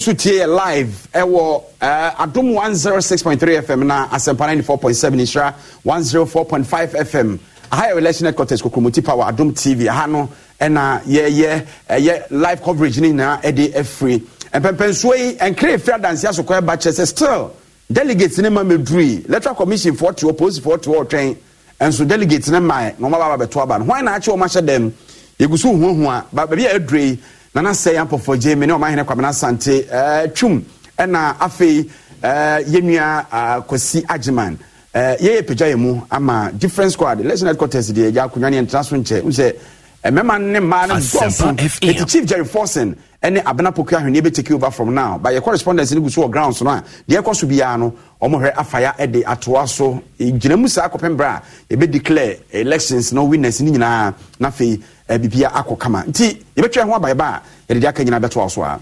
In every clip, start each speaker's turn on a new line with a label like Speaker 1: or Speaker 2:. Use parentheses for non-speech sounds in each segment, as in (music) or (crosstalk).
Speaker 1: so yɛ live ɛwɔ uh, eh, eh, adum one zero
Speaker 2: oh six point three fm na asɛmpa ninety four point seven nhyira one zero oh four point five fm aha yɛ election headquarters kokomoti power adum tv aha no ɛna eh, yɛyɛ ɛyɛ live coverage ni nyinaa ɛde afiri mpɛmpɛnsoɔ yi nkiri efiri dansi asokɔ ɛba kyerɛ sɛ still delegates ne ma meduri electoral commission foɔ tiwɔ polisi foɔ tiwɔ ɔtwɛn nso delegates ne ma na wɔn aba abɛto aba no wɔn na akyɛ wɔn ahyɛ dɛm yegu so huahua baabi a ɛdure yi nana sɛ yɛ apɔfɔ gye me ne ɔmahene kwamena asante eh, twum ɛna afei eh, yɛnua ah, kwasi agyeman eh, yɛyɛ pagya yɛ mu ama different squad election headquarters deɛ yɛ akonnwa ne yɛntena so nkyɛ wo sɛ mmarima ne mmaa no dɔɔso ɛti chief jerry forson ne abena poku ahwenneɛ bɛtake over from now Ba yɛ correspondence no gu so wɔ ground so no a deɛ ɛkɔ so biara no ɔmohwɛ afaya de atoa so gyina mu saa kɔpɛ mberɛ a yɛbɛdeclare elections no winners no nyinaa na afei Eh, bibia akɔ kama nti yɛbɛtwɛ ho abayɛba a yɛde de aka nyina bɛtoa so a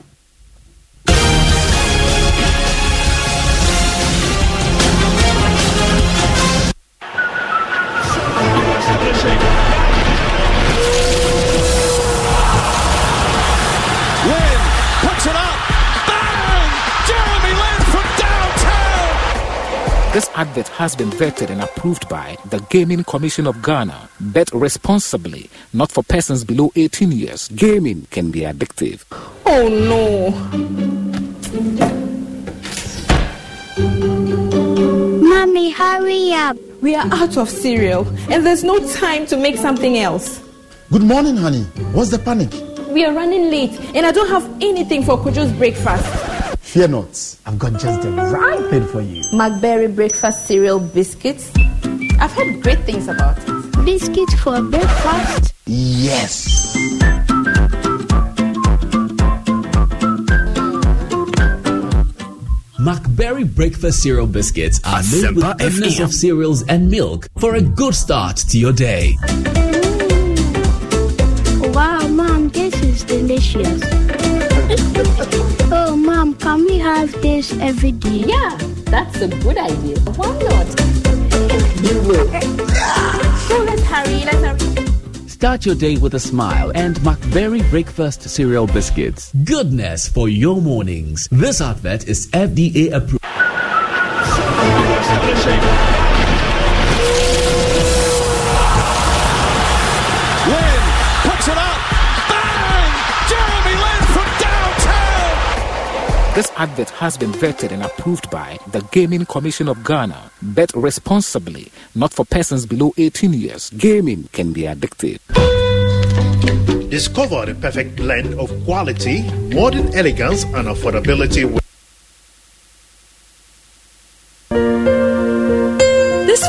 Speaker 3: This advert has been vetted and approved by the Gaming Commission of Ghana.
Speaker 4: Bet responsibly, not for persons below 18 years. Gaming can be addictive.
Speaker 5: Oh no. Mommy, hurry up. We are out of cereal and there's no time to make something else.
Speaker 4: Good morning, honey. What's the panic?
Speaker 5: We are running late and I don't have anything for Kojo's breakfast.
Speaker 4: Fear not, I've got just the right thing for you.
Speaker 5: McBerry breakfast cereal biscuits. I've heard great things about it. Biscuit
Speaker 6: for breakfast?
Speaker 1: Yes. McBerry breakfast cereal biscuits are made with goodness of cereals and milk for a good start to your day.
Speaker 7: Wow, mom, this is delicious. (laughs) oh, Mom, can we have this every day? Yeah, that's a good idea. Why not? You will. so let's hurry,
Speaker 5: let's hurry.
Speaker 1: Start your day with a smile and McBerry Breakfast Cereal Biscuits. Goodness for your mornings. This advert is FDA approved.
Speaker 3: This advert has been vetted and approved by the Gaming
Speaker 8: Commission of Ghana. Bet responsibly, not for persons below 18 years. Gaming
Speaker 9: can be addictive.
Speaker 8: Discover the perfect blend of quality, modern elegance, and affordability.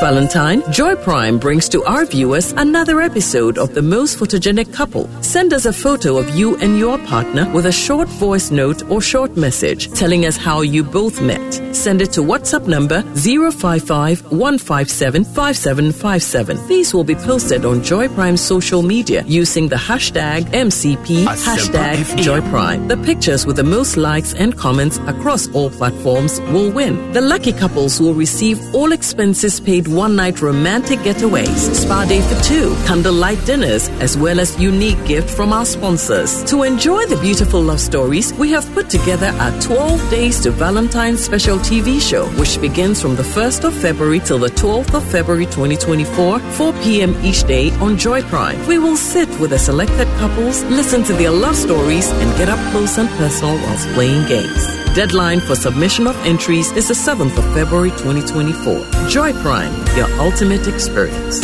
Speaker 10: Valentine, Joy Prime brings to our viewers another episode of The Most Photogenic Couple. Send us a photo of you and your partner with a short voice note or short message telling us how you both met. Send it to WhatsApp number 055 157 5757. These will be posted on Joy Prime's social media using the hashtag MCP, hashtag Joy Prime. The pictures with the most likes and comments across all platforms will win. The lucky couples will receive all expenses paid one night romantic getaways, spa day for two, candlelight dinners, as well as unique gift from our sponsors. To enjoy the beautiful love stories, we have put together our 12 Days to Valentine's special TV show, which begins from the 1st of February till the 12th of February 2024, 4 p.m. each day on Joy Prime. We will sit with the selected couples, listen to their love stories, and get up close and personal whilst playing games deadline for submission of entries is the 7th of February 2024. Joy Prime, your ultimate experience.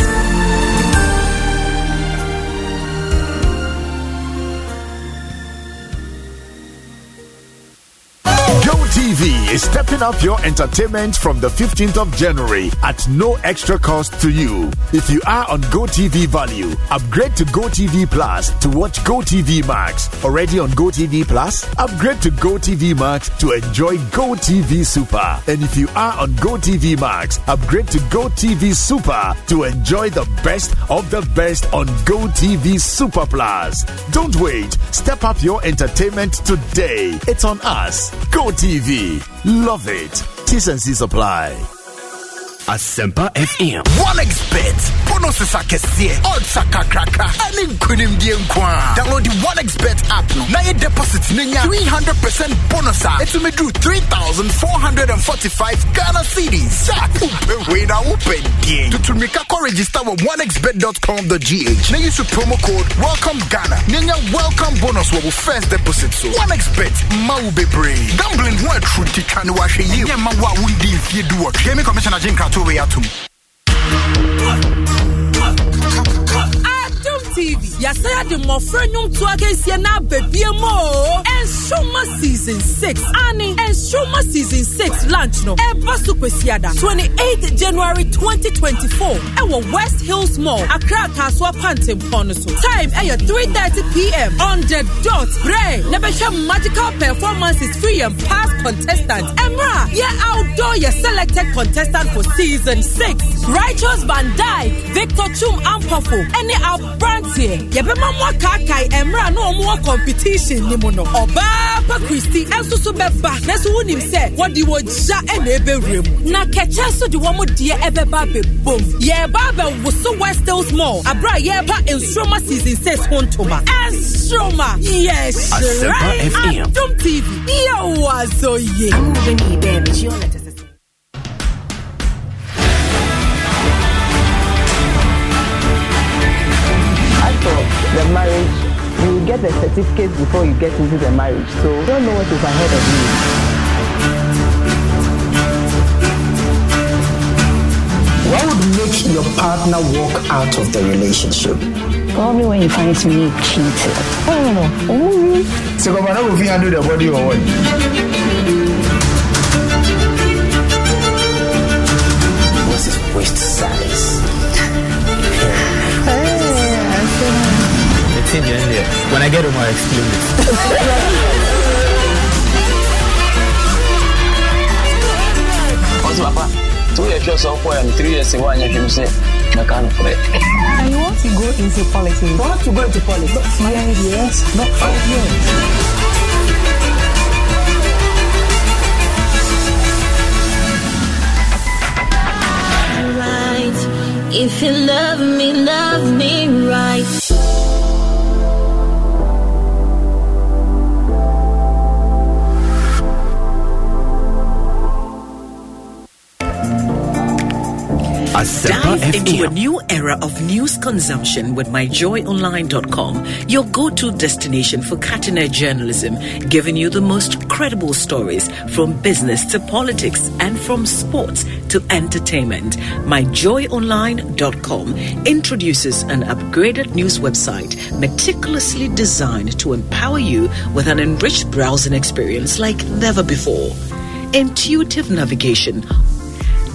Speaker 8: TV is stepping up your entertainment
Speaker 3: from the 15th of January at no extra cost to you. If you are on GoTV Value, upgrade to GoTV Plus to watch GoTV Max. Already on GoTV
Speaker 2: Plus, upgrade to GoTV Max to enjoy GoTV Super. And if you are on GoTV Max, upgrade to GoTV Super to enjoy the best of the
Speaker 3: best on GoTV Super Plus. Don't wait. Step up your entertainment today. It's on us. GoTV. Love it. T and C
Speaker 11: apply. A Asempa FM. One
Speaker 3: expert.
Speaker 11: Bonuses are kesie.
Speaker 8: Odds are kakraka. And in kunimdie nkwa. Download the One Expert app no. Na ye deposit ninya 300% bonus a. It me drew 3445 Ghana
Speaker 3: cedis. Sa. We na open die. To to register with OneXBet.com.gh. Na use promo code welcome Ghana. Ninya welcome bonus wo first deposit so. One Expert ma wo bebre. Gambling ho atru ti twa ne wa hwe yi. Ye ma wa wo ndi fie
Speaker 4: du wo. Gaming Commissioner Jinka Victoria to me
Speaker 9: tv yɛsɛ yɛde mmɔfra nnwomtoa kɛseɛ no ababie mu o
Speaker 6: ɛnhyoma season 6 and Shuma season 6 lunch no ɛba so kwasiada 28 january 2024 ɛwɔ west hills mall akra
Speaker 9: akaasoa pantempɔ no so time at 330pm on the dot Bray. na bɛhwɛ magical performances free and past contestant. Emra. Yeah, outdoor your selected contestant for season 6 righteous van dyke victor chum ampafo ɛne our brand teɛ yɛbɛma mo akaakae mmerɛ a na ɔmo wɔ competition ni mu no ɔbaa pa kristi nso so bɛba nanso wonim sɛ wɔde wɔgya ɛna ɛbɛwura mu na kɛkyɛ so de wɔn deɛ ɛbɛba bɛbom yɛreba abɛwoso westels mall abera
Speaker 6: a yɛreba nsoroma season six ho ntoma nsoroma yɛhyerɛn adom tv yɛwɔ azɔ yie.
Speaker 7: the marriage, you get the certificate before you get into the
Speaker 4: marriage. So don't know what is ahead of you. What would make your partner walk out of the relationship? Probably when he finds me cheated. Oh no, no. Mm-hmm. So come on, will handle the body or what? What's his waist size?
Speaker 12: When I get home, I'll explain it. What's
Speaker 7: Papa? Two years or so, three years ago, and you say, I can't And
Speaker 6: you want to go into politics? You want to go into politics? Not five years, not five years.
Speaker 5: If you love me, love me right.
Speaker 6: Asempa Dive FM. into a new era of news consumption with myjoyonline.com, your go to destination for cutting edge journalism, giving you the most credible stories from business to politics and from sports to entertainment. Myjoyonline.com introduces an upgraded news website meticulously designed to empower you with an enriched browsing experience like never before. Intuitive navigation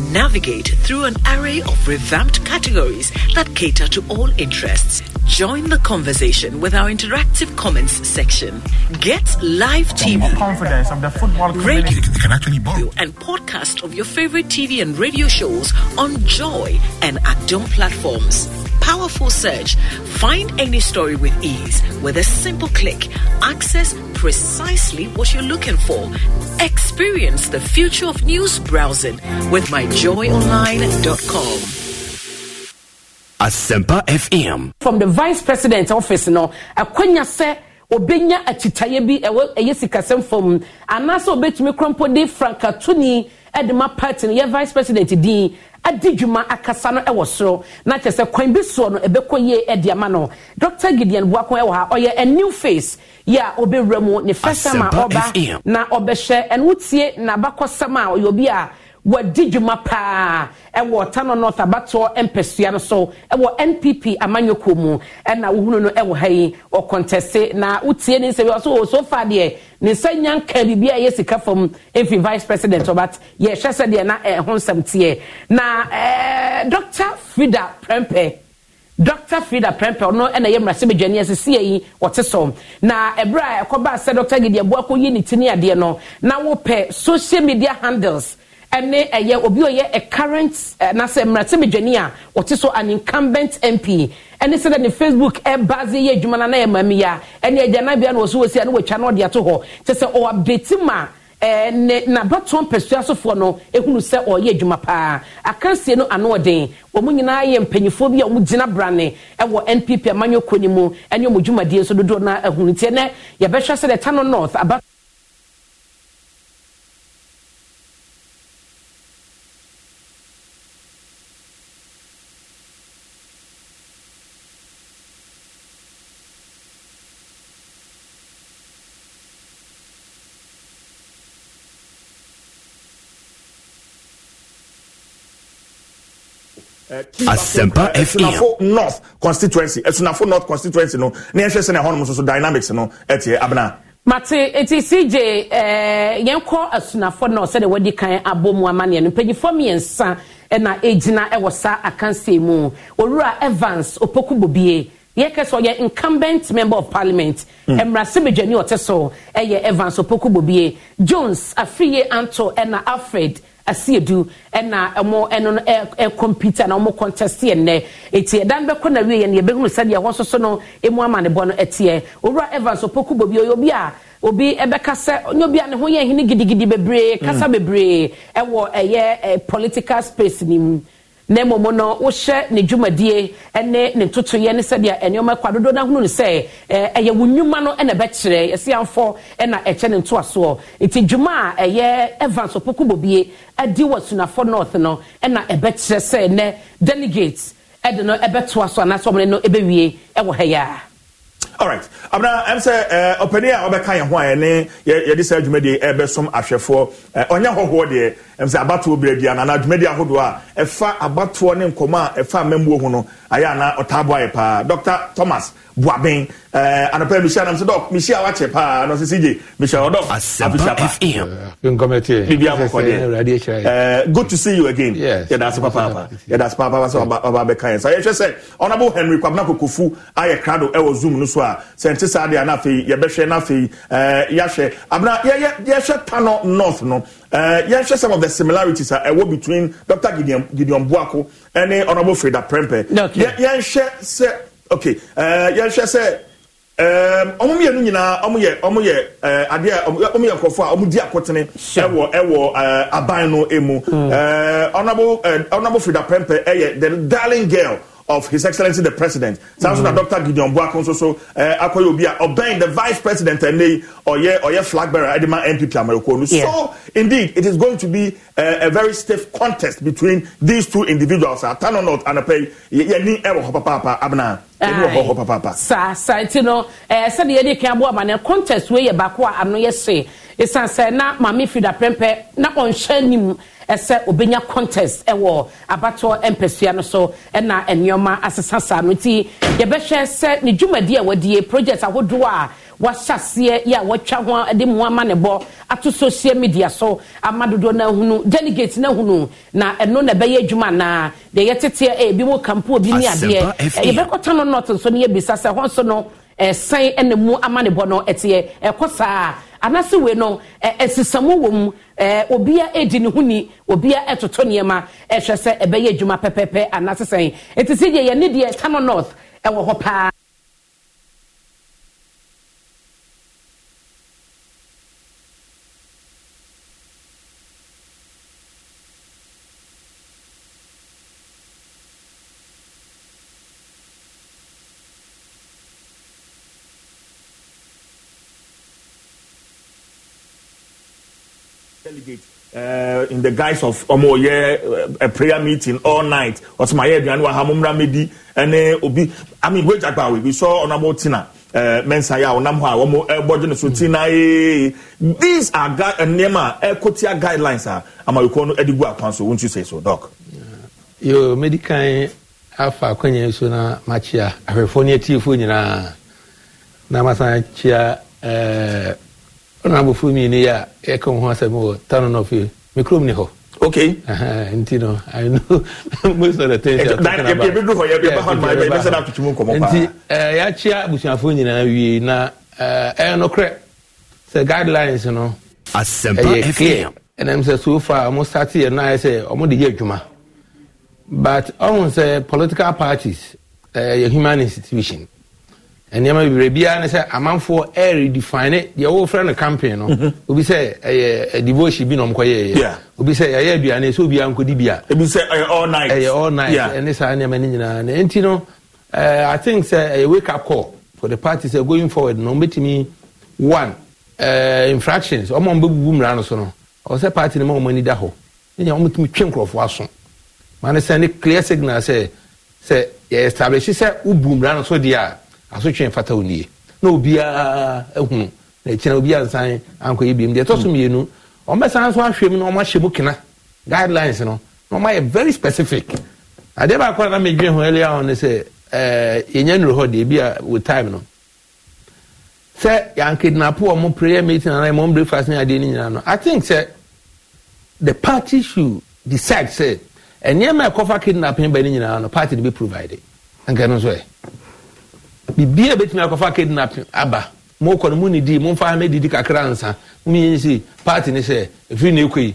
Speaker 6: Navigate through an array of revamped categories that cater to all interests. Join the conversation with our interactive comments section. Get live TV, confidence of the football radio, they can actually borrow. and podcast of your favorite TV and radio shows on Joy and Adon platforms powerful search, find any story with ease with a simple click. Access precisely what you're looking for. Experience the future of news browsing with myjoyonline.com.
Speaker 11: Asempa FM.
Speaker 9: From the Vice President's office, no, akwanya se obenya a bi ɛwɔ ɛyɛ sikasɛm fam anaasɛ obetumi krɔmpɔ de frankatoni ɛde ma party no Vice President di. adi dwuma akasa no wɔ soro na kyerɛ sɛ kwan bi soɔ no ɛbɛkɔ yie de ama no dr gideon boako wɔ ha ɔyɛ a new face yɛ a ɔbɛwura mu ne fɛsɛm a ɔba na ɔbɛhyɛ ɛno wotie n'abakɔsɛm a ɔyɛ obi a wɔdi dwuma paa ɛwɔ tano north abatoɔ mpɛsua no so ɛwɔ npp amanyɔkuo mu ɛna wohunu no ɛwɔ ha yi ɔkɔntɛse na wotie ne nsɛm ɔso wɔ so far deɛ ne nsa nya nka biribi a ɛyɛ sika fam ɛmfi vice president ɔbat yɛhwɛ sɛ deɛ na ɛho nsɛm teɛ na ɛɛ dr frida Prempe, dr frida Prempe ɔno ɛna ɛyɛ mmarahyɛbadwani asisi yi wɔte so na ɛberɛ a ɛkɔbaa sɛ dr gideɛ boakɔ yi ne ti ne adeɛ no na wopɛ social media handles ɛne ɛyɛ obi oyɛ a current nasɛ mmaratimidwani a ɔte so an incumbent mp ɛne sɛ dɛ ne facebook ɛbaaze yɛ adwuma no na yɛ maame yi a ɛne agyana bia na wɔso wɔsi a na wɔatwa na ɔde ato hɔ kyɛ sɛ ɔabdate ma ɛɛ ne n'abatɔn pɛsua sofoɔ no ehunu sɛ ɔyɛ adwuma paa akansie no ano ɔden wɔn nyinaa yɛ mpanyinfoɔ bi a wɔn gyina brane ɛwɔ npp amanyɔkɔ ne mu ɛne wɔn dwumadie nso dodoɔ na ehunu tiɛ nɛ yɛbɛhwɛ sɛ dɛ north abatɔn. asempa fm
Speaker 3: asunafo north constituency asunafo north constituency no na yɛhwɛ sɛ na ɛhɔ nom nso dynamics no ɛteɛ abena
Speaker 9: mate eti cj ɛɛ yɛn kɔ asunafo na ɔsɛ de wadi kan abɔ mu amanneɛ no mpanyinfoɔ mmiɛnsa ɛna egyina ɛwɔ saa akansie mu owura evans opoku bobie yɛkɛ sɛ ɔyɛ incumbent member of parliament mmaransebedwani e ɔte so ɛyɛ e evans opoku bobie jones afiye anto ɛna e alfred asiedu ɛna ɛmo ɛno no ɛkɔmputa na ɔmo kɔntɛsi ɛnɛ eti ɛdan bɛkɔ na wie yɛ no yɛbɛhunu sɛdeɛ ɛhɔ soso no emu ama ne bɔ no ɛteɛ owura evans opoku bobi oyɛ obi a obi ɛbɛka sɛ onye obi a ne ho yɛ hene gidigidi bebree kasa mm. bebree ɛwɔ ɛyɛ ɛ political space ni mu na mmom no wohyɛ ne dwumadie ne ne ntotoeɛ ne sɛdeɛ nneɛma kɔ adodoɔ no ahunu no sɛ ɛyɛ wo nnwuma no na ɛbɛkyerɛ yɛsiamfo na ɛkyɛ ne ntoasoɔ nti dwuma a ɛyɛ evans opoku bobie adi wɔ sunafo north no na ɛbɛkyerɛ sɛ nɛ delegates ɛde no ɛbɛtoa so anaasɛ ɔmo no ɛbɛwie ɛwɔ ha yi a.
Speaker 3: alright abena ɛm sɛ ɔpanin a ɔbɛka yɛn ho a yɛne yɛde saa dwumadie ɛbɛsom sɛ abatoɔ bere bi anaa dwumadi ahodoɔ a ɛfa abatoɔ ne nkɔmɔ a ɛfa mmɛmuo ho no ayɛ ana ɔtaabo ayɛ paa dr thomas buaben ɛɛ anapa mehyia nam sɛ dɔk mehyia wakyɛ paa na ɔsɛ sigye
Speaker 12: mehyia ɔdɔk abisha pa bibi akɔkɔ deɛ
Speaker 3: ɛɛ good to see you again yɛda ase papaapa yɛda ase papaapa sɛ ɔba abɛka yɛn sa yɛhwɛ sɛ ɔnabɔ henry kwabena kokofu ayɛ krado ɛwɔ zoom no so a sɛ nte saa deɛ a na afei yɛbɛhwɛ na afei ɛɛ yɛahwɛ abena yɛyɛ yɛhwɛ tano north no Uh, eh, yɛnhwɛ some of the similarities a uh, eh, between dr gideon, gideon buako ɛne eh, honourable freda prempe yɛnhwɛ sɛ okay yɛnhwɛ sɛ ɔmo mmienu nyinaa ɔmo yɛ ɔmo yɛ adeɛ ɔmo yɛ nkorɔfoɔ a ɔmo di akotene ɛwɔ ɛwɔ aban no emu hmm. honourable honourable freda prempe ɛyɛ the darling girl of His Excellency the President. Samson mm. Dr. Gideon Buakonso so uh, eh, Akoye Obi obeying the Vice President and they or ye or ye flag bearer Edema MPP Amerikono. So indeed it is going to be a, eh, a very stiff contest between these two individuals. Atano not anapay ye ni ewo ho papa abna.
Speaker 9: Saa saa nti no eh sɛ de yɛ de kan bo ama ne contest wei yɛ baako a ano yɛ se ɛsiane sɛ na maame frida pɛmpɛ na ɔnhyɛ nim ɛsɛ obɛnya contest ɛwɔ abatoɔ mpɛsua no so ɛna nneɛma asesa saa no nti yɛbɛhwɛ sɛ ne dwumadi a wɔdie project ahodoɔ a wahyɛseɛ yɛ a wɔatwa ho de mu ama ne bɔ ato social media so ama dodoɔ no ahunu delegate no ahunu na ɛno na ɛbɛyɛ adwuma anaa deɛ yɛteteɛ ɛyɛ bi mu kampo bi e. ne adeɛ yɛbɛkɔta no nɔt nso no yɛbisa sɛ hɔ nso no ɛsɛn eh, ɛna mu ama ne bɔ no ɛteɛ ɛkɔ saa anase wei no ɛsisamu wɔ mu ɛɛ obia edi ne ho ni obia ɛtoto nneɛma ɛhwɛ sɛ ɛbɛyɛ adwuma pɛpɛpɛ anase sɛn eti si deɛ ne deɛ kano north ɛwɔ hɔ paa.
Speaker 3: Uh, in the guise of ọmọ yẹ eh, a prayer meeting all night ọtí ma yẹ aduane wa ha mo mìíràn mẹdi ẹni obi i mean wage agba we we saw ọ̀nàmọ̀ tina mẹ́nsa yẹ a ọ̀nàm hɔ a wɔn ɛbɔdze ne so hmm. tina yee eh, these are gui nneɛma a ɛkɔ tia guidelines a amayɔkɔ no ɛde gu akwan so
Speaker 12: so doc. yoo medikan afa akɔnya so na makyia ahwɛfoɔ ne atiefo nyinaa na masan kyia ɛɛ. Uh, ɔno abɔfo mmienu yi a yɛka wo ho asɛm wɔ town of me kurom ni hɔ okay nti no i know most of the things you are talking about ebi du hɔ yɛ bɛba hɔ maa ebi sɛ na atutum nkɔmɔ paa nti yɛakyia abusuafoɔ nyinaa wie na ɛyɛ nokorɛ sɛ guidelines no ɛyɛ clear ɛnam sɛ so far ɔmo start yɛ no ayɛ sɛ ɔmo de yɛ adwuma but ɔmo sɛ political parties ɛyɛ human institution nneɛma bebree biara ne sɛ amanfoɔ ɛredefine deɛ wɔfrɛ no campaign no mhm. obi sɛ ɛyɛ devotion bi na ɔmkɔ yɛyɛ obi sɛ yɛyɛ aduane sɛ obiara nkɔdi bi a ebi sɛ ɛyɛ all night ɛyɛ all night ɛne saa nneɛma no nyinaa na nti no i think sɛ ɛyɛ wake up call for the party sɛ going forward no ɔmbɛtumi one infractions ɔma ɔmbɛbubu mmara no so no ɔwɔ sɛ party no ma ɔma ani da hɔ ne nyɛ ɔmɛtumi twe nkurɔfoɔ aso ma ne sɛ ne clear signal sɛ sɛ yɛ asotwe mfata wo nie na obiara eh, ehunu na ekyina obiara nsan anko yi biem deɛ ɛtɔ so hmm. mmienu ɔmɛsan so ahwɛ mu na ɔmahyɛ mu kena guidelines no na ɔmayɛ very specific adeɛ baako na medwene ho earlier on ne sɛ ɛɛ eh, yɛnyɛ nnuro hɔ deɛ bi a time no sɛ yankidinapo ɔmo prayer meeting anaa ɛmo breakfast ne adeɛ ne nyinaa no i think sɛ the party should decide sɛ nneɛma ɛkɔfa kidnapping bɛ ne nyinaa no party de bi provide nkɛ no nso yɛ biribi a bɛtumi akɔfa kidnap aba mo kɔ no mo ne di mo nfa ama didi kakra nsa mo yɛn si party ne sɛ efiri ne ekoyi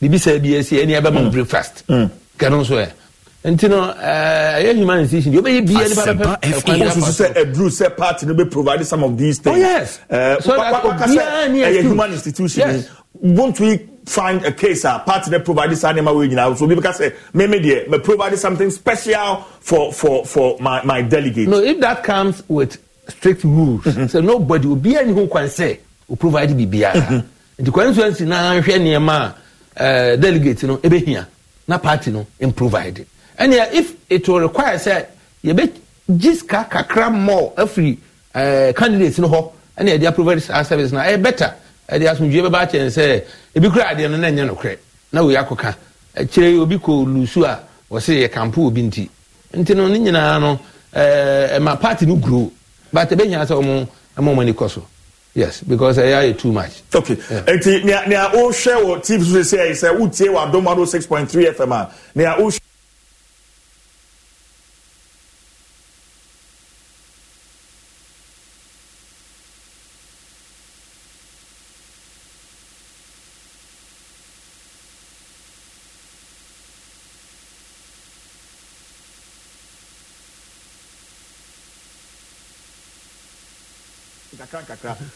Speaker 12: biribi sɛ bi esi ɛni ɛbɛ mo mm. breakfast mm. kɛnɛ nso yɛ nti no ɛyɛ human institution yɛ bɛyɛ bia nipa bɛpɛ ɛkwan yɛ fa so
Speaker 3: sɛ ɛduru sɛ party no bɛ provide some of these things. oh yes so ɛkɔ ɛyɛ human institution. Yes won't we find a case a party that provide this animal we now so people can say maybe there may provide something special for for for my my delegate
Speaker 12: no if that comes with strict rules mm -hmm. so nobody will be any who can say will provide bibia mm-hmm. nti constituency na hwɛ nneɛma a eh, delegate no ebehia na party no n provide and if it will require say yɛbɛ gye sika kakra more afiri uh, candidates no hɔ ɛna provide approve service na ɛyɛ eh, better ɛde asomdwe bɛba kyɛn sɛ ebi kura adeɛ no na ɛnyɛ nokorɛ na wei akɔka akyire obi kɔ lusu a wɔse yɛ kampo obi nti nti no ne nyinaa no ɛɛ ɛma party no guro but ɛbɛnya sɛ ɔmo ɛma ɔmo ani kɔ so yes because ɛyɛ ayɛ too much. okay
Speaker 3: nti nea nea o hwɛ wɔ tv so sɛ sɛ o tie wɔ six point three fm a nea o hwɛ.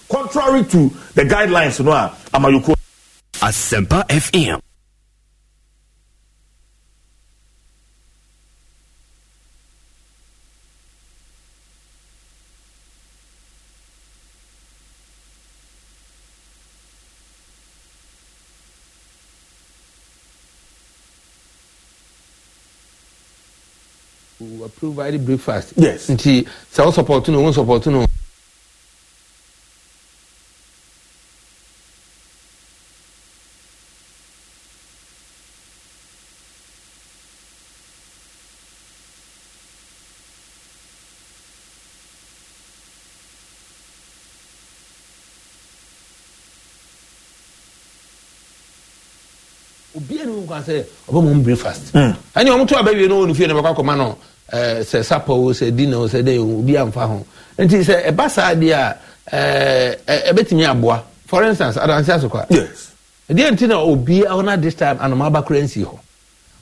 Speaker 3: contrary to the guidelines ah, you know amayoko. asempa fm.
Speaker 12: approve any breakfast. yes nti sɛ o support no o n support no. Hmm. Eh, sɛ ɔbɛma m breakfast ɛne ɔmo to abɛwie no ɔne fie no bɛkɔ akɔma no sɛ sapa o sɛ dina o sɛ dɛ obi amfa ho nti sɛ ɛba saa deɛ a ɛbɛtumi eh, eh, aboa for instance adanse asokwa ɛdeɛ nti na obi ɔna this time anoma aba kora nsi hɔ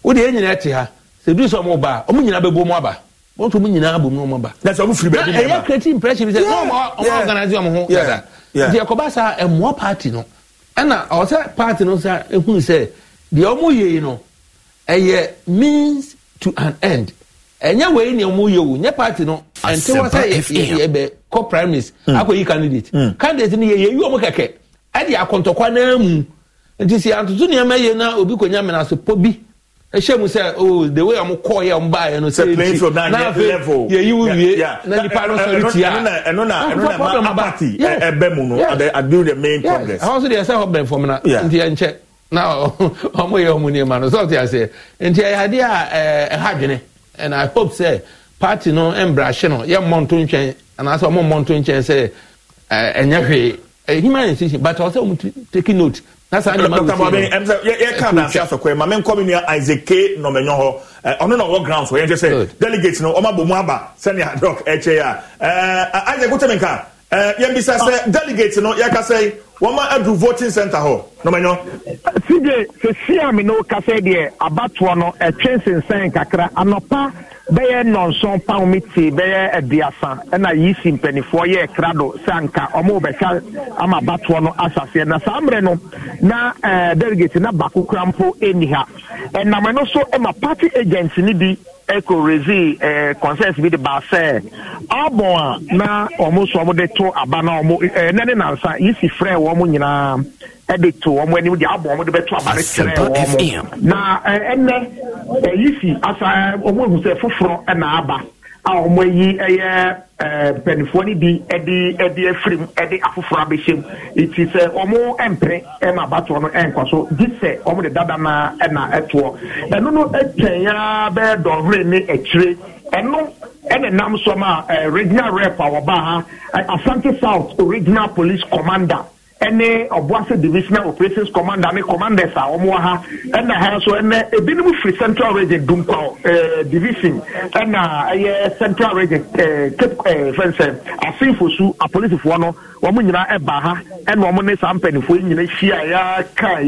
Speaker 12: wode ɛ nyinaa te ha sɛ duru sɛ ɔmo ba a ɔmo nyinaa bɛbɔ mu aba wọn tún mu nyinaa bò mu ọmọ ba. dasa ọmọ firi bẹẹbi mu ọmọ. ẹyẹ kireti impression bi sẹ ọmọ ọmọ organize ọmọ paati no sa ehun sẹ deɛ ɔmo yɛ yi no ɛyɛ means to an end ɛnyɛ wei ni ɔmo yɛ o nyɛ party no ɛntewa sɛ yɛ yɛ bɛ kɔ primaries mm. akɔ yi candidate mm. candidate no yɛ yɛ yi ɔmo kɛkɛ ɛde akɔntɔkwa naa mu nti si atoto nneɛma yɛ na obi kɔ nya mɛnaso po bi ɛhyɛ mu sɛ o oh, the way ɔmo kɔɔ yɛ ɔmo baa yɛ no sɛ eti n'afɛ yɛyi wo wie na nipa no sɔrɔ tia ɛno na ɛno na ah, ma abati
Speaker 3: ɛbɛ mu no adu
Speaker 12: the main congress ɛhɔ so deɛ ɛsɛ hɔ bɛn fɔm na nti ɛnkyɛ na ọmụ yɛ ọmụ nneɛma no sọọti ase nti ɛyɛ adeɛ a ɛha adwene and i hope say, party no mbrahye no yɛ mmɔ nto nkyɛn anaasɛ ɔmo mmɔ nto nkyɛn sɛ ɛnyɛ hwee human institution but ɔsɛ ɔmo take note na saa nneɛma no si no yɛka na
Speaker 3: ase asɔkɔ yɛ maame nkɔmi nua isaac k nɔmɛnyɔ hɔ ɔno na ɔwɔ ground so yɛn kyɛ sɛ delegate no ɔmo abɔ mu aba sɛnea dɔk ɛkyɛ yɛ a isaac wotemenka yɛn bisa sɛ ah. delegate no yɛka sɛ wɔn ma adu voting center hɔ nọmanyɔ. sije sisi a mi n'o kasɛ deɛ abatoɔ no ɛtwe sensɛn kakra anɔpa bɛyɛ nɔnsɔn pan mi ti bɛyɛ ɛdiasa ɛna yi si mpanyinfoɔ yɛ kra do sanka ɔmo bɛka ama abatoɔ no asaseɛ na saa mmerɛ no na ɛɛ delegate na baako kura mpo ɛni ha ɛnam no so ɛma party agent ni bi ɛkɔ rezi ɛɛ concerns bi de ba sɛ ɔbɔn a na ɔmo so ɔmo de to aba na ɔmo ɛɛ nɛne nansa yi si frɛ wɔn nyinaa de to wɔn anim de abɔ wɔn de bɛto aba ne kyerɛ wɔn
Speaker 13: na ɛnɛ
Speaker 3: ɛyi si asa wɔn ehu sɛ foforɔ ɛna aba a wɔn ayi ɛyɛ ɛɛ mpanyinfoɔ no bi ɛde ɛde afiri mu ɛde afoforɔ abɛhyɛ mu eti sɛ wɔn mpere ɛma abatoɔ no ɛnkɔ so di sɛ wɔn de dada na ɛna ɛtoɔ ɛno no ɛtwɛn ya bɛyɛ dɔnhwere ne akyire ɛno ɛna nam so ma regional rep a wɔba ha asante south original police commander ne ɔboase divisional operations commander ne commanders a wɔn wɔ ha ɛna ha nso ɛnɛ ebinom firi central region dunkwa ɛɛ eh, division ɛna ɛyɛ central region ɛɛ eh, cape ɛɛ eh, fɛnsɛn asinfosu apolisifoɔ no wɔn nyinaa ɛba ha ɛna wɔn ne saa mpanimfoɔ nyinaa hyia yaa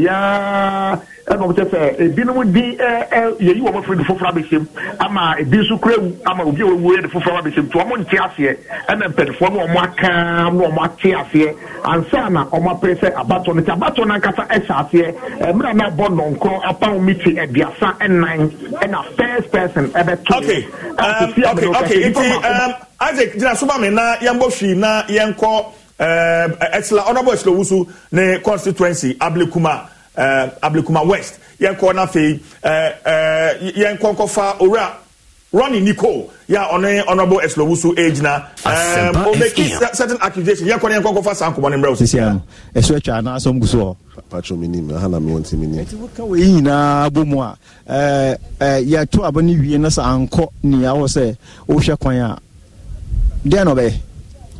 Speaker 3: yaa ɛna wɔn kyɛ sɛ ebinom di ɛ ɛ yɛyi wɔn afiri de foforɔ abɛhyɛm ama ebi nso kura wu ama obi a wawu yɛ de foforɔ abɛhyɛm nti wɔn nte aseɛ ɛna mpanimfoɔ no wɔn akaa na wɔn ate aseɛ ansa na wɔn apere sɛ abatɔ no nti abatɔ no ɛhyɛ aseɛ ɛmira na abɔ nɔnkoro apawo miti ɛbiasa ɛnan ɛna first person ɛbɛto okay um, okay okay Okay. um, isaac gyina so ba na yɛn bɔ fi ɛsla eh, honourable ɛsla owusu ne constituency ablekuma ɛɛ eh, ablekuma west yɛn kɔ n'afɛ ɛɛ eh, yɛn kɔ nkɔfa owura ronnie nicole yà ɔne honourable ɛsla owusu egyina ɛɛ o make certain
Speaker 4: accusation yɛn kɔ ne yɛn kɔ nkɔfa
Speaker 3: san kɔmɔ ne mbrɛ o.
Speaker 4: sisi ano ɛsɛ ɛtwa ana asɔm gu so wɔ. patro mi ni mi hana mi wɔn ti mi ni. ɛti woka wo yi nyinaa bɔ mu a ɛɛ ɛɛ yɛto abɔ ne wie na sa ankɔ nea ɔwɔ sɛ ɔhwɛ kwan a deɛ na ɔbɛyɛ.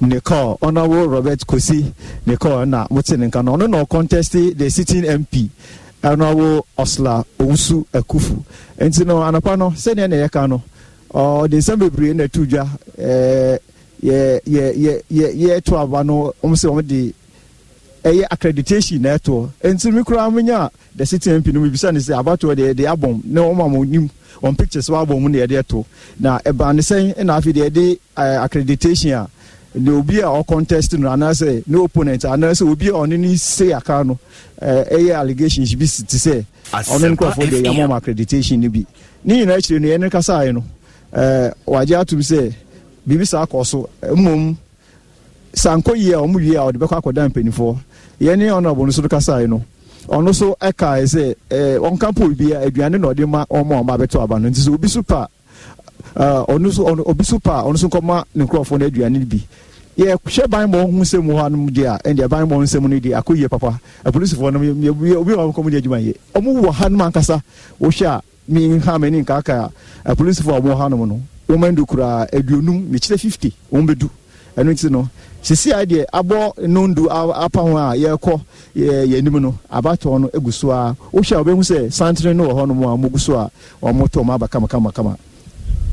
Speaker 4: ne call honourable robert kosi ne na wote ne nka na ɔcontest the sitting mp honourable osla owusu akufu nti no anapa no sɛdeɛ na yɛka no ɔde nsɛm bebree na ɛtu dwa ɛɛ yɛ yɛ yɛ yɛto aba no wɔn sɛ wɔn de ɛyɛ accreditation na ɛtoɔ nti mi koraa mi nya the sitting mp no mi bisa ne sɛ abatoɔ de yɛde abɔm na wɔn a wɔn nim wɔn pictures wɔn abɔm na yɛde ɛto na ɛbaa ne sɛn afei deɛ yɛde accreditation a de obi a ɔkɔntɛst no anaasɛ ne opponent anaasɛ obi a ɔne ne se aka no ɛyɛ allegations bi te sɛ ɔno nkurɔfoɔ deɛ e yɛama accreditation no bi ne nyinaa akyire no yɛne kasaeɛ no wagye atom sɛ biribi saa kɔ so mmom sankɔ yie a ɔmo wie a ɔde bɛkɔ akɔda mpanimfoɔ yɛne ɔnɔbo no so no kasaeɛ no ɔno so ɛkae sɛ ɔnka mpo obi a aduane na ɔde ma ɔmo a ɔmo abɛtɔ aba no nti sɛ obi so pa ɔno so obi so pa ɔno so nkɔma ne nkurɔfoɔ no aduane bi yɛhyɛ banbɔ e, ho nsɛm hɔ anom deɛ a ɛndeɛ banbɔ nsɛm no deɛ akɔyie papa apolisifoɔ nom obi a wɔkɔmu de adwuma yɛ ɔmo wɔ ha nom ankasa wohwɛ a menha m'ani nkaaka a apolisifoɔ a ɔmɔ ha nom no wɔma ndu koraa aduonum mekyerɛ 50 wɔm bɛdu ɛno nti no sisi a deɛ abɔ nondu apa ho a yɛrekɔ yɛnim no abatɔ no egu so a wohwɛ a wobɛhu sɛ santene no wɔ hɔnom a wɔgu so a wɔmotɔ ma aba kamakamakama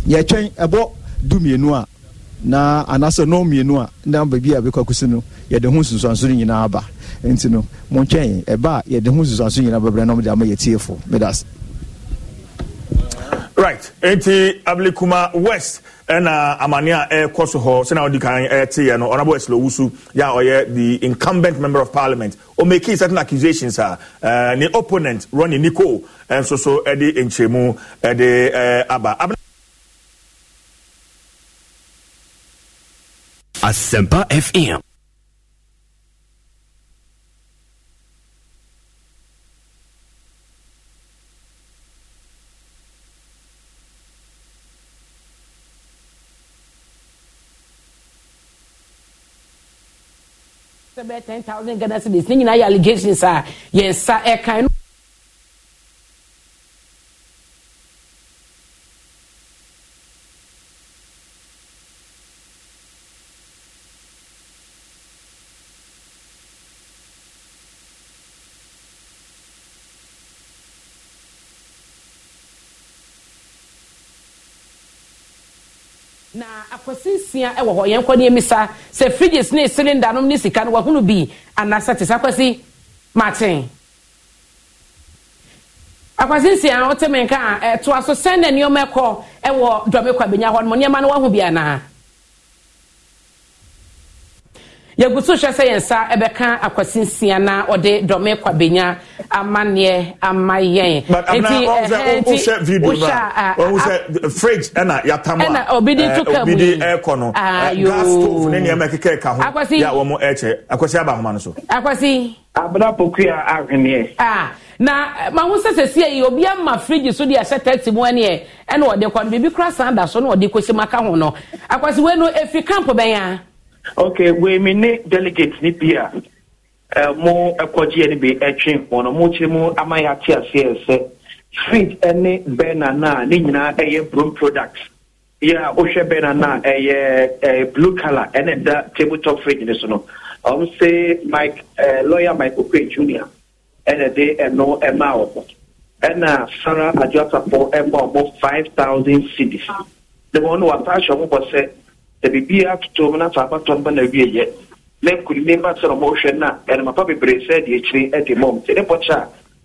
Speaker 4: yɛtwɛn ɛbɔ du mmienu a na anaasɛ nɔɔ mmienu a na baabi a bɛkɔ akɔsi no yɛde ho nsunsuanso no nyinaa aba nti no montwɛn ɛba a yɛde ho nsunsuanso nyinaa bɛbrɛ na mde ama yɛtiefo medas
Speaker 3: right nti abilikuma west ɛna amane a ɛrekɔ so hɔ sɛna wodi kan ɛteɛ no ɔnabɔ ɛsɛ owusu yɛ a ɔyɛ the incumbent member of parliament ɔmaki certain accusations a ne opponent ronnie nico nso so de nkyɛmu de aba
Speaker 11: Asempa FM.
Speaker 9: ten thousand Ghana cedis ne nyinaa allegations a yɛn nsa akwasi nsia wɔ hɔ yɛn nkɔ ne emisa sɛ fridges ne cylinder nom ne sika no wɔhunu bi anasa te sa akwasi martin akwasi nsia ɔte mi nka ɛtoa so sɛn na nneɛma ɛkɔ ɛwɔ dɔmekwa benya hɔ nom nneɛma no wɔahu bi anaa. yɛgu so hwɛ sɛ yɛn nsa ɛbɛka akwasinsia na ɔde dɔme kwabenya amanneɛ ama yɛn. nti ɛhɛn ti wohyɛ video na
Speaker 3: wɔn sɛ fridge ɛna yatam a ɛna obi de eh, to kamu yi obi de ɛkɔ no ah, eh, gas stove ne nneɛma keke ka ho akwasi yà wɔn ɛkyɛ akwasi aba ahoma no so.
Speaker 9: akwasi.
Speaker 13: abena pokuya ahweneɛ.
Speaker 9: aa ah, na ma ho sɛ sɛsi yi obi ama fridge so de ahyɛ taxi mu ɛneɛ ɛna ɔde kɔ no biribi kura san da so na ɔde kɔsi maka ho no akwasi wɛno efi camp bɛn ya.
Speaker 3: ok wey mi ne delegate ni bi a eh, mo bi mo kyerɛ ama yɛ ate aseɛ sɛ fit ɛne bɛna ne nyinaa ɛyɛ product yɛ a wohwɛ bɛna no a eh, blue color da table top fridge so no ɔm um, eh, lawyer mike okwe junior ɛna de ɛno ɛma ɛna sara ɛma ɔmo five thousand wɔn no wata ahyɛ sɛ biribi atotɔ mu na sɛ abatɔ mba na wie yɛ na nkunimi ba sɛ ɔmo hwɛ na ɛnum apa bebree sɛ deɛ akyire ɛde mɔm sɛ ne bɔkyɛ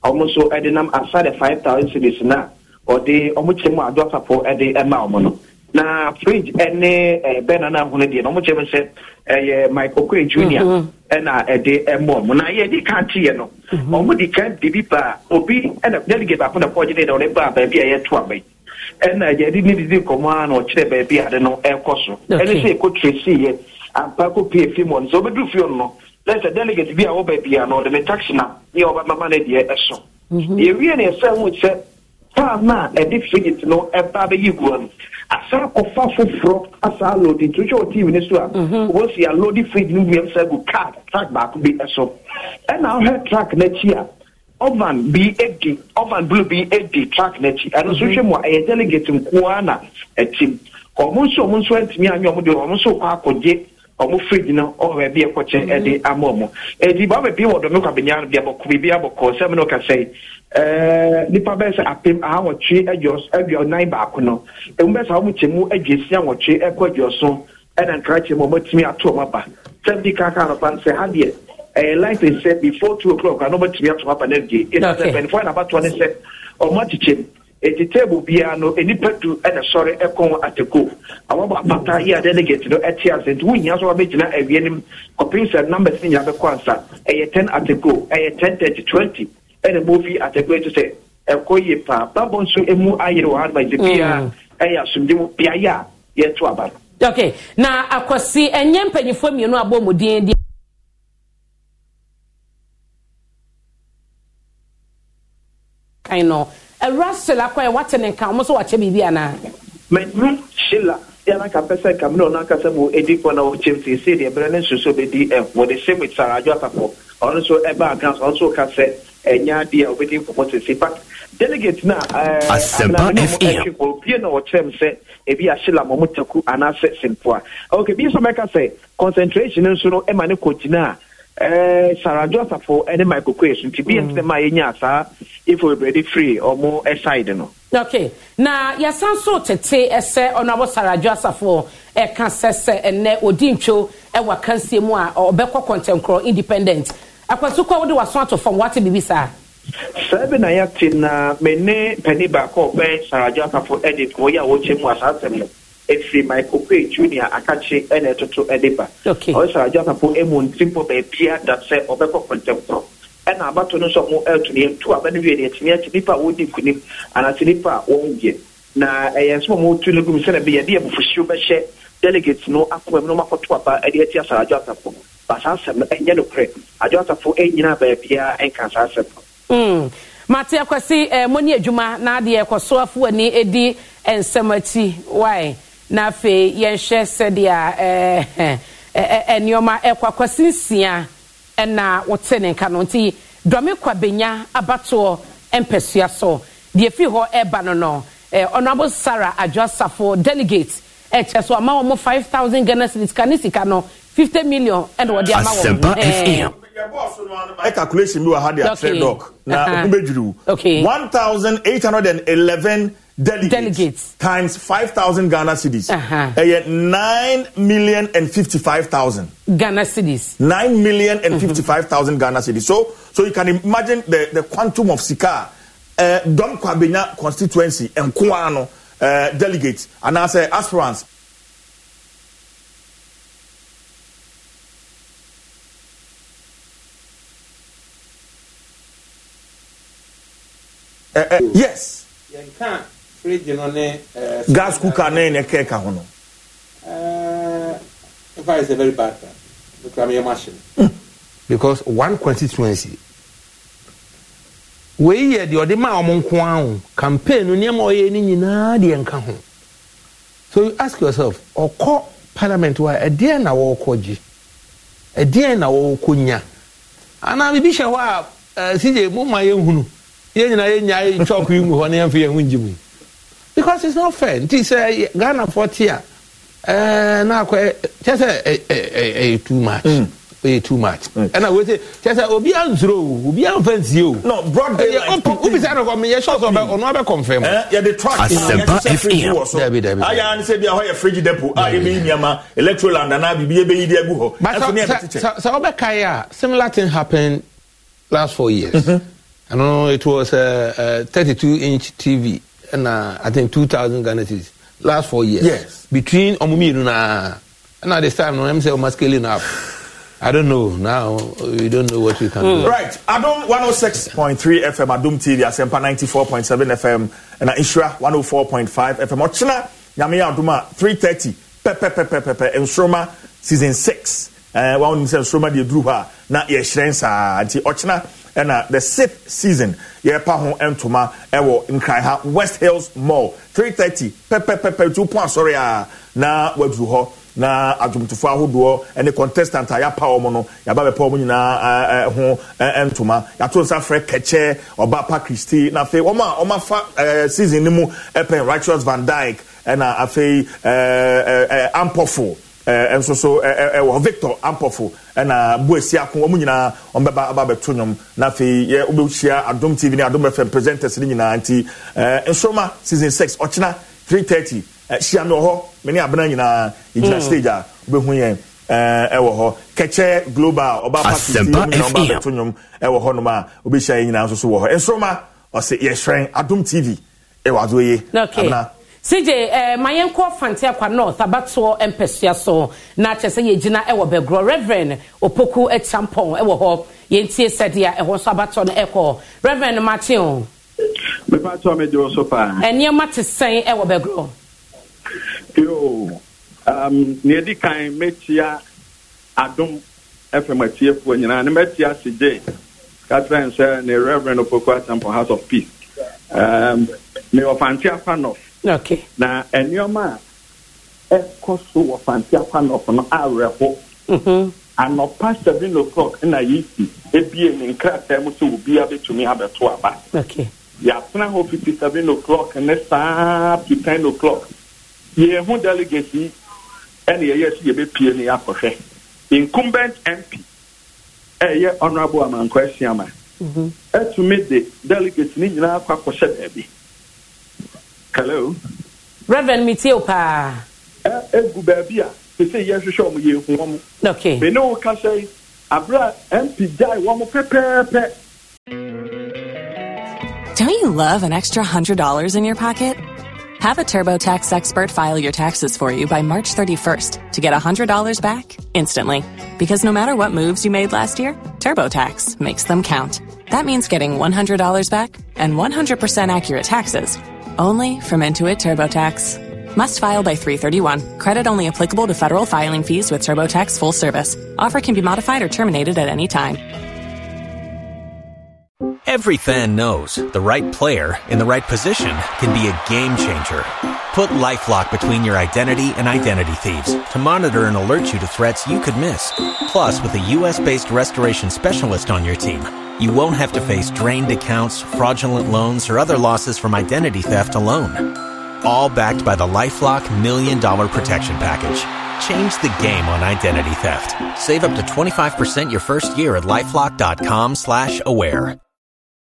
Speaker 3: a ɔmo nso ɛde nam asa de five thousand series na ɔde ɔmo kyerɛ mu ado asapɔ ɛde ɛma ɔmo no na fridge ɛne ɛɛ bɛn na ahono deɛ na ɔmo kyerɛ mu sɛ ɛyɛ michael kure junior mm-hmm. ɛna ɛde ɛmɔ ɔmo na yɛ di kan ti yɛ no mm-hmm. ɔmo di kan bibi paa obi ɛna delegate baako na kɔɔgye ne na ɔne ba baabi a yɛ to abɛn ɛna yɛde ne didi nkɔmɔ a na ɔkyerɛ baabi ade no ɛkɔ so ɛne sɛ ɛkɔ tresi yɛ ampa kɔ pie fi mu no sɛ ɔbɛdu fie no na sɛ delegate bi a wɔ baabi a na ɔde ne taxi na ne ɔba mama no deɛ ɛso mhm. yɛwie ne ɛsɛ ho sɛ paa no a ɛde frigate no ɛba bɛyi gua no asan kɔfa foforɔ asan lodi nti wɔ tv no so a mhm. wɔsi alodi frigate no wiam sɛ gu card track baako bi ɛso ɛna ɔhɛ track n'akyi a ovan bi edi ovan blue bi edi track n'ekyi ɛno nso mhm. hwɛ mu a ɛyɛ delegate na ɛtim ọmụ nso ọmụ nso ɛntumi anyị ɔmo deɛ ọmụ nso kɔ akɔgye ɔmo fridge no mhm. ama ọmụ edi baama bi wɔ ọdụ kwabenya no bi abɔkɔ kasa yi nipa apem nan baako no emu mu so nkrakye mu ato aba ɛyɛ eh, life nsɛ before two o'clock anɔ bɛtumi ato aba next day ɛna sɛ mpanyinfoɔ na abatoɔ ne sɛ ɔmo akyekyɛ mu eti table biara no enipa du ɛna sɔre ɛkɔn ateko awabɔ apata eh, yi a delegate no ɛte eh, ase nti wunyina so wabɛgyina ɛwiɛ nim kɔpem sɛ numbers ne nyinaa bɛkɔ ansa ɛyɛ ten ateko ɛyɛ ten thirty twenty ɛna mo fi ateko etu sɛ ɛkɔ yie paa babɔ nso emu ayere wɔ ha ma ɛdi biara ɛyɛ asomdwe biara to aba. Mm. okay
Speaker 9: na akwasi ɛnyɛ mpanyinfoɔ mmienu abɔ mu den deɛ. akan no ɛwura sila kwan yɛ wate ne nka wɔn nso wakyɛ biribi ana.
Speaker 3: mɛnyi sila yàrá ka pɛ sɛ kamina ɔnà kasa mu edi kɔ na ɔkyɛ ti se deɛ bɛrɛ ne soso bɛ di ɛn wɔde se mu sara adwo atapɔ ɔno nso ɛba akan so ɔno nso ka sɛ ɛnya adeɛ ɔbɛdi nkɔmɔ sisi but delegate na
Speaker 4: ɛɛ asempa
Speaker 11: fm
Speaker 3: obie na ɔkyerɛ mu sɛ ebi ahyela mɔmɔ taku anaasɛ simpoa ok bi nso mɛka sɛ concentration nso no ɛma ne kɔ gyina a. Eh, saradwo asafo eh, ne michael kwe so nti bmt mm. ne ma yɛnya saa ifo bebrede firi ɔmo side no
Speaker 9: okay na yɛsan so tete eh, sɛ ɔno abɔ saradwo asafo oh, ɛka sɛ ɛnɛ ɔdi ntwo wɔ akansie mu a ɔbɛkɔ oh, kɔntɛnkorɔ independent akwaso kɔ wode waso ato fam wate biribi saa
Speaker 3: saa bi na na ne baako asafo wɔyɛ a mu asaasɛm no efiri michael pay junior akakye ɛna ɛtoto ɛde ba ɔyɛsɛ ajasapo emu ntimpɔ beebia da sɛ ɔbɛkɔ kɔntɛmpɔ ɛna abato no nso ɔmo ɛɛto ne yɛntu aba no wie ne yɛtumi akyi nipa a wɔdi nkunim anase nipa a wɔn yɛ na ɛyɛ nsɛm ɔmo tu no gum sɛ na bi yɛde abufuhyew bɛhyɛ delegate no akɔm no makɔto aba ɛde ɛti asa ajasapo basa asɛm ɛnyɛ no korɛ ajasapo ɛnyina
Speaker 13: beebia ɛnka asa
Speaker 9: asɛm. mate akwasi ɛɛ mo ni adwuma n'adeɛ kɔso afuani edi nsɛm akyi waaye. na afei yɛnhwɛ sɛdeɛ eh, eh, eh, nneɔma ɛkwakɔse nsia na wote ne nka no nti dɔme kwabenya abatoɔ mpɛsua so deɛ firi hɔ ɛba no no ɔnoabo sara adwoasafo delegate ɛkyɛ so ama wɔ mo 5000 ghana cities ka ne sika no 50 million ɛna wɔde ama wɔ ɛ
Speaker 3: calculation bi wɔ ha de atrɛ dɔk na ɔmo bɛdwiri wo 1811 delegates, delegates. times 5,000 Ghana cities. Uh-huh. And 9 million and 55,000 Ghana cities. 9 million mm-hmm. 55,000 Ghana cities. So, so you can imagine the, the quantum of Sika, uh, Dom Kwabena constituency, and Kuano uh, delegates, and as uh, aspirants. Uh, yes.
Speaker 12: Yeah, fridge no ne. Uh,
Speaker 3: gas cooker ne ne kɛɛ ka ho no.
Speaker 12: ɛfa is a very bad time because i'm a machine. Mm. because one constituency wei yɛ deɛ ɔde maa ɔmo nko ara ho campaign no nneɛma ɔyɛ ne nyinaa deɛ nka ho so you ask yourself ɔkɔ parliament wa ɛdeɛn e na wɔrekɔ gye ɛdeɛn na wɔrekɔ nya anaa bibi hyɛ hɔ a ɛɛ sidi mu ma yɛn hunu yɛn nyinaa yɛn nya yɛ twɔko yi mu hɔ ne yɛn fi yɛn ho ngye mu. because it's not fair nti sɛ ghana fɔ ti a ɛɛ na akɔ kyɛ sɛ ɛyɛ too much. Mm. Hey, too much ɛna wete kyɛ sɛ obi anzoro o obi anfa nsie o. no broad day like open open sɛ ɛnɔkɔ mi yɛ sɔ sɔ bɛ ɔno abɛ kɔnfɛn mu. yɛ
Speaker 3: de track asempa fm dabi dabi. aya an sɛ bi a hɔ yɛ fridge depot. a ebi yi nneɛma electro land ana bibi ebe yi de egu hɔ ɛfo ne yɛ ti kyɛ.
Speaker 12: ɔbɛ ka yi a similar thing happen last four years. Mm-hmm. I know it was a uh, uh, thirty two inch tv and uh, I think 2,000 Ghana cities last four years. Yes. Between Omumi um, and and at this time, no, I'm saying, scaling up. I don't know now. We don't know what we can mm. do. Hmm. Right.
Speaker 3: Adom 106.3 FM, Adum TV, Asempa 94.7 FM, and Ishra 104.5 FM. Ochina, Nyamia Adoma 330, Pepe, Pepe, Pepe, Nsroma Season 6. Uh, eh, one Nsroma, the Druha, na Yeshrensa, Ochina ɛna the sixth season yɛrepa ho ntoma ɛwɔ nkranha west hills mall three thirty pɛpɛpɛpɛ tu pon asɔre a na waduru hɔ na adwomtofo ahodoɔ ɛne contestant a yɛapa wɔn no yɛaba bɛpa wɔn nyinaa ho ntoma yɛato nsa frɛ kɛkyɛ ɔbaapa kristi na afei wɔn a wɔafa season no mu ɛpɛn righteous van dyke ɛna afei ɛɛ ɛɛ ampɔfo. Eh, eh, nso so ɛwɔ eh, victor ampɔfo ɛna boesi ako wɔn nyinaa wɔn bɛba aba abɛto nnwom na afei yɛ wobɛhyia adom tv ne adom fm presenters ne nyinaa nti nsoroma season six ɔkyena three thirty ɛhyia mi wɔ hɔ mɛ ne abena nyinaa egyina mm. stage a wobɛhu yɛn ɛwɔ hɔ kɛkyɛ global ɔba pati ti wɔn nyinaa wɔn abɛto nnwom ɛwɔ hɔ nom a wobɛhyia yɛn nyinaa nso so wɔ hɔ nsoroma ɔsɛ yɛhyerɛn adom tv ɛwɔ adoye
Speaker 9: abena sije eh, mayenkɔ fante akwa north abatoɔ mpɛsua so na kyerɛ sɛ yɛgyina ɛwɔ bɛgorɔ reverend opoku akyampɔn ɛwɔ hɔ yɛntie sɛdeɛ ɛhɔ nso abatoɔ no ɛkɔ reverend makye o
Speaker 3: mepa toa mede wo so paa
Speaker 9: ɛnneɛma eh, te sɛn ɛwɔ bɛgorɔ
Speaker 3: yo um, neɛdi kan mɛtia adom fm atiefoɔ nyinaa ne mɛtia sigye ka kyerɛ n sɛ ne reverend opoku akyampɔn house of peace um, me ɔfante afa north Okay. na nneɛma a ɛkɔ so wɔ fanti akwanɔfo no awerɛho mm-hmm. anɔpa seven o'clock na yɛsi ebie ne nkrataa mu sɛ obi abɛtumi abɛto aba yɛatena hɔ fifty seven o'clock ne saa to ten o'clock yɛn ho delegate yi ɛna yɛyɛ so yɛbɛpie ne yɛakɔhwɛ incumbent mp ɛyɛ honourable amankwa siama mm-hmm. ɛtumi de delegate ne nyinaa akɔ akɔhyɛ baabi.
Speaker 9: Hello. Reverend Mitiopa. Egu eh, eh, baabi a
Speaker 3: yɛ yɛ ehu Okay. Bene o ka sɛ abira MP pɛpɛɛpɛ.
Speaker 14: Don't you love an extra hundred dollars in your pocket? Have a TurboTax expert file your taxes for you by March 31st to get $100 back instantly. Because no matter what moves you made last year, TurboTax makes them count. That means getting $100 back and 100% accurate taxes only from Intuit TurboTax. Must file by 331. Credit only applicable to federal filing fees with TurboTax full service. Offer can be modified or terminated at any time.
Speaker 15: Every fan knows the right player in the right position can be a game changer. Put LifeLock between your identity and identity thieves to monitor and alert you to threats you could miss. Plus, with a US based restoration specialist on your team, you won't have to face drained accounts, fraudulent loans, or other losses from identity theft alone. All backed by the LifeLock Million Dollar Protection Package. Change the game on identity theft. Save up to 25% your first year at LifeLock.com slash aware.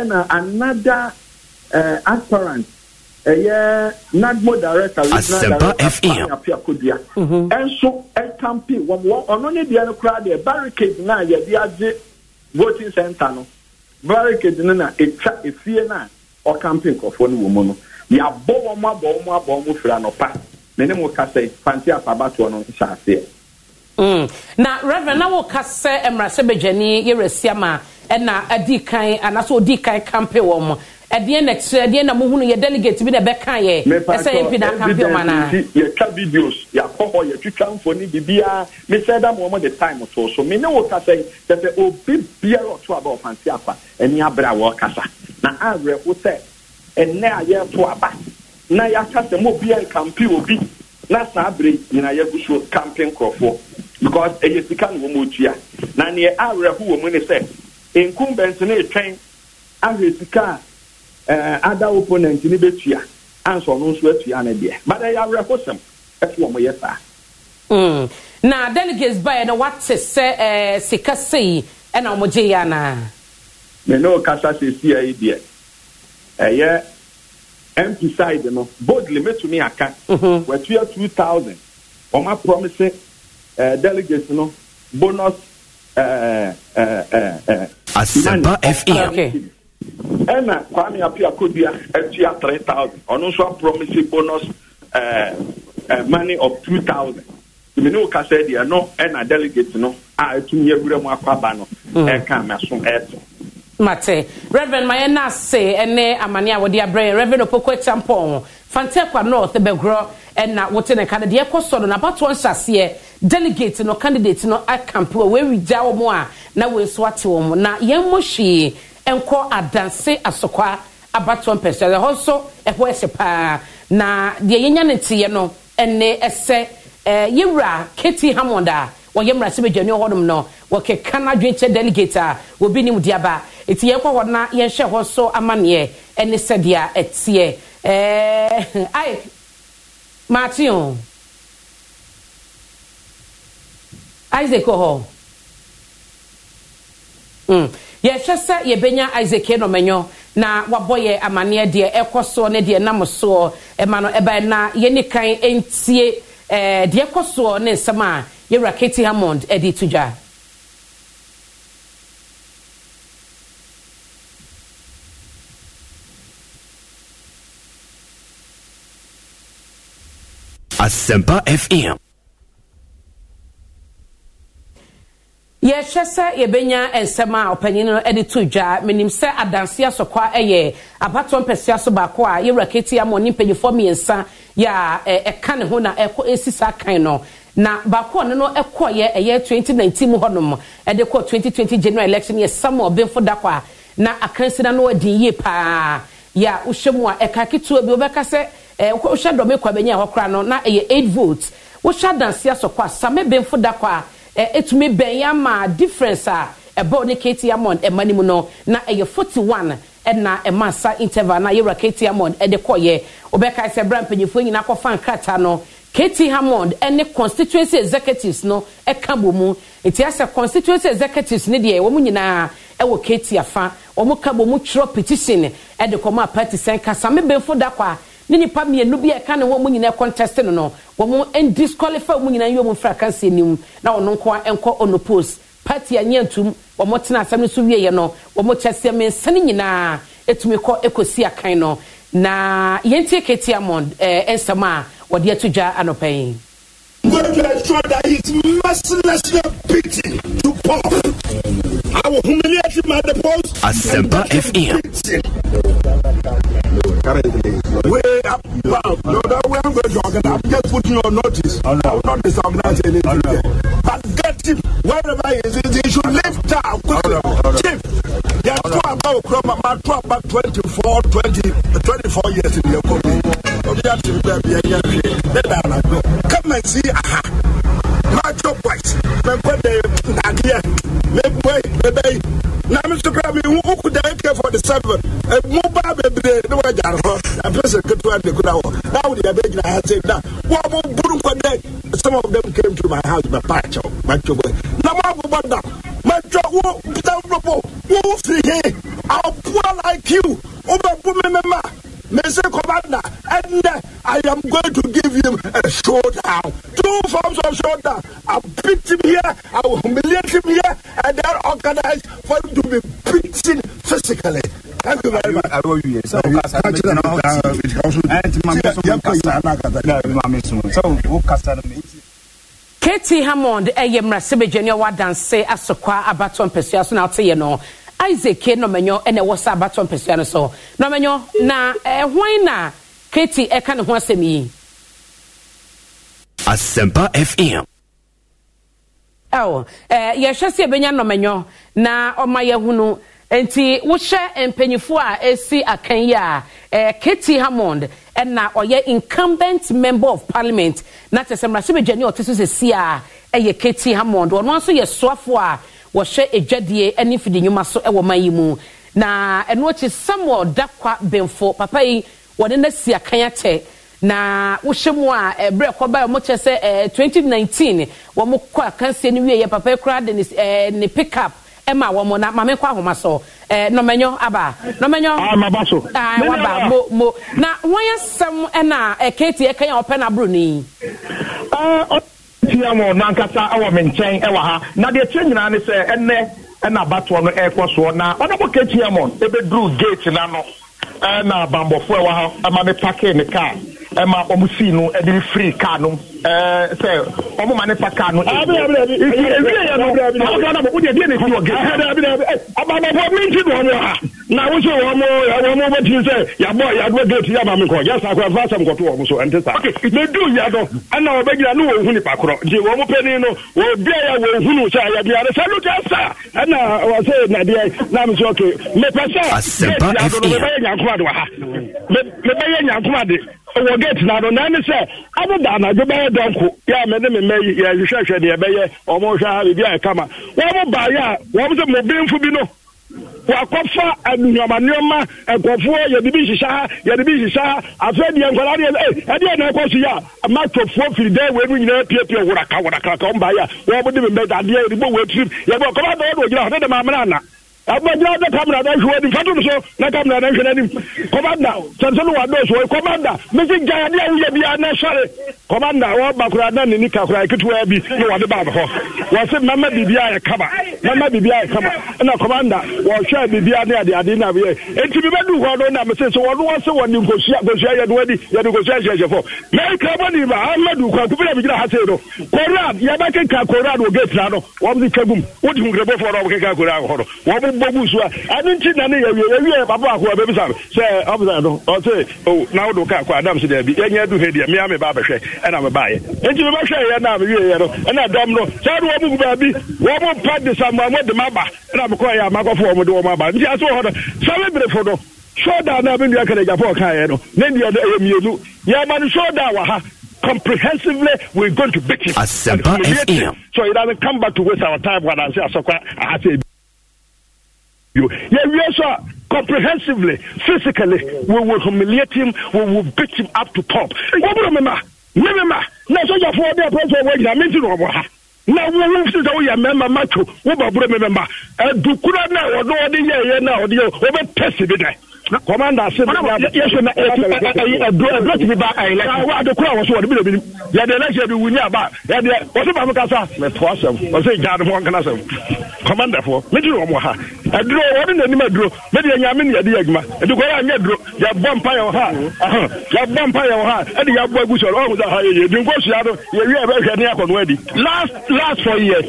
Speaker 10: ɛna another uh,
Speaker 3: aspirant ɛyɛ uh, nagmo director regional director mm-hmm. ɛnso ɛkampi wɔn wɔn ɔno ne deɛ no koraa deɛ barricade na yɛde agye voting center no barricade no na etwa efie na ɔkampi nkɔfoɔ no wɔ mu no yabɔ wɔn abɔ wɔn abɔ wɔn fira nɔpa na ne mu kasa yi fanti apabatoɔ no nhyɛ aseɛ.
Speaker 16: Mm.
Speaker 9: na reverend na wò kasa mmarasɛbadwani yɛrɛ si ama ɛna ɛdi kan anaasɛ odi kan kampe wɔn mo ɛdeɛ na kyerɛ ɛdeɛ na mo hunu yɛ delegate bi na ɛbɛka yɛ ɛsɛ yɛ mpi na kampe wɔn anaa.
Speaker 3: yɛtwa videos yɛakɔ hɔ yɛtwitwa mfoni biribiaa mesɛ da ma wɔn de time to so me ne wo kasa yi kyerɛ sɛ obi biara ɔto aba ɔfansi akwa ɛni abere a wɔrekasa na awerɛho sɛ ɛnɛ a yɛreto aba na yɛaka sɛ mo biya nkampe obi na saa abere nyinaa yɛgu so kampe nkurɔfoɔ because ɛyɛ sika na wɔn mo tua na neɛ awerɛho wɔ mu ne sɛ incumbent no retwɛn ahwɛ sika a ada eh, opponent no bɛtua ansa ɔno nso atua no deɛ but ɛyɛ awerɛho sɛm ɛfo wɔn yɛ saa.
Speaker 9: Mm. na delegates baeɛ no wate sɛ ɛɛ eh, sika sei ɛna wɔn gye yɛ anaa.
Speaker 3: me ne ɔkasa sɛsi ayi deɛ ɛyɛ mp side no boldly metumi aka mhm. watua two thousand wɔn apromise ɛɛ eh, delegates no bonus. Asempa FM. ɛna kwame apia kodua atua three thousand ɔno nso apromise bonus eh, eh, money of two thousand mene wo kasa deɛ no ɛna delegate no a ɛtumi awura mu akɔ aba no ɛka
Speaker 7: maso ɛto
Speaker 9: mate reverend ma yɛna ase ɛne amane a wɔde abrɛ yɛ reverend opoko akyampɔn fantekwa north bɛgorɔ ɛna wote ne ka no deɛ ɛkɔ sɔ no n'abatoɔ nhyɛseɛ delegate no candidate no akampe wɔ wɔawigya wɔ mu a na wɔn nso ate wɔn mu na yɛn mo hwee nkɔ adanse asokwa abato mpɛsɛ ɛhɔ nso ɛhɔ ɛhyɛ paa na deɛ yɛnya ne teɛ no ɛne ɛsɛ ɛɛ yɛwura katie hammond a wɔyɛ mmarahyɛbadwani wɔ hɔnom no wɔkeka no adwenkyɛ delegate a obi nim deaba eti yɛnkɔ hɔ na yɛnhyɛ hɔ so amaneɛ ɛne sɛdeɛ ɛteɛ Eh, ai, Martinho. Isaac hɔ yɛhwɛ sɛ yɛbɛnya Isaac nɔmanyɔ na wabɔ yɛ amanneɛ deɛ ɛkɔ soɔ ne deɛ nam soɔ ɛma no ɛbɛn na yɛne kan ntie ɛɛ eh, deɛ ɛkɔ ne nsɛm a yɛwura Katie Hammond ɛde to
Speaker 11: Asempa FM.
Speaker 9: yɛhwɛ sɛ yɛbɛnya nsɛm a ɔpanyin no de to dwa menim sɛ adanse asɔkwa yɛ abatoɔ mpɛsea so baako a yɛwura keti ama ɔne mpanyinfoɔ mmiɛnsa yɛ a ɛka ne ho na ɛkɔ si saa kan no na baako ɔno no kɔɔyɛ ɛyɛ 2019 mu hɔnom de kɔɔ 2020 general election yɛ samuel benfo dakɔ a na akansina no adi yie paa yɛ a wohyɛ mu a ɛka ketewa bi wɔbɛka sɛ Eh, wohwɛ dɔm ekɔ abɛnyi a wɔkora no na ɛyɛ eight votes. wohwɛ adansi asɔkɔ a same benfo da kɔ a eh, etumi bɛn ya ma difference a ɛbɛw ne kate amon ɛma ne mu no na ɛyɛ forty one ɛna ɛma nsa interval na yɛwura kate amon ɛde kɔɔyɛ wɔbɛka sɛ ɛbɛrɛ mpanyinfoɔ nyinaa kɔfa nkrataa no katie hammond ne constituency executives no ka bɔ mu nti asɛ constituency executives no deɛ wɔn nyinaa wɔ katie afa wɔn ka bɔ mu twerɛ petition de kɔma party sɛn kasa mebɛnfo da kɔ a ne nipa mmienu bi a ɛka ne ho mu nyinaa contest no no wɔn ndisqualify mu nyinaa yɛ wɔn fira kansa anim na ɔno nko nkɔ ɔno post party anyɛ wɔn tena asɛm no so wieɛ no wɔn kyɛ mmiɛnsa no nyinaa etumi kɔ ekosi akan no na yɛn ti kete amond ɛɛ eh, nsɛm a wɔde ato dwa anɔpɛ yi. God,
Speaker 3: you are sure that it's mercilessly beating to pop. I will humiliate him at the post. Asempa FM. Way up, well, no, that way I'm going to organize. i just putting your notice. Oh, no. I will not disorganize anything. Oh, no. But get him wherever he is. He should lift up quickly. Oh, no. Chief, they are two about Chroma, about 24, 20, 24 years in your company. Come and see, aha. ghetto boys mɛnkɔ de adeɛ mɛbue mɛbɛyi na mi kura mi n wuku da ak forty seven mu ba bebree ne wa gyare hɔ apɛsɛ ketewa de kura hɔ na de abɛ gyina ha se na wɔn mo buru nkɔ dɛ some of them came to my house mɛ pa akyɛw ma twɛ bɔ na mo abobɔ da ma twɛ wo peter ndopo wo firi he awo poor like you wo bɛ bu mi mi ma. Mr. Commander, and uh, I am going to give him a showdown. Two forms of showdown. I'll beat him here, I will humiliate him here, and then organize for him to be beaten physically. Thank you very much. Awo yi yẹ sẹ o kasa mi tina o ti ẹ ti maa mi sọ mo kasa n'a
Speaker 9: Hammond ɛyɛ eh, mmarasɛbadwani a wadanse asokwa abatɔ mpɛsua so na ateyɛ no Isaac eh, Nɔmanyɔ ɛna eh, ɛwɔ sɛ abatɔ mpɛsua no so Nɔmanyɔ na ɛhwan na Katie ɛka ne ho asɛm yi.
Speaker 11: Asempa FM
Speaker 9: ɛwɔ ɛɛ eh, yɛhwɛ sɛ ebɛnya nnɔmɛnyɔ na ɔma yɛhu nti wohyɛ mpanyinfoɔ a esi akan yi a ɛɛ eh, katie hammond ɛna ɔyɛ incumbent member of parliament na kyerɛ sɛ mmarahyɛbadwani ɔte so sɛsi a ɛyɛ katie hammond ɔno nso yɛ soafoɔ a wɔhyɛ edwadie ne fidinwuma so wɔ man yi mu na ɛno akyi samuel dakwa benfo papa yi wɔde n'asi akan atɛ. na wohyɛ mu a ɛberɛ kɔba a mokyɛ sɛ 2019 eh, wɔn kɔ akansie no wieɛ papa yi koraa de ne eh, pickup ɛma wɔn na maame kɔ ahoma so ɛɛ eh, nɔmɛnyɔ aba nɔmɛnyɔ. Ah, ah, mo na wɔn asɛm ɛna ɛkeeti ɛkɛn a ɔpɛ n'aburo ni. ɛɛ ɔtia mo nankasa ɛwɔ mi nkyɛn ɛwɔ ha na deɛ tiɛ nyinaa ni sɛ ɛnɛ ɛna abatoɔ no
Speaker 3: ɛɛkɔ soɔ na ɔnabɔ ketia mo ebeduru gate n'ano ɛna abambɔfoɔ ɛwɔ ha ɛma mi pake ne kaa. ɛma wɔn sii no ɛde firi kaa no Eh, sɛ ɔmo ma ne fa kaa no. yɛ no awo ha na wosi wɔn mo wɔn mo bɛ ti sɛ yabɔ yaduwa gate yaba mi kɔ yasa akɔ ɛfa sɛm kɔtɔ wɔn so ɛnti sa. ne du yadɔ ɛna ɔbɛ gyina ne wɔn hu nipa korɔ nti wɔn mo panyin no wɔn bia yɛ wɔn no sɛ yɛ bia sɛ tɛ sa ɛna wɔsɛ nadeɛ na mi sɛ ɔke mepɛ sɛ gate yadɔ no mebɛyɛ nyankoma de wɔ gate na danko yà mẹ ní mi mẹ yẹ hwehwẹhwẹ ni ẹ bẹ yẹ ọmọ ha bìbí ayẹ kama wọn mu baayẹ a wọn sẹ mọbìnfo bi no wakɔfa adunyama nneɛma nkɔfoɔ yɛde bi hyehyɛ ha yɛde bi hyehyɛ ha afei deɛ nkwadaa deɛ ɛ eh, ɛdeɛ na ɛkɔ so yi a matɔfoɔ firi dɛ wei no nyinaa piepie woraka woraka wɔn baayɛ a wɔn mo de mi mɛ dadeɛ yɛde bɔ wɔn tirim yɛde bɔ kɔba bɛyɛ de ogyina hɔ ne de maame na ana agbẹjọ bẹ kamara náà hwẹ ni kátó nìṣó náà kamara náà hwẹ n'anim kọmanda sẹnsẹn wà dọ̀sọ̀ yìí kọmanda mẹsì jaya ní awuyẹ bi aná sọrẹ kọmanda wọn bakura náà nìní kakura ketewa bi ní wọn de bá bọ wọn sẹ mẹmẹ bìbí ayẹ kama mẹmẹ bìbí ayẹ kama ẹnna kọmanda wọn hwẹ bìbí aná adé adé náà yẹ etí bíbẹ dùn hàn ló náà mẹsẹ sọ wọn wọn sẹ wọn ní nkosua nkosua yẹ ni wọn di ni nkosua yẹ yẹ fọ mẹyì kẹbọ ni ma amadu kwan kúbi náà mi gyina koran yabẹ kẹkẹ koran wọ gẹẹti náà no wọn bi kẹgum wọn di nkirabọ bɔ gu so a ɛno nti na ne yɛwie yɛwie papa ako a bɛbisa me sɛ ɔbisa no ɔse o na wodo kaa kɔ adam se daabi yɛnyɛ du he deɛ mea meba bɛhwɛ ɛna mebaeɛ enti mebɛhwɛeɛ na mewieeɛ no ɛna dɔm no sɛ de mu gu baabi wɔ mo pa de samoa mo de maba ɛna mekɔɛ a makɔfo wɔ mo de wɔ mo aba nti ase wɔ hɔ no sɛ mebrefo no sɔda na me nua kɛnɛ gyapɔ ɔkaeɛ no ne nua no ɛyɛ mmienu yɛma no sɔda ha comprehensively we're going to beat him. So it doesn't come back to waste our time when I say Asokwa. say you. Yeah, we also Comprehensively, physically, we will humiliate him, we will beat him up to pulp. Remember, remember, now so you for the approach of waiting, I mean, you know, na wo wo fi sɛ woyɛ mmarima mato oh, wo baborɔ mmarima adukura no a wɔde wɔde yɛɛyɛ no a wɔde bi dɛ commander se yɛsɛ na ɛduro ɛduro ti fi ba election wa adi kura so wɔn bi na yɛde election bi wuli aba yɛde wɔsi baamu kasa mɛ tɔ asɛm wɔsi gyaade fɔ nkana asɛm commander fɔ ne ti wɔn wɔ ha ɛduro wɔn de n'anim ɛduro ne de yɛ nyame ni yɛde yɛ adwuma edukɔ yɛ anyɛ duro yɛ bɔ mpa yɛ wɔ ha yɛ bɔ mpa yɛ wɔ ha ɛde yɛ bɔ egu sɔrɔ ɔmu sɛ ha yɛ yɛ dunko sua do yɛ wi ɛbɛ hwɛ ne akɔnua di last last four years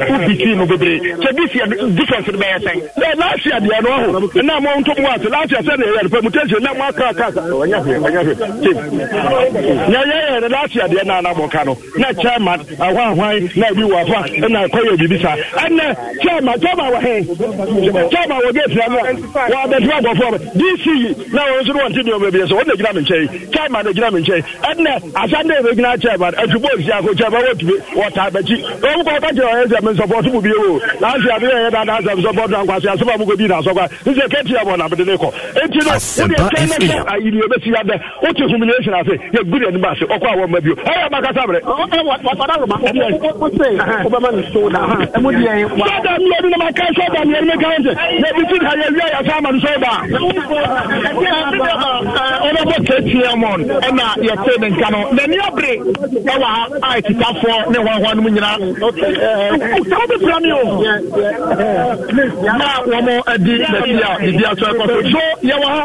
Speaker 3: anpa mu tension na mu aka aka aka ɔnyɛ hwɛ na yɛyɛ no last year deɛ na anabɔka no na chairman ahwanhwan na ebi wɔ afa ɛna akɔyɛ biribi saa ɛnɛ chairman chairman wɔ hɛn chairman wɔ gate na mu a wɔ abɛtuma abɔfoɔ bɛ dc na wɔn nso wɔn ti di ɔmɛ bi yɛ wɔn na gyina mi nkyɛn yi chairman na gyina mi nkyɛn ɛnɛ asande gyina chairman etu bɔɔl chairman wɔ wɔ bi na asɛmpa fm ayiri o bɛ si adɛ o ti humiliation ase yɛ gudi ɛni baasi ɔkɔ awɔ mɛ bi o ɔyɛ ma kasa brɛ. ɛ wasada roma o bɛ o se o bɛ ma nin so na ɛ mu diɲɛ wa. sɔda mi yɛrɛ ma kɛ sɔda mi yɛrɛ ma kɛ ɛnse ne
Speaker 13: bi ti ka yɛ yasa ma ni sɔda. ɔbɛ bɔ ktm on ɛna yɛ se nin kano na ni yɛ bere ɛwɔ a kita fɔ ne hɔnhɔn mu nyina. ɔkutama bɛ fila mi o. na wɔn di bɛsi a bibi aso ɛkɔtɔ so yɛ
Speaker 3: wɔ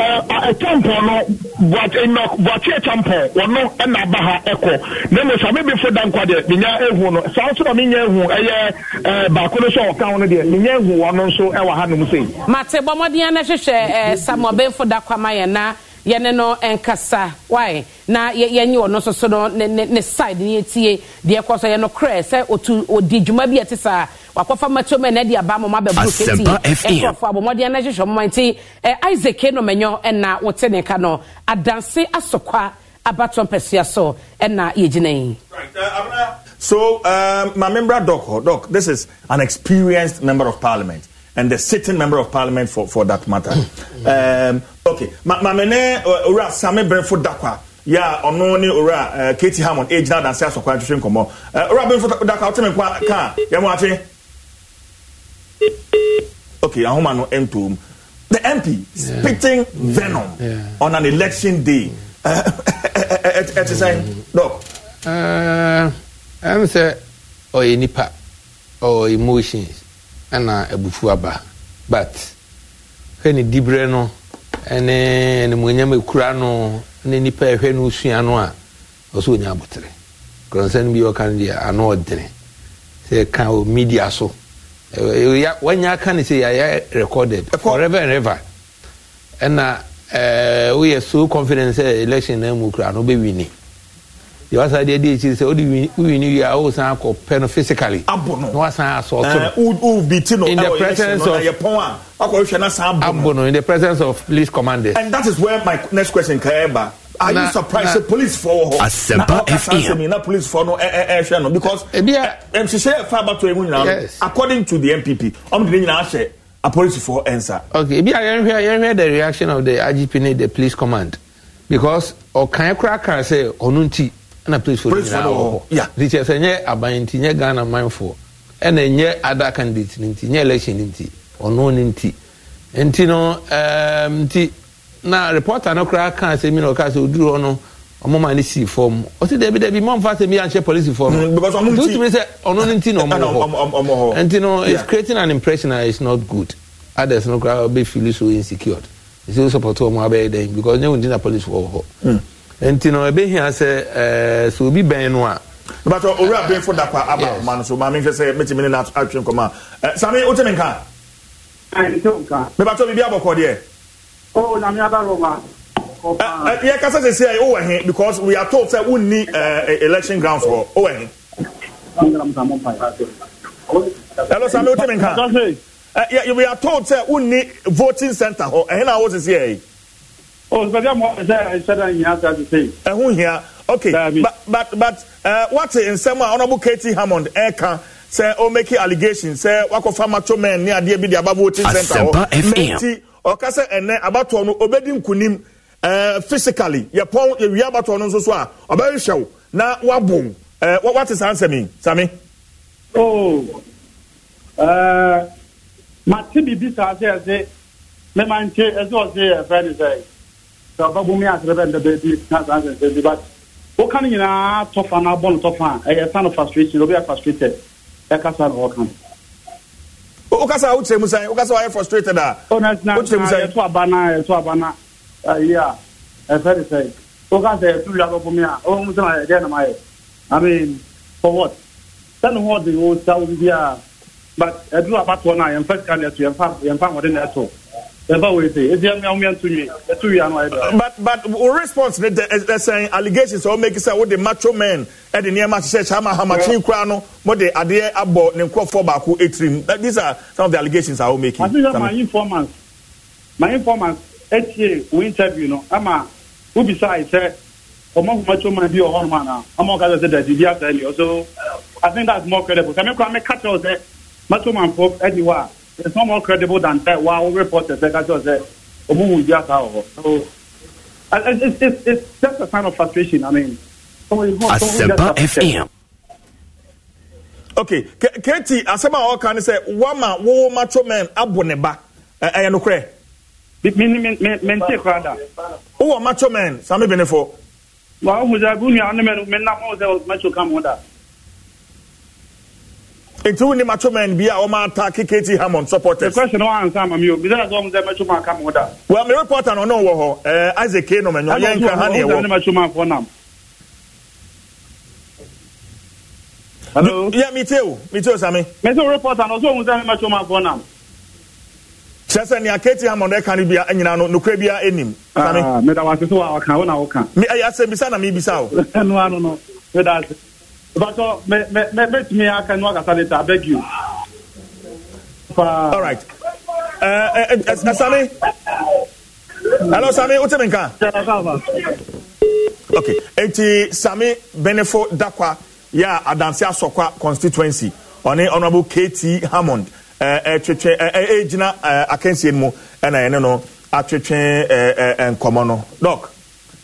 Speaker 3: ɛtampɔn uh, uh, no boakye tampɔn wɔno ɛna ba ha ɛkɔ na mmom saa mebefo da nkwa deɛ menya ɛhu no saa nso na menya ehu ɛyɛ eh, eh, baako no sɛ ɔka ho no deɛ
Speaker 17: menya ehu wɔno nso ɛwɔ ha nom sei
Speaker 9: mate bɔ mmɔden a na hwehwɛ samuel bɛmfo da kwama yɛ na yɛne no nkasa wae na yɛnye ɔno nso so no ne side ne yɛtie deɛ ɛkɔ so yɛno korɛ sɛ ɔtu ɔdi dwuma bi ɛte saa wakɔfa matoma na ɛde aba mɔma bɛboro kɛti nkurɔfoɔ abɔmmɔden no hyehyɛ mɔma nti eh, isaac nomanyɔ ɛna wote ne ka no adanse asɔkwa abatɔ mpɛsua so ɛna yɛgyina yi
Speaker 3: uh, So, um, my member, Doc, oh, Doc, this is an experienced member of parliament and the sitting member of parliament for, for that matter. (clears throat) um, okay ma maame ne owura sami benfo dakwa yà ɔno ne owura katie hammond egyina dansi asɔkwa atwitwi nkɔmɔ owura benfo dakwa ɔtɛmɛ nkwa kaa yɛn mu ate okay ahoma no ntom the mp spitting yeah. venom yeah.
Speaker 12: on an election day ẹ ti sẹ́yìn dọ́k. ẹ m sẹ ọyẹ nipa ọ emotions ẹna ebufu aba but hwẹ ni dibere no ɛne animonyam ekura no ne nipa ɛhwɛ no sua no a ɔsɛ onya abotire kurɔnsɛn bi ɔka no deɛ ano ɔdene sɛ ka o media so wanya aka ne sɛ yɛayɛ recorded forever and ever ɛna woyɛ so confident sɛ election na mu kura no bɛwini deɛ wasa deɛ di akyiri sɛ wode wini wie a wosan akɔ pɛ no physically abɔ no na wasan asɔɔto eh, no in the e presence of abɔ no in the presence of police commanders and that
Speaker 3: is where my next question ka ɛba e are na, you surprised say police for hɔ asempa fm na police for no ɛhwɛ eh, eh, no because nhyehyɛ fa abato emu nyinaa according to the npp
Speaker 12: ɔmo de ne nyinaa police apolisifoɔ ɛnsa. okay ebi a yɛnhwɛ yɛnhwɛ the reaction of the igp ne the police command because ɔkan kura kan sɛ ɔno nti na praisefo nyinaa wɔ hɔ nti kyerɛ sɛ nyɛ aban nti nyɛ ghana manfoɔ ɛna nyɛ ada candidate ne nti nyɛ election ne nti ɔno ne nti nti no ɛɛm nti na reporter no koraa kaa sɛ mi na ɔkaa sɛ oduru hɔ no ɔmo maa ne si fam ɔsi dɛbi dɛbi mɔm fa sɛ mi anhyɛ polisi fam mm, nti wotumi sɛ ɔno ne nti na ɔmo (laughs) wɔ hɔ nti no it's creating an impression that it's not good others no koraa be feeling so insecure nti o support wɔn abɛyɛ dɛn because nyɛ wɔn ti na polisi wɔ hɔ. Mm nti no ebehia sɛ eh, sɛ obi bɛn no a bàtà uh, owurọ abẹnfo dàpọ aba ọmọ nso maame nhwẹ sẹ mẹtìmí ni na atwi nkọmọ ẹ sami o tẹ
Speaker 3: mi nka. ẹ n tẹ o nka. bẹbàtọ yẹ kasa sẹ sẹ o wẹ hin because we are told sẹ o ni eh, e, election grounds for o wẹ hin. hello sami o tẹ mi nka. Eh, we are told sẹ o ni voting centre hɔ ɛhin na o sisi yɛ yi ɛho oh, eh, hia okay but but but uh, eh, wate nsɛm a honourable katie hammond ɛka sɛ ɔmeki allegation sɛ wakɔfa macho men ne adeɛ bi de aba voting center hɔ mɛnti ɔka sɛ ɛnɛ abatoɔ no obɛdi nkunim ɛɛ eh, physically yɛpɔn yɛwie abatoɔ no nso so a ɔbɛhwehwɛw na wabom ɛɛ wate saa nsɛm yi sami. ooo ɛɛ màtí bìbí sàn ṣe ẹsẹ mẹ́màá ń ṣe ẹsẹ ọ̀sẹ̀ ẹ̀fẹ́ nìṣẹ́ yìí sɛ ɔbɛbomi aserɛ bɛ ndɛ baabi na saa nsɛnsɛn bi but woka no nyinaa tɔfa no abɔ no tɔfa a ɛyɛ sa no frustration obi yɛ frustrated ɛkasa e no wɔka wokasa a wokyerɛ mu san wokasa wayɛ e frustrated a wokyerɛ mu san yɛto e aba no yɛto aba no ayi a ɛfɛ de sɛ wokasa yɛto wia bɛbomi a ɔmu sɛ mayɛ dɛn na mayɛ i mean for what sɛne ho ɔde wo sa wo bi a but ɛduru abatoɔ no a yɛmfa sika no ɛto yɛmfa yɛmfa wɔde no ɛto but but response ne de ɛsɛn allegations a wɔmɛki sɛ wɔde macho men ɛde nneɛma ahyehyɛ kyama hamakyin kura no wɔde adeɛ abɔ ne nkurɔfoɔ baako etirim these are some of the allegations a wɔmɛki. i think that my informant my informant etie wo interview no ama wobisa ayi sɛ ɔmo macho man bi wɔ hɔnom ana ama ɔka sɛ sɛ dadi bi asa ɛni ɔso i think that is more credible sɛ mi kura mi kakyɛw sɛ macho man fo ɛdi hɔ a it's not more credible than that. Wow, reporter said that just said, So it's, it's, it's just a sign of frustration. I mean, Asempa FM. Okay, Katie, asɛm a can ne sɛ wama wo macho men abɔ ne ba ɛyɛ nokorɛ mente kora da wowɔ macho men same bene fo wawohu sɛ bu nua ne mɛ menam sɛ macho ka mo da nti wo ni atwoman bi a ɔma atake kt hammond supporters well me reporter no ɔne wɔ hɔ eh, isaac k nom ɛnyɛ ɔyɛ nka ha ne nọ Hello. Yeah, me too. Me too, Sammy. Me too, reporter. No, so we say me chuma for now. kyerɛ sɛ nea kati hammond ɛka no bia nyina no nokorɛ bia ɛnim ah, meda a ɛyɛ asɛm na mebisa wo (laughs) Bato, met me aka nou akasa leta, I beg you. All right. Uh, uh, Sami? Hello, Sami, wote men ka? Ok, eti Sami Benefo Dakwa ya adansi asokwa constituency ɔne honourable KT Hammond ɛtwetwe ɛgyina akansie mu ɛna ɛne no atwetwe nkɔmɔ no doc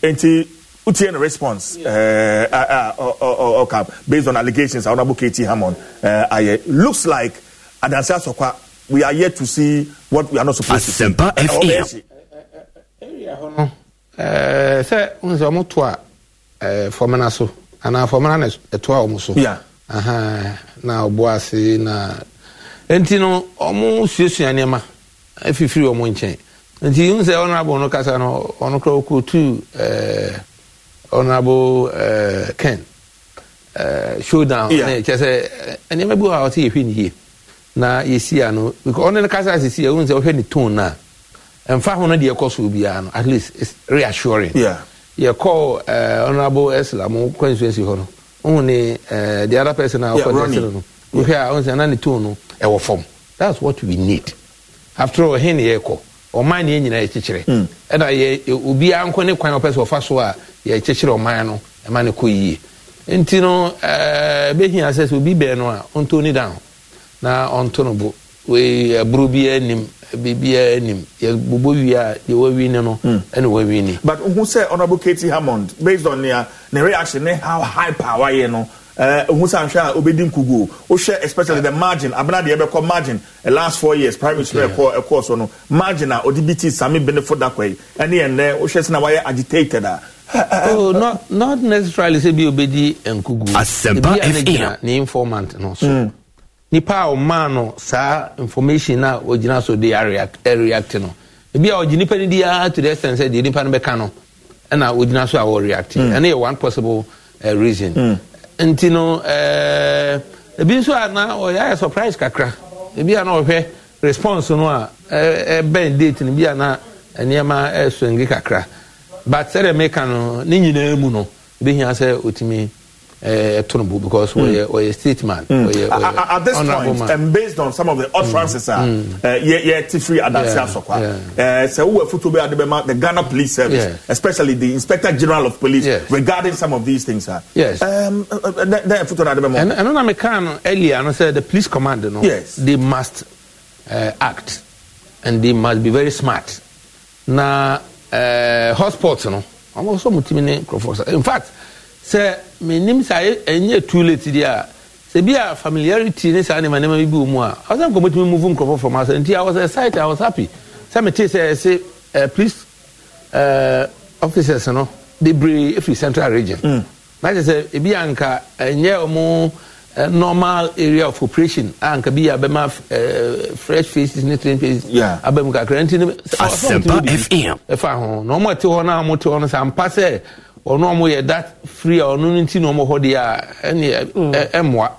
Speaker 3: eti wotie no response ɔka eh, ah, ah, oh, oh, oh, based on allegations honorable kt hammond eh, ayɛ looks like adanse asɔkwa we are yet to see what we are not supposed to see. asempa fe.
Speaker 12: area hɔ no sɛ n sɛ ɔmo to a fɔmena so anaa fɔmena na ɛto a ɔmo so na ɔbɔ ase na nti no ɔmo suasua nneɛma afifiri ɔmo nkyɛn nti n sɛ ɔno abɔ no kasa no ɔno koraa okuro tu ɛɛ. Eh, honourable uh, eh, ken uh, showdown ne kyɛ sɛ nneɛma bi wɔ a ɔte yɛhwɛ ne yie na yɛsi a no ɔno no kasa asisi a wohu sɛ wohwɛ ne tone no a mfa ho no deɛ ɛkɔ so biara no at least it's reassuring yeah. yɛkɔɔ uh, eh, honourable eslam constituency hɔ no wohu ne uh, the other person a wɔkɔ yeah, no wohwɛ a wohu sɛ na ne tone no ɛwɔ fam that's what we need after all he ne yɛkɔ ɔman ne hmm. yɛ nyinaa yɛkyekyerɛ ɛna obiara nko ne kwan a ɔpɛ sɛ ɔfa so a yɛkyekyerɛ ɔman no ɛma no kɔ yie nti no ɛbɛhia sɛ sɛ obi bɛn no a ɔnto ne dan ho na ɔnto no bo aburo biara nim biribiara nim yɛbobɔ wie a deɛ wawi ne no hmm. ɛna wawi ni but wohu sɛ honorable katie hammond based on nea ne reaction ne how hype a wayɛ no
Speaker 3: Eh, ohun san hwɛ a ah, obedi nkugu o hwɛ especially the margin abena ɛbɛkɔ margin the last four years primary school ɛkɔ ɛkɔ so no margin a ah, ɔde bi ti sami benefo dakɔ yi ɛne yɛn nɛ ohwɛ
Speaker 12: sinna wayɛ agitated a. Ah. oh not not necessarily sɛ bi obedi nkugu ebi anegyina ne informant no so hmm. nipa a ɔmaa no saa information na ogyina so de react no ebi a ɔgye nipa ni di ya to the extent sɛ deɛ nipa no bɛka no ɛna ogyina so a ɔreact hmm. ɛne yɛ one possible uh, reason. Mm. nti no eh, ebi nso a na ɔyɛ ayɛ surprise kakra ebi a na ɔhwɛ response no a ɛbɛn eh, eh, date no bi a na nneɛma ɛsɔ nge kakra but sɛdeɛ meka no ne nyinaa mu no ebi hia sɛ otumi. Eh, eh, Tinubu because mm. we're, a statesman. Mm. at, this point,
Speaker 3: and based on some of the utterances, hmm. eh, yeah, Tifri Adansia
Speaker 12: Sokwa,
Speaker 3: so who were the Ghana Police Service, yeah. especially the Inspector General of Police, yes. regarding some of these things. Sir. Yes.
Speaker 12: Um, uh, uh, uh, and, and when I can earlier, and I said the police command, you yes. they must uh, act and they must be very smart. Now, uh, hotspots, you know, I'm also in fact sɛ menim sɛ e, ɛnyɛ too late deɛ a sɛ bi a familiarity ne saa nema nema bi bi wɔ mu a ɔsɛ nkɔmmɔ tumi move nkurɔfo from asa nti I was excited I was happy sɛ metee sɛ ɛse uh, police uh, officers no bebree ɛfiri central region mm. na kyɛ sɛ ebi anka ɛnyɛ ɔmo uh, normal area of operation anka bi a bɛma uh, fresh faces ne train faces yeah. aba mu kakra nti no asɛmpa fm ɛfa ho na ɔmo ɛte hɔ no a ɔmo te hɔ no sɛ ampa sɛ ɔno ɔmo yɛ dat free a ɔno no ti na ɔmo hɔ deɛ a ɛne ɛmoa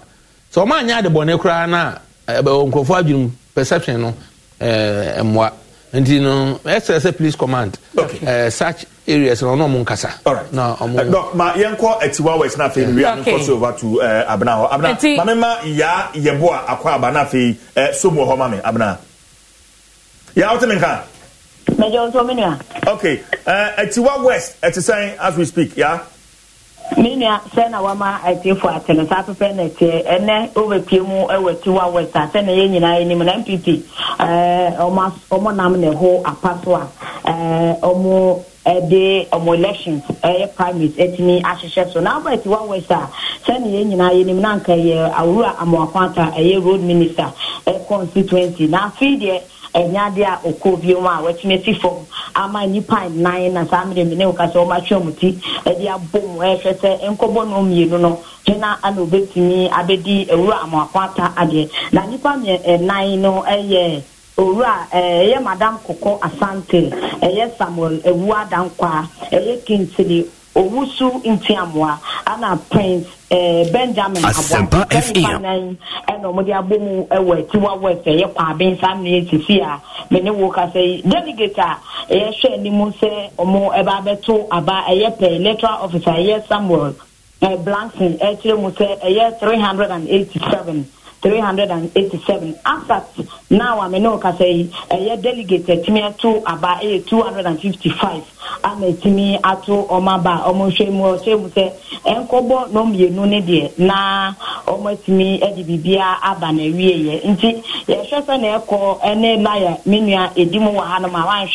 Speaker 12: sɛ ɔmo anya ade bɔne koraa na ɛbɛwɔ nkurɔfoɔ adwene perception no ɛɛ ɛmoa nti no ɛsɛ sɛ police command ɛɛ search areas na ɔno ɔmo nkasa. na ɔmo eh, dɔk ma yɛn kɔ etiwa west na afei wia no cross over
Speaker 3: to ɛɛ abena hɔ abena maame ma yaa yɛbo a akɔ aba na afei ɛɛ somu wɔ hɔ maame abena yaa ɔte mi nka mẹjọ nso mi nua. okay ẹtiwa eh, uh, west ẹti sẹ́yìn as we speak ya. Yeah?
Speaker 7: mi nua sẹ́nà wà má ẹ̀tìfọ̀ àtẹnusá pẹ́pẹ́ nà ẹ̀tìẹ ẹ̀nẹ́ ọ̀bẹ pie mu ẹ̀wọ̀ ẹ̀tìwa west àtẹnà yẹn nyinaa ẹ̀nìm nà npp ọmọ nam nà ẹ̀hó apá so a ọmọ eh, ɛde ɔmo elections ɛyɛ primaries ɛtumi ahyehyɛ so n'aba ɛtiwa west a sɛni yɛn nyinaa yɛn nim nanka yɛ awura amoakwanta ɛyɛ road minister ɛ constituency n'afei deɛ. ɛnyɛ adeɛ a ɔkɔɔ bio mu a wɔatumi asi fam ama nnipa nnan na saa mmiri mi ne woka sɛ wɔmatwɛ mu ti ɛde abɔ mu ɛhwɛ sɛ nkɔbɔ no mmienu no gyina ana obɛtumi abedi awura amoako akwata adeɛ na nnipa eh, nnan no ɛyɛ owura eh, ɛyɛ madam kɔkɔ asante ɛyɛ samuel ewuadankwaa ɛyɛ kintiri owusu ntiamua ana prince eh, benjamin asempa fem ɛna ɔmode abɔ mu eh, wɔ tiwa west ɛyɛ eh, kwabe nsa no yɛ sisi a mene wo kasa yi delegate a ɛyɛhwɛ eh, anim sɛ ɔmo ɛba abɛto aba ɛyɛ pɛ electoral officer ɛyɛ samuel eh, blankson ɛkyerɛ mu sɛ ɛyɛ 387 387 asat now a me ne ɛyɛ delegate atumi ato aba ɛyɛ 255 ama atumi ato a ɔmo nhwɛ mu ɔhyɛ mu sɛ ɛnkɔbɔ na mmienu ne deɛ na ɔmo atumi de biribia aba na awieɛ nti yɛhwɛ sɛ na ɛkɔ mu wɔ hanom a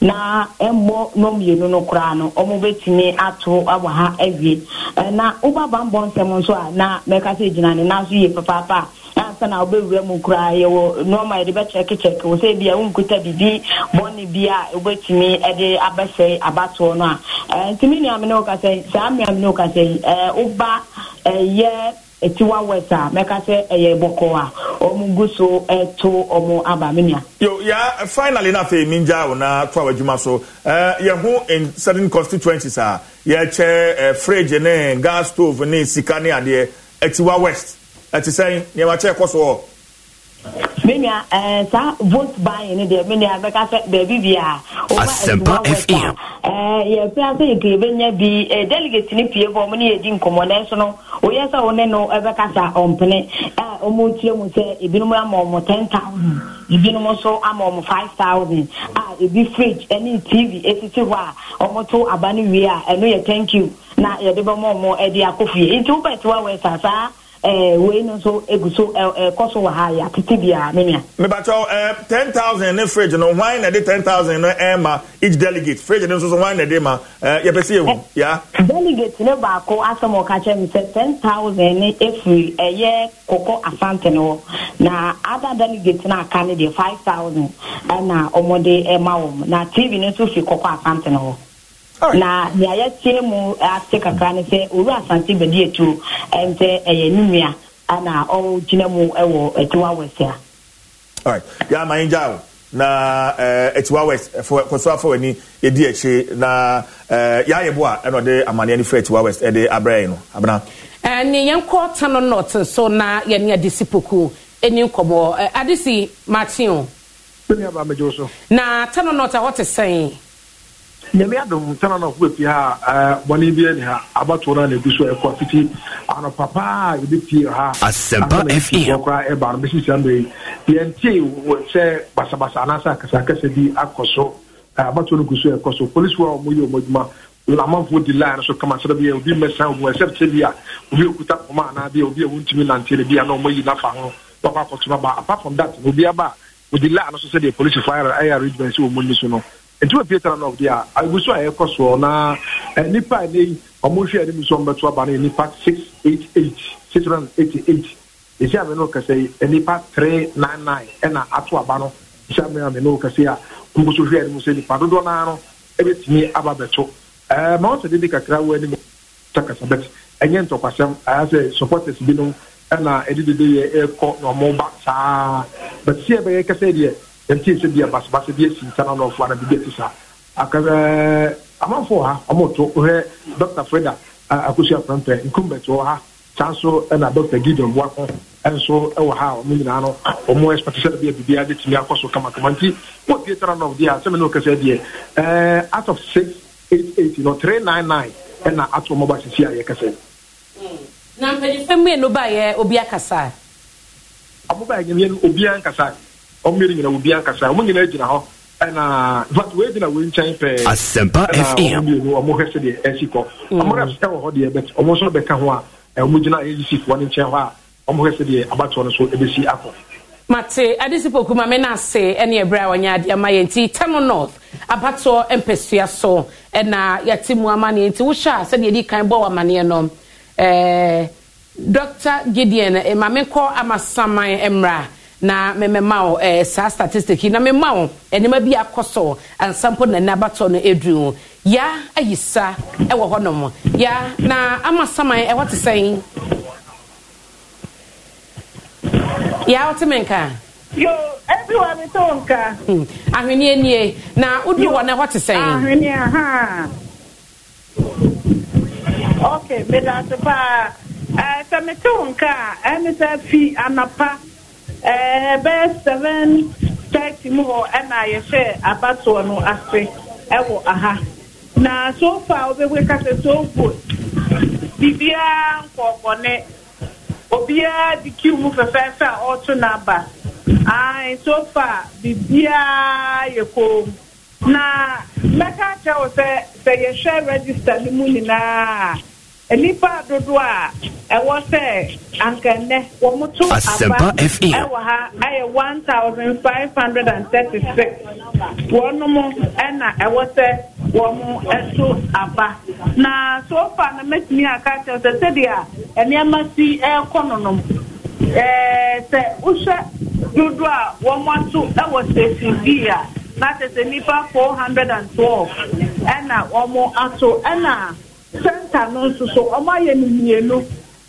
Speaker 7: na mmɔ no mmienu no koraa no ɔmo bɛtumi ato abɔ ha awie e, na wobaba mbɔ nsɛm nso a na mɛka sɛ gyina ne nanso yie papaapa a na ansa e, na wobɛwura mu koraa yɛwɔ nɔɔma yɛde bɛkyɛkekyɛke wo sɛ bia wonkuta biribi bɔne bi a wobɛtumi e de abɛsɛe abatoɔ no a ntumi nnuamene wo ka sɛ saa mmeamene wo ka ụba woba ɛyɛ tiwa west a mɛka sɛ ɛyɛ bɔkɔ a ɔmo gu so ɛto ɔmo aba mi nia.
Speaker 3: yo ya finally na afei mi n gya awona to a wadwuma so eh, yɛn ho in certain constituencies a yɛkyɛ ɛɛ fridge ne gas stove ne sika ne adeɛ ɛtiwa west ɛti sɛn nneɛma kyɛ ɛkɔ so wɔ.
Speaker 7: menua a eh, saa vote buying ni deɛ menua bɛka sɛ beebi bi a. asempa fm. ɛɛ yɛfura sɛ yɛkɛ bi delegate ni pie bɔ ɔmo ni yɛdi nkɔmɔ nanso no oyɛ sɛ ɔne no ɛbɛka sa ɔmpene ɛɛ eh, ɔmo tie mu sɛ ebinom ama ɔmo ten thousand ebinom nso ama ɔmo five a ebi fridge ɛne tv esisi hɔ a ɔmo to aba a ɛno e yɛ thank you na yɛde ɔmo ɛde e akɔ fie nti e tiwa saa. nwéé nọ nsọ égusó ékóso wàhá ya títí bia mịnịa. mbacho one
Speaker 3: eh, thousand ten thousand n'fridge nọ nwaanyị na-adị one thousand ten eh, ma each delegate fridge n'ososo nwaanyị na-adị ma eh, ya bụ esi ewu.
Speaker 7: delegate na baako asọ m ọkacham nde asọ 10,000 ndị efi ndị eya asante na ụlọ na other delegate na-akpali ndị 5,000 na ọmụdị ma ụlọ na tv nso fi kọkọ asante na ụlọ. na nea yɛtie mu ase kakra ne sɛ owura asante bɛdi etu ɛntɛ ɛyɛ ne nua ana ɔgyina mu ɛwɔ west a.
Speaker 3: alright yà máa na eh, etiwa west eh, kɔsɔ afọ wani yɛdi akyi na eh, yɛayɛ bo a ɛna ɔde amaneɛ no etiwa west ɛde no abena.
Speaker 9: so na ɛni si o. na a sɛn. nyame adom
Speaker 3: tana na ɔkɔ fi ha bɔne bi ani ha abatoɔ no uh, uh, a so ɛkɔ fiti anɔpa paa yɛbɛpie ha asɛmpa fm kora ɛba no bɛsi sɛ mmerɛ yi yɛntie sɛ basabasa anaasɛ akasakasa bi akɔ so abatoɔ no gu so ɛkɔ so polisifoɔ a ɔmɔyɛ ɔmɔ adwuma amanfoɔ di line so kama sɛdɛ bi a obi mmɛsan mu ɛsɛ sɛ bi a obi okuta poma anaa bi a obi a wɔntumi nante no bi a na ɔmɔyi nafa ho wɔkɔ akɔtoma ba apart from that obi aba a odi line so sɛdeɛ polisifoɔ ayɛ arrangement sɛ wɔmɔni so no nti wɔ pie tɛnɛn ɔdi a agusu a yɛkɔ soɔ na eh, nipa ne yi ɔmo nhwɛ anim so ɔmo bɛto aba no yɛ nipa six eight eight six hundred eighty eight esi ame no kɛse yi nipa three nine nine ɛna ato aba no esi ame ame no kɛse a ɔmo nso hwɛ anim so nipa dodoɔ naa no ebetumi aba bɛto ɛɛ eh, ma ɔsɛ didi kakra wɔ anim ta kasa bɛt ɛnyɛ ntɔkwasɛm ayasɛ supporters binom ɛna ɛdididi yɛ ɛkɔ na ɔmo ba saa bɛt si ɛbɛyɛ kɛse deɛ yɛnti sɛ bi abasabasa bi asi nsa nanɔfoɔ ana biribi ati saa akasɛ amanfoɔ ha ɔmoto wohwɛ dr freda akosi aprampɛ incumbent wɔ ha saa nso ɛna dr gideon boako ɛnso ɛwɔ ha a ɔmo nyinaa no ɔmo ɛspɛte sɛ bia biribiara de tumi akɔ so kamakama nti wɔdie sɛ nanɔf deɛ a sɛme ne deɛ ɛɛ out of six eight eight no three nine nine ɛna ato ɔmo ba sisi a yɛkasɛ
Speaker 9: hmm. na mpanyinfo mmienu baayɛ obi akasa
Speaker 3: ɔmo baayɛ mmienu obi ankasa ɔmo nyina obi akasa ɔmo nyina gyina hɔ ɛna vat wei wei nkyɛn pɛɛ fm ɔmo hwɛ sɛ deɛ ɛsi kɔ mm. ɔmo rɛ ɛwɔ hɔ deɛ bɛt ɔmo nso bɛka ho a ɔmo gyina agc foɔ ne nkyɛn hɔ a ɔmo hwɛ sɛ deɛ abatoɔ no so ɛbɛsi akɔ
Speaker 9: mate adesipo kuma me na ase ɛne ɛbrɛ a wɔnyɛ adeɛ ama yɛn nti tano north abatoɔ mpɛsua so ɛna yɛte mu amanneɛ nti wohyɛ a sɛdeɛ di kan bɔ wɔ amanneɛ no dr gideon maame kɔ amasaman mmerɛ na mmemma wo ɛɛ eh, saa statistic na mmemma wo nneɛma bi akɔ so ansampo na nne abatɔ no aduru ya ayi sa ɛwɔ nom ya na ama saman ɛwɔ te sɛn ya ɔte me nka. yo ebiwa mi to nka. Hmm. ahwenneɛ nie na woduru hɔ na ɛwɔ te sɛn. ahwenneɛ
Speaker 13: ha ok meda paa ɛɛ eh, mi to nka ɛmi sɛ fi anapa. Eh, bɛyɛ seven thirty mu hɔ ɛna yɛhyɛ abatoɔ no ase ɛwɔ aha na so far obɛwe kasɛ so good biribiara nkɔɔkɔne obiara di kiw mu fɛfɛɛfɛ a ɔreto n'aba ae so far biribiara yɛ koom na mɛka kyerɛ wo sɛ sɛ yɛhwɛ register no mu nyinaa a nnipa dodoɔ a ɛwɔ sɛ ankannɛ wɔ aba ɛwɔ ha ɛyɛ 1536 wɔno mo ɛna ɛwɔ sɛ wɔ mo aba na sofa na mɛtumi aka kyerɛ sɛ sɛdeɛ a ɛnneɛma si ɛrekɔ no ɛɛ sɛ wohwɛ dodoɔ a wɔn ato ɛwɔ station b a na kyerɛ sɛ nnipa 412 ɛna wɔn ato ɛna senta no nso so ɔmo ayɛ no mmienu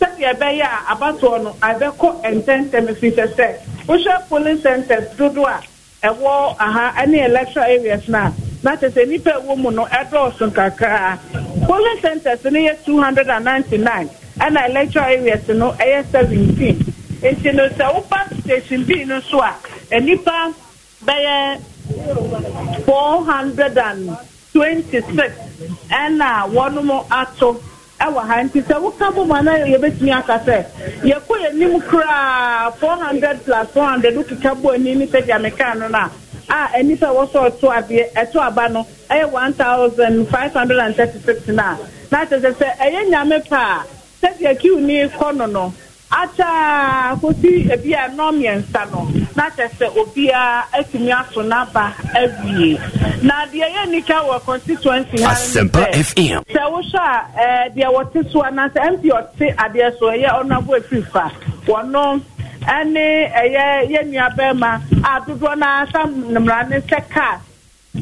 Speaker 13: sɛdeɛ ɛbɛyɛ a abatoɔ no abɛkɔ ntɛntɛm efiri dodo a ɛwɔ aha ɛne electoral areas na na kyerɛ nipa mu no ɛdɔɔso kakraa polling centres no yɛ ɛna electoral areas no ɛyɛ seventeen nti no sɛ woba station bii no a nipa bɛyɛ four ɛna wɔnom ato ɛwɔ ha nti sɛ woka bɔ mu anaa yɛbɛtumi aka sɛ yɛkɔ yɛnim koraa four hundred plus four hundred wokeka bɔ ani ne sɛdeɛ mekaa no no a nipa a wɔsɔ adeɛ ɛto aba no ɛyɛ one thousand five hundred and thirty six na na kyerɛ sɛ ɛyɛ nyame ni kɔ achaa kwụsị ebi eh, a nọ mmiɛnsa nọ n'akyɛsɛ obiara atumi aso n'aba awie na deɛ yɛ nika wɔ constituency ha sɛ wohwɛ eh, a ɛɛ deɛ wɔte so anaasɛ mp ɔte adeɛ so ɛyɛ ɔnabo efiri fa wɔno ɛne ɛyɛ eh, yɛ nua bɛrima a dodoɔ ọnụ sa mmara ne sɛ kaa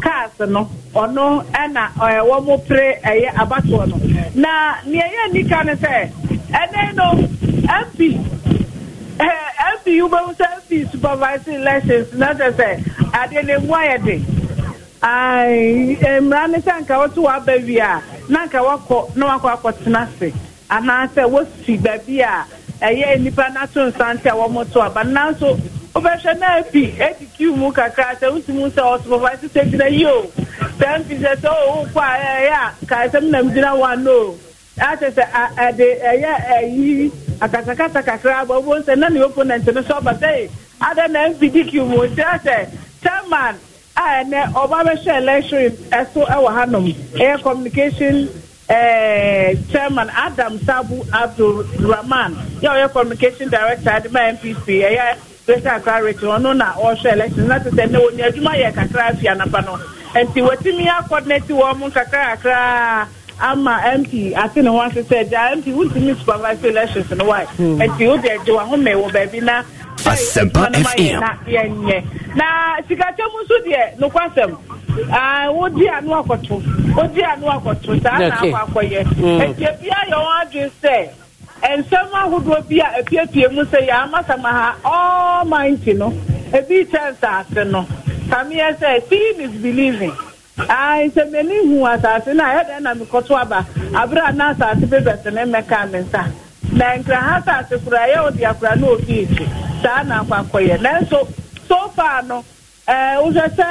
Speaker 13: cars no ɔno ɛna ɛɛ wɔn pere ɛyɛ abatoɔ no na nea yɛ nika ne sɛ. ɛnɛ no mp eh, mp wobɛhu sɛ mp supervising elections na kyɛ sɛ adeɛ ne mu ayɛ de mmara ne sɛ nka wote waba wie a na nka wakɔ na wakɔ akɔtena ase anaasɛ wosi baabi a ɛyɛ nnipa no ato nsante a wɔmoto aba nanso wobɛhwɛ na mp ɛdi kiw mu kakra sɛ wosi mu sɛ ɔsupervise sɛ gyina yi o sɛ mp sɛ sɛ ɔwokɔ a ɛyɛ a kae sɛm nam gyina wa no o akyɛ sɛ ɛde ɛyɛ ɛyi akasakasa kakra aba nsɛ na ne opponent no so ɔba sɛ ada na npd mu nkyerɛ sɛ chairman a ɛnɛ ɔba bɛhyɛ election ɛso ɛwɔ hanom ɛyɛ communication eh, chairman adam sabu abdulrahman yɛ ɔyɛ communication director adi ma npp ɛyɛ greater accra region ɔno na election na te sɛ wɔn kakra afi anapa no nti wɔtumi akɔdinɛti wɔn mu kakra kakra. ama mp ate ne ho ase sɛ gya mp wontumi supervise elections no wae nti wode agye wahome wɔ baabi na asɛmpa fm na yɛnyɛ na sikakyɛm nso deɛ nokwasɛm wodi ano akɔto wodi ano akɔto saa na akɔ akɔyɛ nti ebi ayɛ wɔn adwene sɛ nsɛm ahodoɔ bi a epiepie mu sɛ yɛ amasama ha all mighty no ebi kyɛnse ase no sameɛ sɛ seeing is believing. sɛ m'ani hu asaase na a e ɛdɛn na mekɔto aba aberɛ a asaase asase bɛbɛse ne mmɛka me nsa na nkraha asase koraa ɛyɛ e odi akora na ɔfii kyi saa na akwakɔyɛ nanso so far no eh, wohwɛ sɛ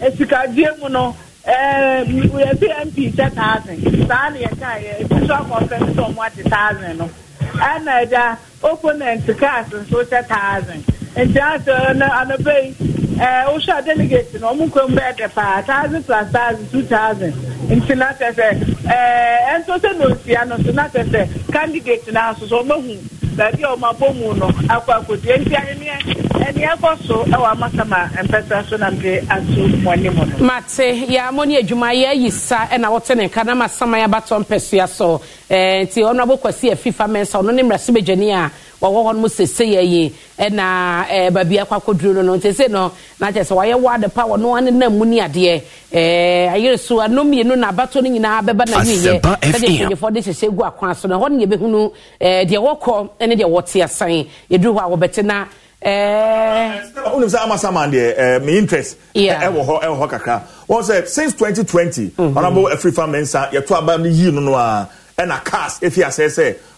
Speaker 13: asikadue mu no eh, yɛfi mp sɛ taasen saa ne yɛkaeɛ ɛfi so akɔfɛm sɛ ɔmo ate taasen no ɛna agya opponent cars nso sɛ taasen nti asɛ anɔbɛ yi wohwɛ a delegate no ɔmo nkwa mu paa thousand plus thousand two thousand nti na kyɛ sɛ na osia nso na kyɛ candidate no aso a mu nti niile. ɛni ɛkɔ so ɛwɔ amasama na mpe ato mɔni mu
Speaker 9: no. mate yà mo ní edwuma yẹ sa ɛna wɔte ne nka na ma sama yaba tɔ mpɛsua so ɛɛ nti ɔno abo kwasi afifa mɛnsa ɔno ne mmerɛsi bɛgyani a wɔwɔ hɔ nom sese yɛ yi ɛna ɛɛ baabi akɔ no no nti sɛ no n'akyɛ sɛ wɔayɛ wɔ adepa wɔn wɔn nenam mu ni adeɛ ayere so ano mmienu na abato no nyinaa bɛba na yie yɛ sɛdeɛ mpanyinfoɔ de hyehyɛ gu akwan so na hɔ no yɛ bɛhunu ɛɛ deɛ wɔkɔ ɛne deɛ wɔte asan yɛduru hɔ a wɔbɛte na wonim sɛ amasa
Speaker 3: man deɛ me interest ɛwɔ hɔ ɛwɔ hɔ kakra wɔn sɛ since 2020 ɔnabɔ afiri fa mensa yɛto aba no yii no a ɛna cars efi asɛ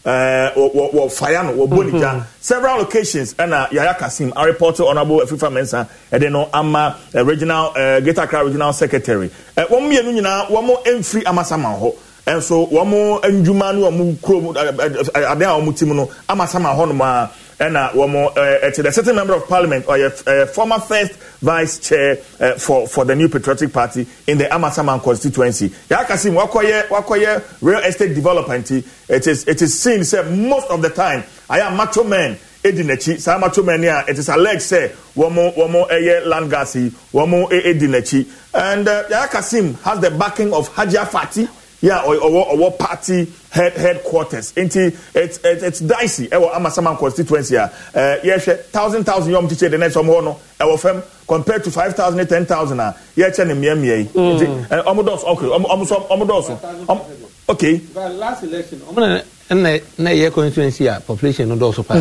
Speaker 3: sɛ wɔ fire no wɔ bonita several locations ɛna yaya kasim areport honourable afifa mensa ɛde no ama regional greater accra regional secretary wɔn mmienu nyinaa wɔn mfiri amasama hɔ nso wɔn ndwuma ne wɔn kurom adeɛ a wɔn ti mu no amasama hɔ nom a ɛna wɔn ɛte the certain member of parliament ɔyɛ former first vice chair for for the new patriotic party in the amasaman constituency yakasi mu wakɔyɛ wakɔyɛ real estate developer nti it is it is seen say most of the time ayɛ macho men edi n'akyi saa macho men ni a it is alleged say wɔn wɔn ɛyɛ land gas yi wɔn edi n'akyi and uh, yakasim has the backing of Hajia Fati yeah ɔwɔ ɔwɔ party head headquarters nti it's it's it's dicey ɛwɔ amasaman constituency a ɛɛ yɛhwɛ thousand thousand yɛ ɔmo ti kyɛ de next ɔmo hɔ no ɛwɔ fam compared to five thousand ne ten thousand a yɛkyɛ ne mmeammea yi nti ɔmo dɔɔso okay ɔmo ɔmo so ɔmo dɔɔso
Speaker 12: okay. last election ɔmo na ɛna ɛna yɛ constituency a population no dɔɔso paa.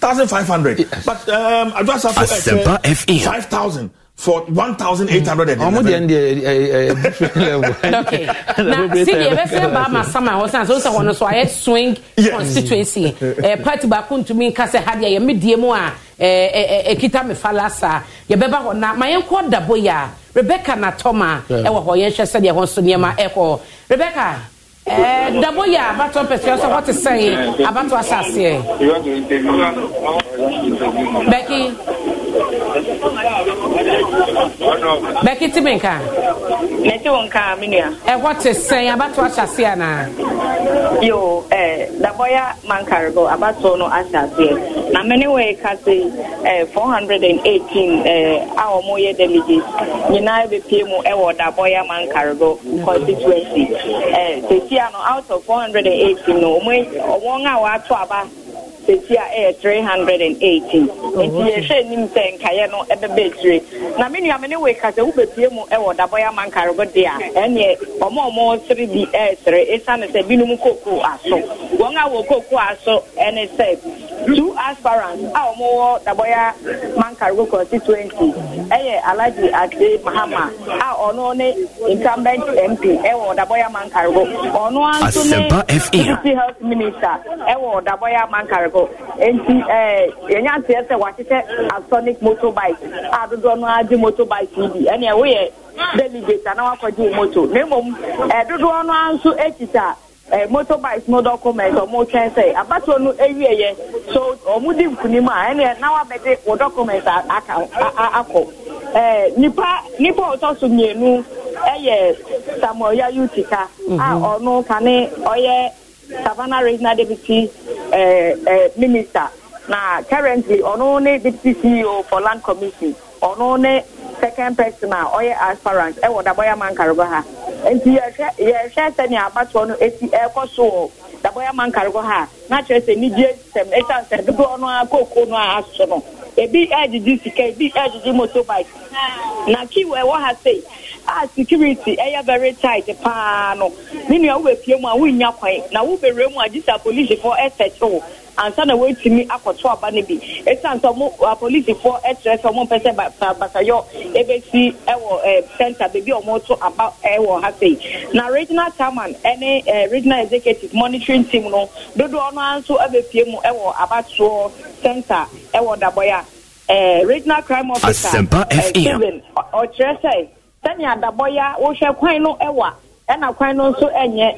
Speaker 12: thousand five hundred but
Speaker 3: um, adwasafo uh, ɛkyɛ five thousand
Speaker 12: for one thousand eight hundred and eleven. ọmọ diẹ ndiẹ ẹ ẹ level. (laughs) okay (laughs)
Speaker 3: e na
Speaker 9: sidi ẹ bẹ fẹ baa ma sama ọsẹ àti ọsẹ wọn nso ayẹ swing constituency ẹ party baako ntumi nkasa ha deɛ yɛ mi die mu a ɛ ɛ ɛkita mi fa lasa yɛ bɛ ba hɔ na ma yɛn kɔ dabo ya rebecca na tɔma ɛwɔ hɔ yɛn hwɛ sɛ deɛ hɔ nso nneɛma ɛkɔ rebecca ɛ dabo ya abatɔ pɛtɛ sɛ wɔte sɛn abatɔ asaseɛ. bɛki. bɛkete me nka mete wo nka me nua ɛhɔ te sɛn abatoɔ ahyɛ ase anaa yo eh, dabɔya mankarebɔ abatoɔ no
Speaker 7: ahyɛ na mene wei ka se 418 eh, eh, a ɔmoyɛ delegates nyinaa bɛpie mu ɛwɔ dabɔya mankarebɔ constituency eh, sesia no out of 418 no ɔmo wɔn a wɔato aba sɛti a ɛyɛ three hundred and eighty oh, nti yɛhwɛ anim sɛ nkaeɛ no ɛbɛbɛ akyire na me nua ne wei ka sɛ mu ɛwɔ dabɔyɛ ama nkarego de a ɛneɛ ɔma ɔma sere bi ɛɛsere ɛsiane sɛ binom kookoo aso wɔn a wɔ aso ɛne sɛ two aspirants a constituency e ɛyɛ afọ nti eh, yɛnya nteɛ sɛ wɔahyehyɛ asonic motorbike a dodoɔ no agye motorbike yi bi ɛneɛ woyɛ delegate a na di wo moto na mmom eh, dodoɔ no a nso kita eh, motorbike no document ɔmotwɛn sɛ abatoɔ no awieɛ so ɔmo di nkunim a ɛneɛ na wabɛde wo document aka akɔ nipa nipa ɔtɔ so mmienu ɛyɛ samuel yayutika a mhm. ɔno kane ɔyɛ savannah regional deputy uh, uh, minister na currently ọ̀nà ní deputy ceo for land commission ọ̀nà ní second person a ah, ọ̀yẹ́ aspirant ẹ̀ eh, wọ̀ dabọ́yà man karibọ́ ha nti yẹ̀hwẹ́ sẹ́ni abatoɔ no esi ɛkɔ so wɔ dabɔya man karibɔ ha na n'akyerɛ sɛ nidie sɛm ɛsan sɛ dodoɔ no a kooko no a aso no ebi ɛgyegye sika ebi ɛgyegye motorbike na kiw ɛwɔ ha sei. a ah, security ɛyɛ eh, very tight paa no ne nua wobɛpie mu a wonnya kwan na wobɛwura mu a gye sɛ apolisifoɔ ɛtɛkye wo ansa na wɔatumi akɔto aba no bi ɛsiane sɛ ɔmo apolisifoɔ ɛkyerɛ sɛ ɔmo mpɛ sɛ basayɔ ɛbɛsi ɛwɔ ɛɛ center beebi a ɔmo to aba ɛwɔ eh, ha sei na regional chairman ɛne ɛɛ eh, regional executive monitoring team no dodoɔ no ara nso ɛbɛpie mu ɛwɔ abatoɔ center ɛwɔ dabɔya ɛɛ regional crime officer ɛɛ kevin ɔkyerɛ sɛ. sani adabɔ ya wohwɛ kwan no ɛwa ɛna kwan no nso ɛnyɛ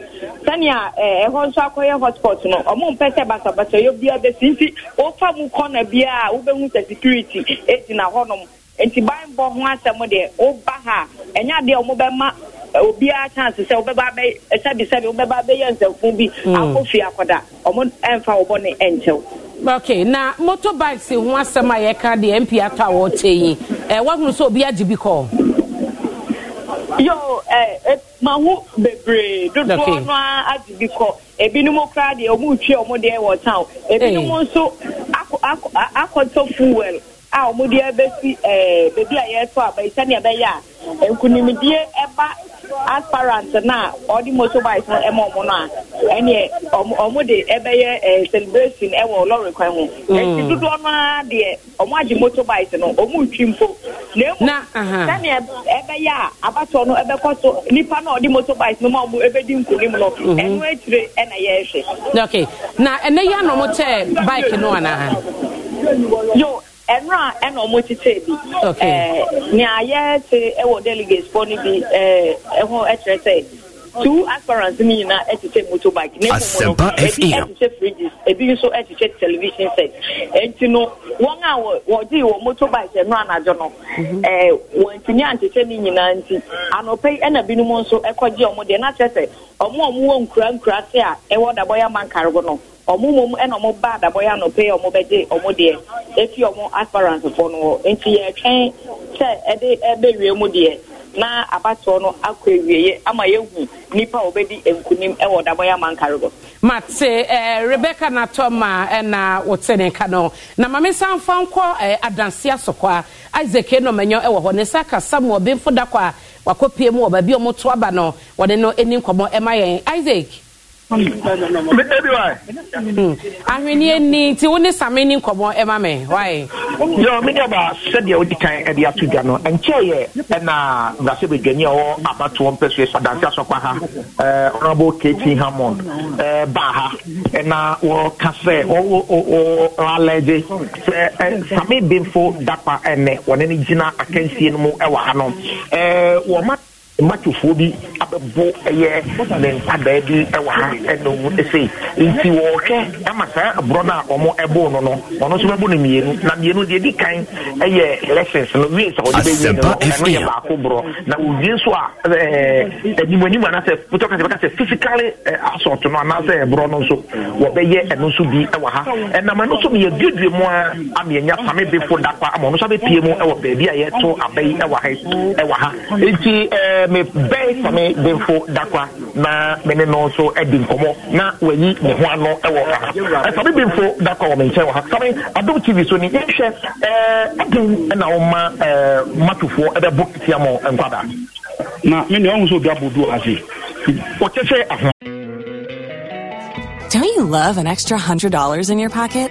Speaker 7: sɛnea ɛhɔ nso akɔyɛ hotspot no ɔmo mpɛ sɛ basabasayɔ bia bɛsi nti wofa mu kɔna bia a wobɛhu sɛ security gyina hɔnom nti banbɔ ho asɛm deɛ woba ha ɛnyɛ adeɛ ɔmo obiara chance sɛ wobɛba wobɛba bi hmm. akɔda ɔmo wɔbɔ ne ɛnkyɛw
Speaker 9: okay na motorbikes ho asɛm a yɛka deɛ mp a wɔkyɛ yi sɛ obi agye bi yo ẹ eh, eh, ma ho bebree dodoɔ no
Speaker 7: a adi bi kɔ ebinom kura deɛ ɔmo retwi ɔmo deɛ wɔ town ebinom nso akɔ akɔ akɔtɔ fuel. a ebe si abɛsi eh, ɛɛ beebi a yɛtɔ aba yi sɛnea ɛbɛyɛ a nkunimdie ɛba aspirant na ɔde na no ɛma no a ɛneɛ wɔn de ɛbɛyɛ ɛɛ eh, celebration ɛwɔ lɔri kwan ho mm. eti dodoɔ no ara deɛ wɔn agye motorbike no mpo na emu ɛbɛyɛ a abatoɔ no ɛbɛkɔ na ɔde no ma ɛbɛdi nkunim no mhm. ɛnu ok na ɛnɛ yɛ bike no yo. ɛnura ɛna ɔmo tete bi ɛɛ eh, nea yɛ te ɛwɔ delegates fo ni bi ɛɛ ɛho ɛkyerɛ sɛ. two aspirants nyinaa ɛkyekyɛ motorbike ne asɛmpa fm ebi ɛkyekyɛ fridges ebi nso ɛkyekyɛ television set nti no wɔn a wɔde wɔ motorbike ɛno anadwo no ɛɛ mhm. eh, wɔntumi ankyekyɛ ne nyinaa nti anope ɛna binom nso ɛkɔgye wɔn deɛ n'akyerɛ sɛ wɔn a nkura nkura se a ɛwɔ dabɔya no ɛna ba bɛgye deɛ efi aspirants no wɔ nti yɛtwɛn sɛ ɛde na abatoɔ no akɔ awieɛ ama yɛhu nnipa a wɔbɛdi nkunim wɔ dabɔyɛ amankare gɔ
Speaker 9: mate eh, rebeka natɔma ɛna eh, wote ne ka no na mame nsa mfa nkɔ eh, adanse asɔkɔ a isaac enɔmanyɔ wɔ hɔ ne nsa ka samuel bemfo da kɔ a wakɔpie mu wɔ baabi a ɔmoto aba no wɔde no ani nkɔmmɔ ma yɛn isaac ebi wa. ahwenneɛ ni ti wo ne same ni nkɔmɔ ɛma mɛ wae. yɔ mi
Speaker 3: daba sɛdeɛ o di kan ɛde ato dwa no nkyɛn yɛ ɛna gase bedwani a ɔwɔ abatoɔ mpɛsɛ adansi asɔkpa ha ɛɛ eh, honourable kati hammond ɛɛ eh, ba ha ɛna wɔka ɔwɔ ɔwɔ alɛgye sɛ ɛ eh, same benfo dapa ɛnɛ wɔne ne gyina akansie no mu ɛwɔ ha no ɛɛ wɔn ma mmakyefoɔ bi abɛbɔ ɛyɛ ne ntadaa bi ɛwɔ ha ɛnum ɛsɛ nti wɔɔhwɛ ama saa aborɔ no a ɔmo ɛbɔ no no ɔno nso bɛbɔ no mmienu na mmienu deɛ di kan ɛyɛ lessons no wie sɛ ɔde bɛwie no ɛno yɛ baako borɔ na owie nso a ɛɛ ɛnimu anim anaasɛ wotɔ kasa bɛka sɛ physically ɛ asɔɔto no anaasɛ ɛborɔ no nso wɔbɛyɛ ɛno nso bi ɛwɔ ha ɛnam ɛno nso me bɛn sami denfo dakwa na me ne nso di nkɔmɔ na wayi ne ho ano wɔ ha sami denfo
Speaker 17: dakwa wɔ me nkyɛn
Speaker 3: wɔ ha sami adum tv so ni yɛhwɛ ɛdin na wɔma matofoɔ bɛbɔ tia mɔ nkwadaa. na me ne ɔhu sɛ obi abodu ase ɔkyɛ sɛ
Speaker 14: aho. Don't you love an extra hundred dollars in your pocket?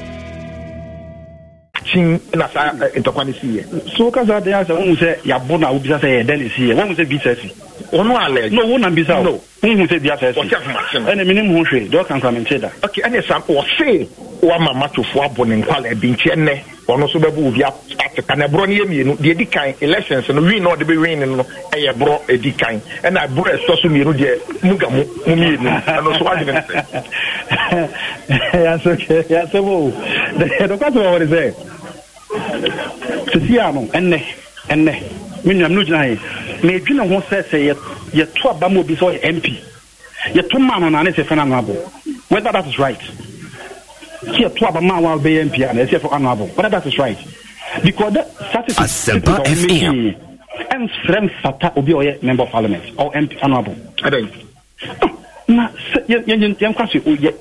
Speaker 3: kyin na saa ntɔkwa eh, no siiɛ so woka saa dɛn asɛ wohu sɛ yɛabo na wobisa sɛ yɛdɛn ne siiɛ wohu sɛ bisa si ɔno alɛ no wo nam bisa o wohu sɛ biasa si ɛne menim ho hwee dɛ ɔka nkwamente da ɛne sa ɔse wama matofoɔ abɔ ne nkwalɛ bi nkyɛ nnɛ ɔno nso bɛbɔ obi ateka na ɛborɔ no yɛ mmienu deɛ ɛdi kan elections no win na ɔde bɛ win no ɛyɛ borɔ ɛdi kan ɛna borɔ ɛsɔ so mmienu deɛ muga mu mu mmienu ɛno nso wadwene (laughs) (laughs) sɛ yasɔkɛ yasɔm o dɔkɔtɔ wɔ de sɛ sisi a no ɛnɛ ɛnɛ me nuam no gyina yɛ na edwina ho sɛ sɛ yɛto aba ma obi sɛ ɔyɛ mp yɛto maa no na ne sɛ fɛn na no abɔ whether that is right see a twab a man while being piano, except for honorable. But that is right. Because that satisfies me and Srem Fata will be a member of parliament or MP honorable. I hmm. Na yɛn oh, kwa se oyɛ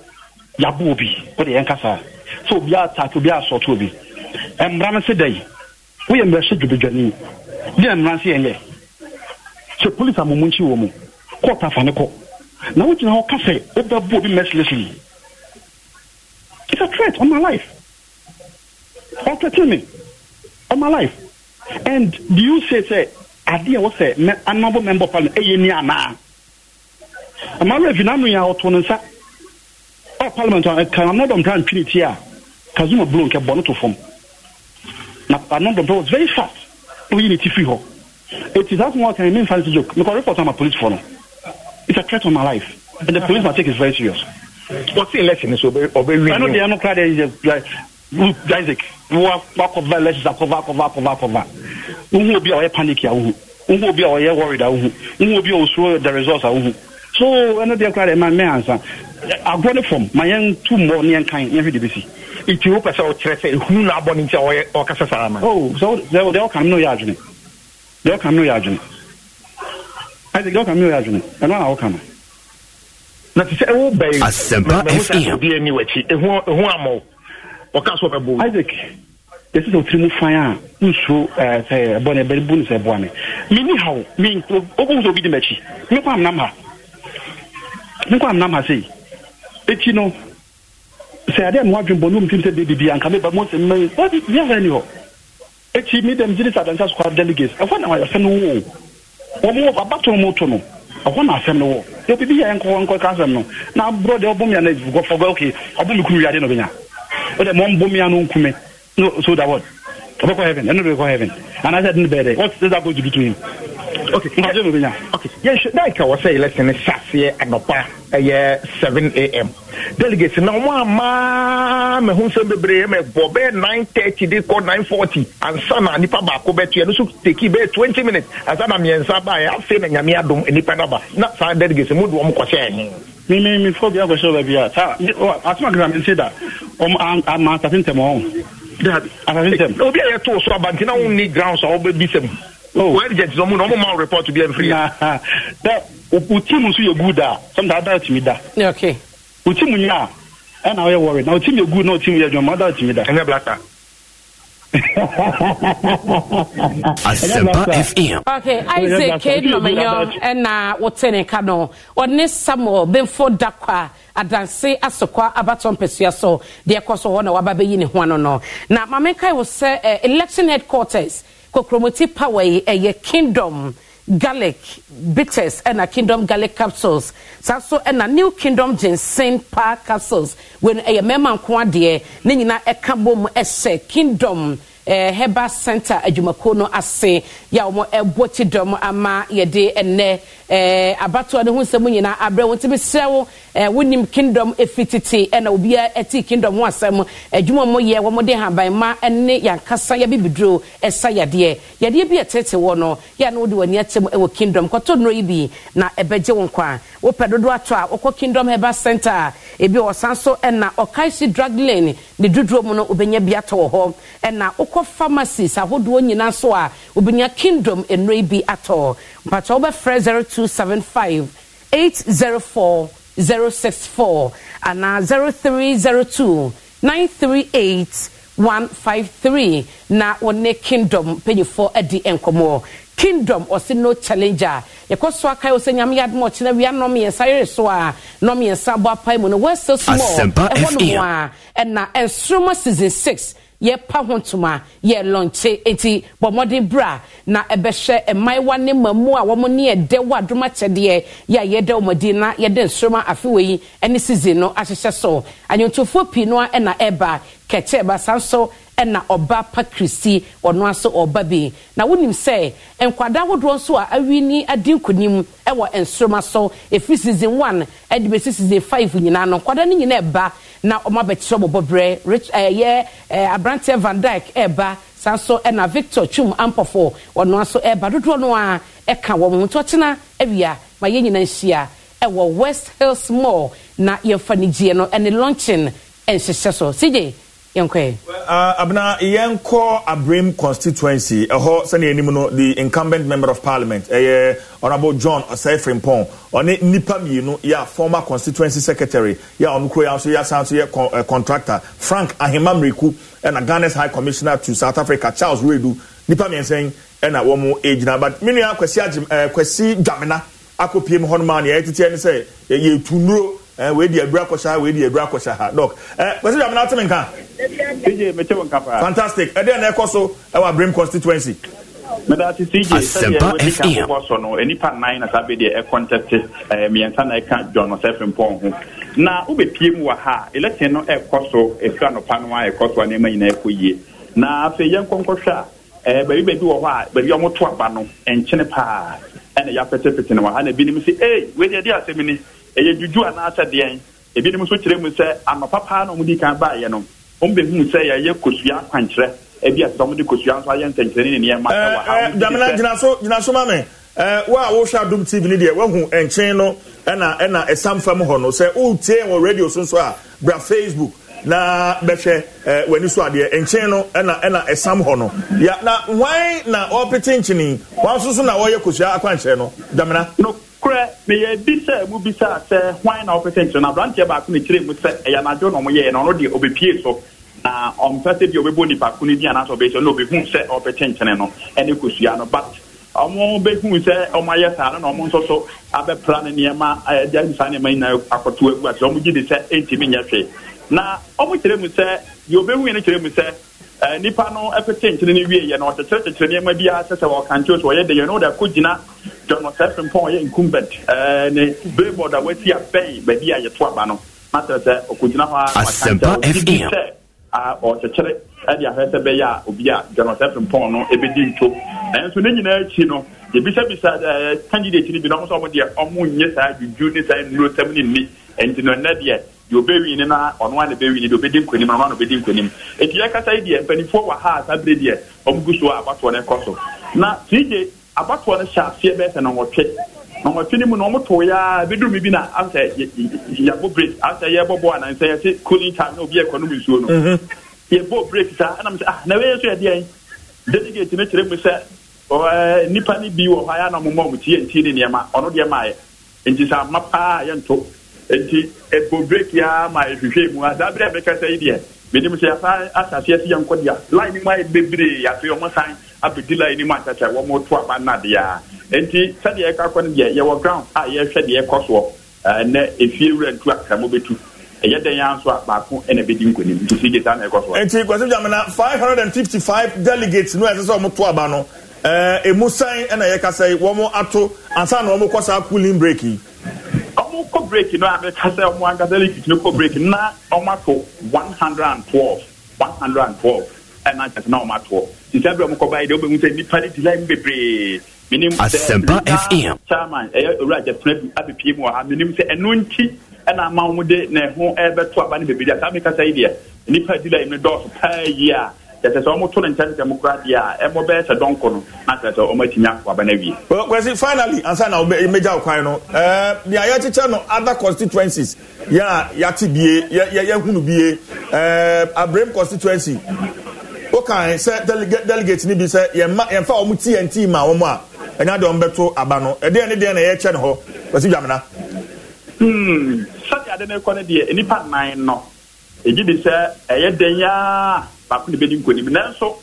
Speaker 3: yabo obi o de yɛn kasa so obi ataaki obi asɔɔto obi eh, mmara no se dɛ yi woyɛ mmara se dwodwadwani yɛn yɛ sɛ polisi amumu wɔ mu kɔɔta afa na wogyina hɔ kasa obɛbu obi mercilessly It's a threat on my life. Or me, on my life. And do you say, say, I adeɛ wɔ sɛ honorable member of parliament ɛyɛ ni anaa amara efi n'anu yɛ parliament uh, I cannot mpira ntwiri ti a kazuma bulo nkɛ bɔ ne to fam na anadɔ mpira was very fast We need to fi hɔ eti saa kuma ɔkan mi nfa ne ti joke mekɔ report ama police for it's a threat on my life and the police must take it very serious sporting election nso ọbẹ wi. ẹnu diẹ ẹnu kura de yẹ isaac wa kọva election sa kọva kọva kọva kọva ohun obi a ọyẹ panic a ohun ohun obi a ọyẹ worried a ohun ohun obi a osuro the results a ohun so ẹnu diẹ kura de ma mẹ ansa agorɔ ne fam ma yɛn tu mmɔ ne yɛn kan yɛn hwɛ de bi si. nti o pɛ sɛ o kyerɛ sɛ ehun na abɔ ne nti a ɔyɛ ɔkasa saa ma. o sɛ deɛ deɛ ɔkan mi n'o yɛ adwene deɛ ɔkan mi n'o yɛ adwene ɛdi deɛ ɔkan mi n'o yɛ adwene ɛno na ɔkan no na te eh, sɛ ɛwo bɛyi asɛmpa fm obi ani wakyi ɔka so ɔbɛbo isaac yɛsɛ sɛ wotiri mu fan a nsuro eh, sɛ ɛbɔ no ɛbɛre bu no sɛ ɛboa me menni haw wobɛhu sɛ obi di m'akyi menkɔ amnam ha menkɔ amnam ha sei ɛkyi no sɛ ade a mewɔ adwenbɔ ne ɔmtim sɛ bɛbibi anka meba mu sɛ mmɛ biara ni hɔ ɛkyi medam gyene sɛ adansa so kɔ delegates ɛhɔ na wɔyɛ sɛ no wo wɔmwɔ babatɔn mu to no ɔkɔ na asɛm no wɔ yɛ obi bi yɛ nkɔ nkɔ ka asɛm no na aburɔ deɛ ɔbɔ mia na gɔ fɔ gɔ ok ɔbɔ mi kuru wiade na ɔbɛnya o de mɔ mbɔ mia no nkume so da wɔd ɔbɛkɔ heaven ɛnu bɛ kɔ heaven and i said bɛɛ dɛ what is that going to do to him dika wɔ sɛ election no saseɛ anɔpa ɛyɛ 7 am delegates na ɔmo ama mahu sɛm bebree ma ɛbɔ bɛyɛ 930 de kɔ 940 ansa na nipa baako bɛtoɛ no so teki bɛyɛ 20 minutes ansa na mmiɛnsa baeɛ afei na nyame adom nipa no ba na saa delegates mu de ɔmo me, me,
Speaker 13: mimi mi fɔ bi
Speaker 3: akɔhyɛ baabi a saa asoma kasa mi se da ɔmo ama asase ntɛm ɔmo asase ntɛm obi a yɛ to so abanti na wɔn ni grounds a wɔbɛ bi sɛm wọ́n jẹ́ tìsọ́ mu na ọmọ máa report bí ẹ n firi yà. bẹ́ẹ̀ o tí mu nso yẹ good a sọmdà adá tì mí da. o ah. (laughs) ah. ah. tí mu a ẹ na ọ yẹ na o tí yẹ good na o tí mu yẹ jọ mọ adá tì mí da. ẹ ǹyẹ blata.
Speaker 18: Asempa FM. Okay,
Speaker 9: Isaac K. Nomenyo ɛna wote ne ka no ɔne Samuel Benfo Dakwa adanse asokwa abatɔ mpɛsua so deɛ ɛkɔ so hɔ na waba bɛyi ne ho ano no na mamekae wo sɛ uh, election headquarters kokromoti power yi ɛyɛ kingdom garlic bitters ɛna kingdom garlic capsules saa so ɛna new kingdom ginseng paa capsules wɔn ɛyɛ mmarima nko adeɛ ne nyinaa ɛka bom ɛhyɛ kingdom ɛɛ eh, herbal center adwumakuo no ase yɛ a e wɔn ɛbɔ ti dɔm ama yɛde ɛnɛ ɛɛ eh, abatoɔ ne ho nsɛm nyinaa abrɛ wɔn ntumi srɛw ɛɛ eh, wonim kingdom efi tete ɛna obiara ɛti kingdom ho asɛm adwuma mo yɛ wɔn de habanma ɛne yankasa yɛ bibiduro ɛsa yadeɛ yadeɛ bi ɛtete wɔ no yɛa no wɔde wɔn ani akyɛm kingdom kɔtɔ nnuro yi bi na ɛbɛgye wɔn kwan wopɛ dodo ato a wɔkɔ kingdom heba center a ebi ɔsan so ɛna ɔkaesi drug lane ne dodoɔ mu no obɛnya bi atɔ wɔ hɔ ɛna wokɔ pharmacies ahodoɔ nyinaa so a obɛnya kingdom nnuro yi bi atɔ mpatwa wobɛfrɛ 0275 804 064 anaa 0302 938 153 na wɔne kingdom mpanyinfoɔ adi nkɔmɔ kingdom ɔsi no challenge a yɛkɔ so aka yi sɛ nyame yadum ɔkyerɛ wia nnɔm mmiɛnsa yɛrɛ so a nnɔm mmiɛnsa abɔ apae mu so small and nom a ɛna nsoroma season six yɛpa ho ntoma yɛ lɔnkye eti bɔmmɔden bra na ɛbɛhyɛ e mmaayewa ne mmamu a wɔn ne ɛdɛ wɔ adoma kyɛdeɛ yɛ a yɛdɛ wɔn adi na yɛde nsoroma afewa yi ne season no ahyehyɛ so anyɔntofoɔ pii noa na ɛreba kɛkyɛ ɛba nso ɛna ɔba pa kirisi ɔno aso ɔba bi na wonim sɛ nkwadaa ahodoɔ nso a awi ni adi nkonim ɛwɔ nsoroma so efiri season one ɛde besi season five nyinaa no nkwadaa no nyinaa ɛba na ɔmo abɛkyerɛ bɔbɔ brɛ rich eh, ɛyɛ ɛɛ eh, aberanteɛ van dyke ɛɛba saa nso ɛna victor twum ampɔfo ɔno aso ɛɛba dodoɔ no a ɛka wɔn ho tɔtena ɛwia ma yɛn nyinaa nhyia ɛwɔ west hills mall na yɛmfa ne gyeɛ no ɛne launching ɛnhyehyɛ so sigye yɛnkɔɛ
Speaker 3: uh, abena yɛnkɔ abrem constituency ɛhɔ sani anim no the incumbent member of parliament ɛyɛ eh, honorable john ɔsɛfrimpɔn ɔne nnipa mmienu yɛ a former constituency secretary yɛ a ɔno kuro yɛ nso yɛasan so yɛ eh, contractor frank ahema mmereku ghana's high commissioner to south africa charles redu nnipa mmiɛnsa ɛna wɔn gyina but me nua kwasi agyem ɛɛ eh, kwasi dwamena akɔpie mu hɔnom a neɛ yɛtete ne sɛ yɛtu nnuro ɛɛ eh, wɔadi adura kɔhyɛ ha wɔadi adura kɔhyɛ ha dɔk ɛɛ kwasi dwamena ate me nka cj mekyɛw nkapa. fantastic ɛdeɛ na ɛkɔ so ɛwɔ abrim constituency. medase cj sɛdeɛ wɔde ka akokɔ so no nipa nnan na saa bɛdeɛ ɛkɔntɛte ɛɛ mmiɛnsa na ɛka john sɛfin pɔn ho na wobɛpie mu wɔ ha election no ɛkɔ so ɛfiri anɔpa no a so a nneɛma nyinaa ɛkɔ yie na afei yɛnkɔ nkɔhwɛ a ɛɛ baabi baabi wɔ hɔ a baabi a wɔto no ɛnkyene paa ɛna yɛapɛtɛpɛtɛ no wɔ ha na ebinom sɛ ee wɔde ɛde asɛm ni ɛyɛ juju anaasɛ deɛn nso kyerɛ mu sɛ anɔpa paa na wɔn di kan baayɛ no wɔn bɛ hun sɛ yɛyɛ kosua akwankyerɛ ebi asɛ wɔn de kosua nso ayɛ ntɛnkyerɛ ne nneɛma eh, ɛwɔ ha. Eh, damina gyinaso gyinaso maame ɛɛ eh, wo a wohwɛ adum tv ni deɛ woahu nkyɛn no ɛna ɛna ɛsam fam hɔ no sɛ wotie wɔ radio so nso a bra facebook na bɛhwɛ ɛɛ w'ani so adeɛ nkyɛn no ɛna ɛna ɛsam hɔ no ya na wɔn na ɔpete nkyini wɔn nso so na wɔyɛ kosua akwankyerɛ no damina. No korɛ meyɛ bi sɛ mu bi sɛ sɛ hwan na wɔpɛ sɛ nkyerɛ no aberanteɛ baako ne kyerɛ mu sɛ ɛyɛ anadwo na ɔmoyɛɛ no ɔno deɛ ɔbɛpie so na ɔmpɛ sɛ deɛ ɔbɛbɔ nipa ko no bi anaasɛ ɔbɛhyɛ na ɔbɛhu sɛ ɔpɛ kyɛnkyɛn no ɛne kosua no but ɔmo bɛhu sɛ ɔmo ayɛ saa no na ɔmo nso so abɛpra ne nneɛma ɛde ayi saa nneɛma nyinaa akɔto agu ase ɔmo gye de sɛ ɛntumi nyɛ hwee na ɔmo kyerɛ mu sɛ deɛ ɔbɛhu yɛ no kyerɛ mu sɛ Eh, nipa no eh, pete nkyene no wieɛ no ɔkyekyerɛ kyekyerɛ nneɛma bi a sɛ sɛ wɔkankyerɛ ɔyɛ de yɛ no wode akɔ gyina john ɔsɛfempɔ ɔyɛ incumbent eh, ne billboard a wasi abɛn baabi a yɛto aba no na kyerɛ sɛ ɔkɔgyina hɔ a ɔkyekyere ɛde ahwɛ sɛ bɛyɛ a obi a john ɔsɛfempɔ no ɛbɛdi nto nanso ne nyinaa akyi no yɛbisabisa candidate no bi na ɔmo sɛ ɔmo deɛ ɔmo nyɛ saa adwudwu ne saa nnuro sɛm ne nni ɛnti no ɛnɛ deɛ deɛ ɔbɛwi ne na ɔno a na bɛwi ne deɛ ɔbɛdi nkonim na ɔno a na ɔbɛdi nkonim eti yɛkasa yi deɛ mpanimfoɔ wɔ ha a bere deɛ wɔn gu so a abatoɔ no kɔ so na tj abatoɔ no hyɛ aseɛ bɛyɛ sɛ nɔnwɔtwe nɔnwɔtwe no mu na wɔn to ya bɛduru bi na asɛ yɛbɔ break asɛ yɛbɔ bɔ anan sɛ yɛte cooling time na obi yɛ kɔnum nsuo no mhm. yɛbɔ break saa ɛnam sɛ ah na wɔyɛ so yɛ deɛ delegate ne kyerɛ mu sɛ nipa ne bi wɔ hɔ a yɛ anam mɔ ɔmo tie ntie ne nneɛma ɔno deɛ maa nti sɛ ama paa yɛnto nti ebo break ya ma ehwehwɛ mu a saa bere a bɛka sɛ yi deɛ menim sɛ yɛsa asaseɛ si yɛnkɔ dea line mu ayɛ bebree afei ɔmo san abɛdi line mu akyɛkyɛ wɔmo to aba nnadeɛ nti sɛdeɛ ɛka kɔ no deɛ yɛwɔ ground a yɛhwɛ deɛ ɛkɔ soɔ ɛnɛ efie wura ntu akramo bɛtu ɛyɛ dɛn yan so a baako ɛna bɛdi nkonim nti si gye na ɛkɔ soɔ. nti kwasi jamana five hundred and fifty five delegates nua e ɛsɛ sɛ ɔmo to aba no ɛɛ emu e san ɛna yɛkasa yi wɔmo ato ansa na wɔmo kɔ saa cooling break yi ọmụ kọ breki na amekasa ọmụ ankasa likit na kọ breki na ọmụ atọ 112 112 ɛna kyɛse na ɔmụ atọ sisi abiri ɔmụ kɔba yi de ɔbɛnwu nipa ne ti bebree minim sɛ asempa fm chairman ɛyɛ owura jɛfuna bi abepie mu wɔ ha minim sɛ ɛnu nti ɛna ama wɔn de na ɛho ɛbɛto aba ne bebree de asa amekasa yi deɛ nipa di line no paa yie a kyɛsɛ sɛ ɔmo to ne nkyɛn ntɛm kura deɛ a ɛmo bɛyɛ sɛ dɔnko no na kyerɛ sɛ ɔmo atumi akɔ aba no awie. kwesi finally ansa na mmegya okwan no ɛɛ nea yɛkyekyɛ no other constituencies yɛ a yɛate bie yɛ yɛ yɛhunu eh, bie ɛɛ abrem constituency wokan sɛ delegate delegate ni bi sɛ yɛmma yɛmfa ɔmo ti yɛn ti ma wɔn a ɛnya deɛ ɔmo bɛto aba no ɛdeɛ e ne deɛ na yɛkyɛ no hɔ kwesi dwamina. Hmm, sɛdeɛ ade ne kɔ ne deɛ nipa nnan no ɛgye di sɛ ɛyɛ e den yaa baako ne bɛ di nkonim nanso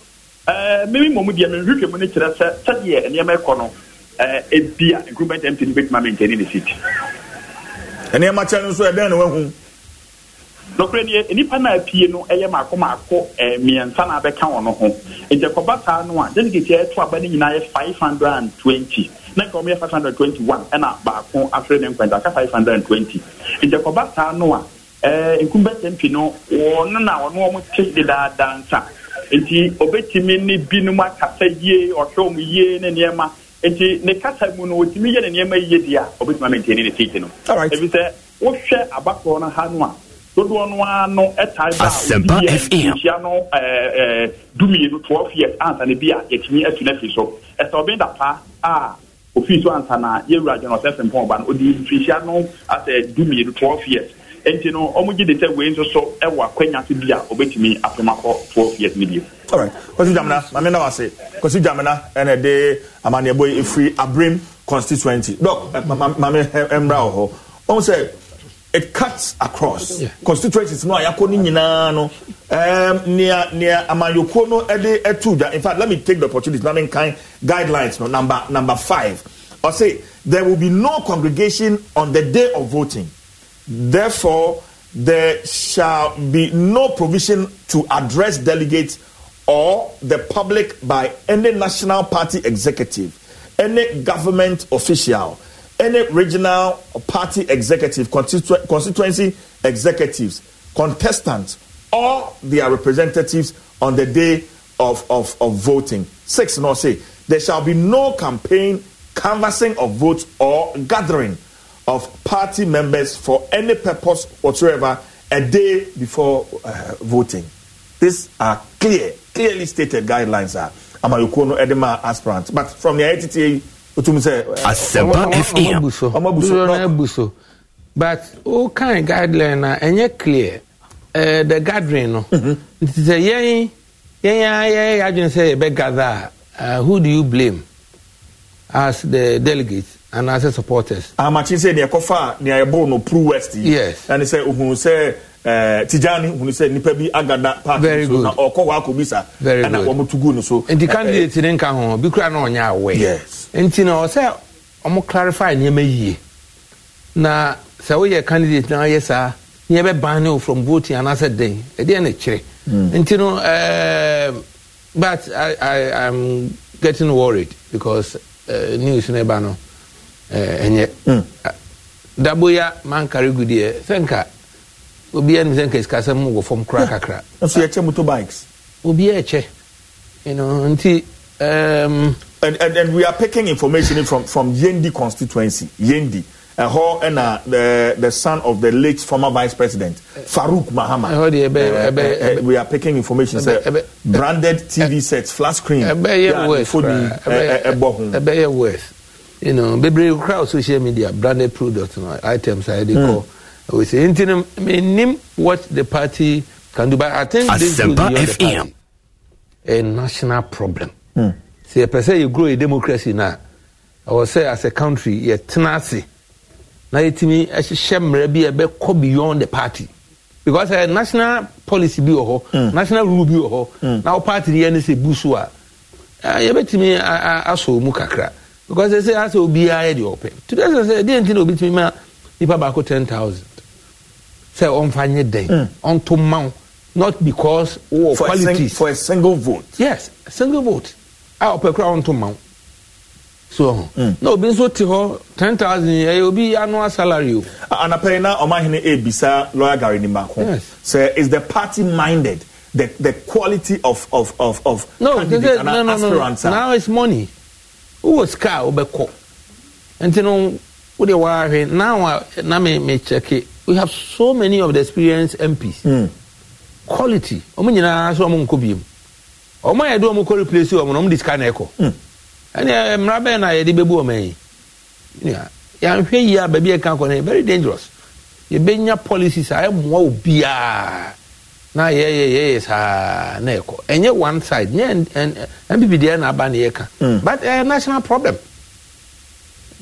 Speaker 3: ɛɛ mímí mɔmu deɛ mi nhwehwɛ mu ne kyerɛ sɛ sɛdeɛ nneɛma ɛkɔ no ɛɛ eh, ebi a nkuruma ntɛm ti ne bɛ tuma mi ntɛni ne si nneɛma kyɛ no nso ɛdɛn na wahu. nɔkura nie nipa naa pie no ɛyɛ maako maako ɛɛ eh, mmiɛnsa na abɛka wɔn ho ntakɔba saa no a delegate yɛ ɛto aba ne nyinaa yɛ five hundred and twenty na nka wɔn yɛ five hundred and twenty one ɛna baako afere ne nkwanta aka five hundred and twenty ntakɔba saa no a. Eh, nkumba smp no wɔn na wɔn wɔn te dedaada nsa nti obetumi ne binom akasa yie ɔhwɛ wɔn yie ne nneɛma nti ne kasa mu no otumi yɛ ne nneɛma yie deɛ obetumi amintini ne seeti no ebi sɛ wohwɛ abakɔrɔ no ha no a dodoɔ no ara no taa ba a obi yɛ nhyia no ɛɛ eh, ɛɛ eh, dumienu twelve years ansa ne bi a yɛtumi atu ne fi so ɛsɛ ɔbɛn da pa a ofin so ansa na yɛwura adwa na ɔsɛ fɛn pɔn ba no odi nfinhyia no asɛ dumienu twelve years nti no ɔmo gye de sɛ wei nso so ɛwɔ akwanya ase bi a obetumi apem akɔ twelve years ni bi. alright kwasi maame na wase kwasi jamina ɛna ɛde amaneɛbɔ yi efiri abrim constituency dɔk maame ɛmra wɔ hɔ ɔmo sɛ it cuts across yeah. constituencies no a yakɔ ne nyinaa no ɛɛm nea nea amanyɔkuo no ɛde ɛtu gya in fact let me take the opportunity na me nkan guidelines no number number five ɔse there will be no congregation on the day of voting. Therefore, there shall be no provision to address delegates or the public by any national party executive, any government official, any regional party executive, constitu- constituency executives, contestants, or their representatives on the day of, of, of voting. Six, no, say, there shall be no campaign, canvassing of votes, or gathering of party members for any purpose whatsoever a day before uh, voting. These are clear, clearly stated guidelines are Amayukono Edema aspirant? But from the ITTA, Utum say, Asempa FM.
Speaker 12: But all kind guidelines are and clear. Uh, the gathering, no. Mm-hmm. Nti a yɛn yɛn yɛn yɛn adwene sɛ yɛbɛ gather a uh, who do you blame as the delegates. anaasɛ supporters. amakye ah, sɛ nea ɛkɔfa nea ɛboro no pro west yi. yes ɛne sɛ
Speaker 3: ohun sɛ ɛɛ eh, tijani ohun sɛ nipa bi agada paaki so na ɔkɔ hɔ akɔbisa. very good ɛna wɔn
Speaker 12: tu gu ne so. nti eh, eh. candidate ne nka ho bi kura na ɔnya awɛ. yes nti na ɔsɛ wɔn clarify nneɛma yie na sɛ woyɛ candidate na ɔyɛ saa nea bɛ ban ne o from voting anaasɛ den ɛdeɛ e na kyerɛ. nti no ɛɛ but i i am getting worried because uh, news ne ba no. ɛnyɛ daboya mankare gu deɛ sɛnka obiara nim sɛnka sikasɛm wɔ fam kora kakra nso yɛkyɛ moto bikes obiara kyɛ
Speaker 3: you know nti and, and, and we are picking information from, from yendi constituency yendi ɛhɔ ɛna the the son of the late former vice president farouk mahama ɛhɔ de we are picking information sɛ branded
Speaker 12: tv sets flat screen ɛbɛ yɛ worse ɛbɛ yɛ worse you know bebree kura social media branded product no items a yɛde kɔ we say nti no menim what the party can do but i think As this will be the party a national problem mm. sɛ yɛpɛ you grow a democracy no a ɛwɔ sɛ as a country yɛtena ase na yɛtumi e hyehyɛ mmerɛ bi a e ɛbɛkɔ beyond the party because uh, national policy bi wɔ hɔ mm. national rule bi wɔ hɔ mm. na wo party no yɛ ne sɛ bu so a uh, yɛbɛtumi asɔ mu kakra because they say asɛ obiara yɛ deɛ ɔpɛ to the extent sɛ ɛdeɛ nti na obi tumi ma nipa baako ten thousand say ɔnfa nye dɛn hmm. ɔnto maw not because wɔ oh, qualities
Speaker 3: for a single vote
Speaker 12: yes single vote a ɔpɛ kura ɔnto maw so ɔhɔ uh-huh. mm. na obi nso te hɔ ten thousand ɛyɛ obi annual salary o. Oh. anapɛrɛ na ɔmahene ebisa
Speaker 3: lawyer gary nimako yes. sɛ so, is the party minded the the quality of of of
Speaker 12: of no, candidate and no, no, aspirant no. now it's money wowɔ sika a wobɛkɔ nti no wode wɔahwe now a na me mekyɛke we have so many of the experienced mps mm. quality ɔmo nyinaa sɛ ɔmo nkɔ biem ɔmo a yɛde ɔmo kɔ replace ɔmo no ɔmo de sika na ɛkɔ hmm. ɛne eh, mmara bɛn na yɛde bɛbu ɔmo yi yɛanhwɛ yie a baabi ɛka kɔ no very dangerous yɛbɛnya policies a ɛmmoa wo biara na yɛyɛ yɛyɛ saa na ɛkɔ ɛnyɛ one side nyɛ npp deɛ na aba na yɛka mm. but ɛyɛ eh, national problem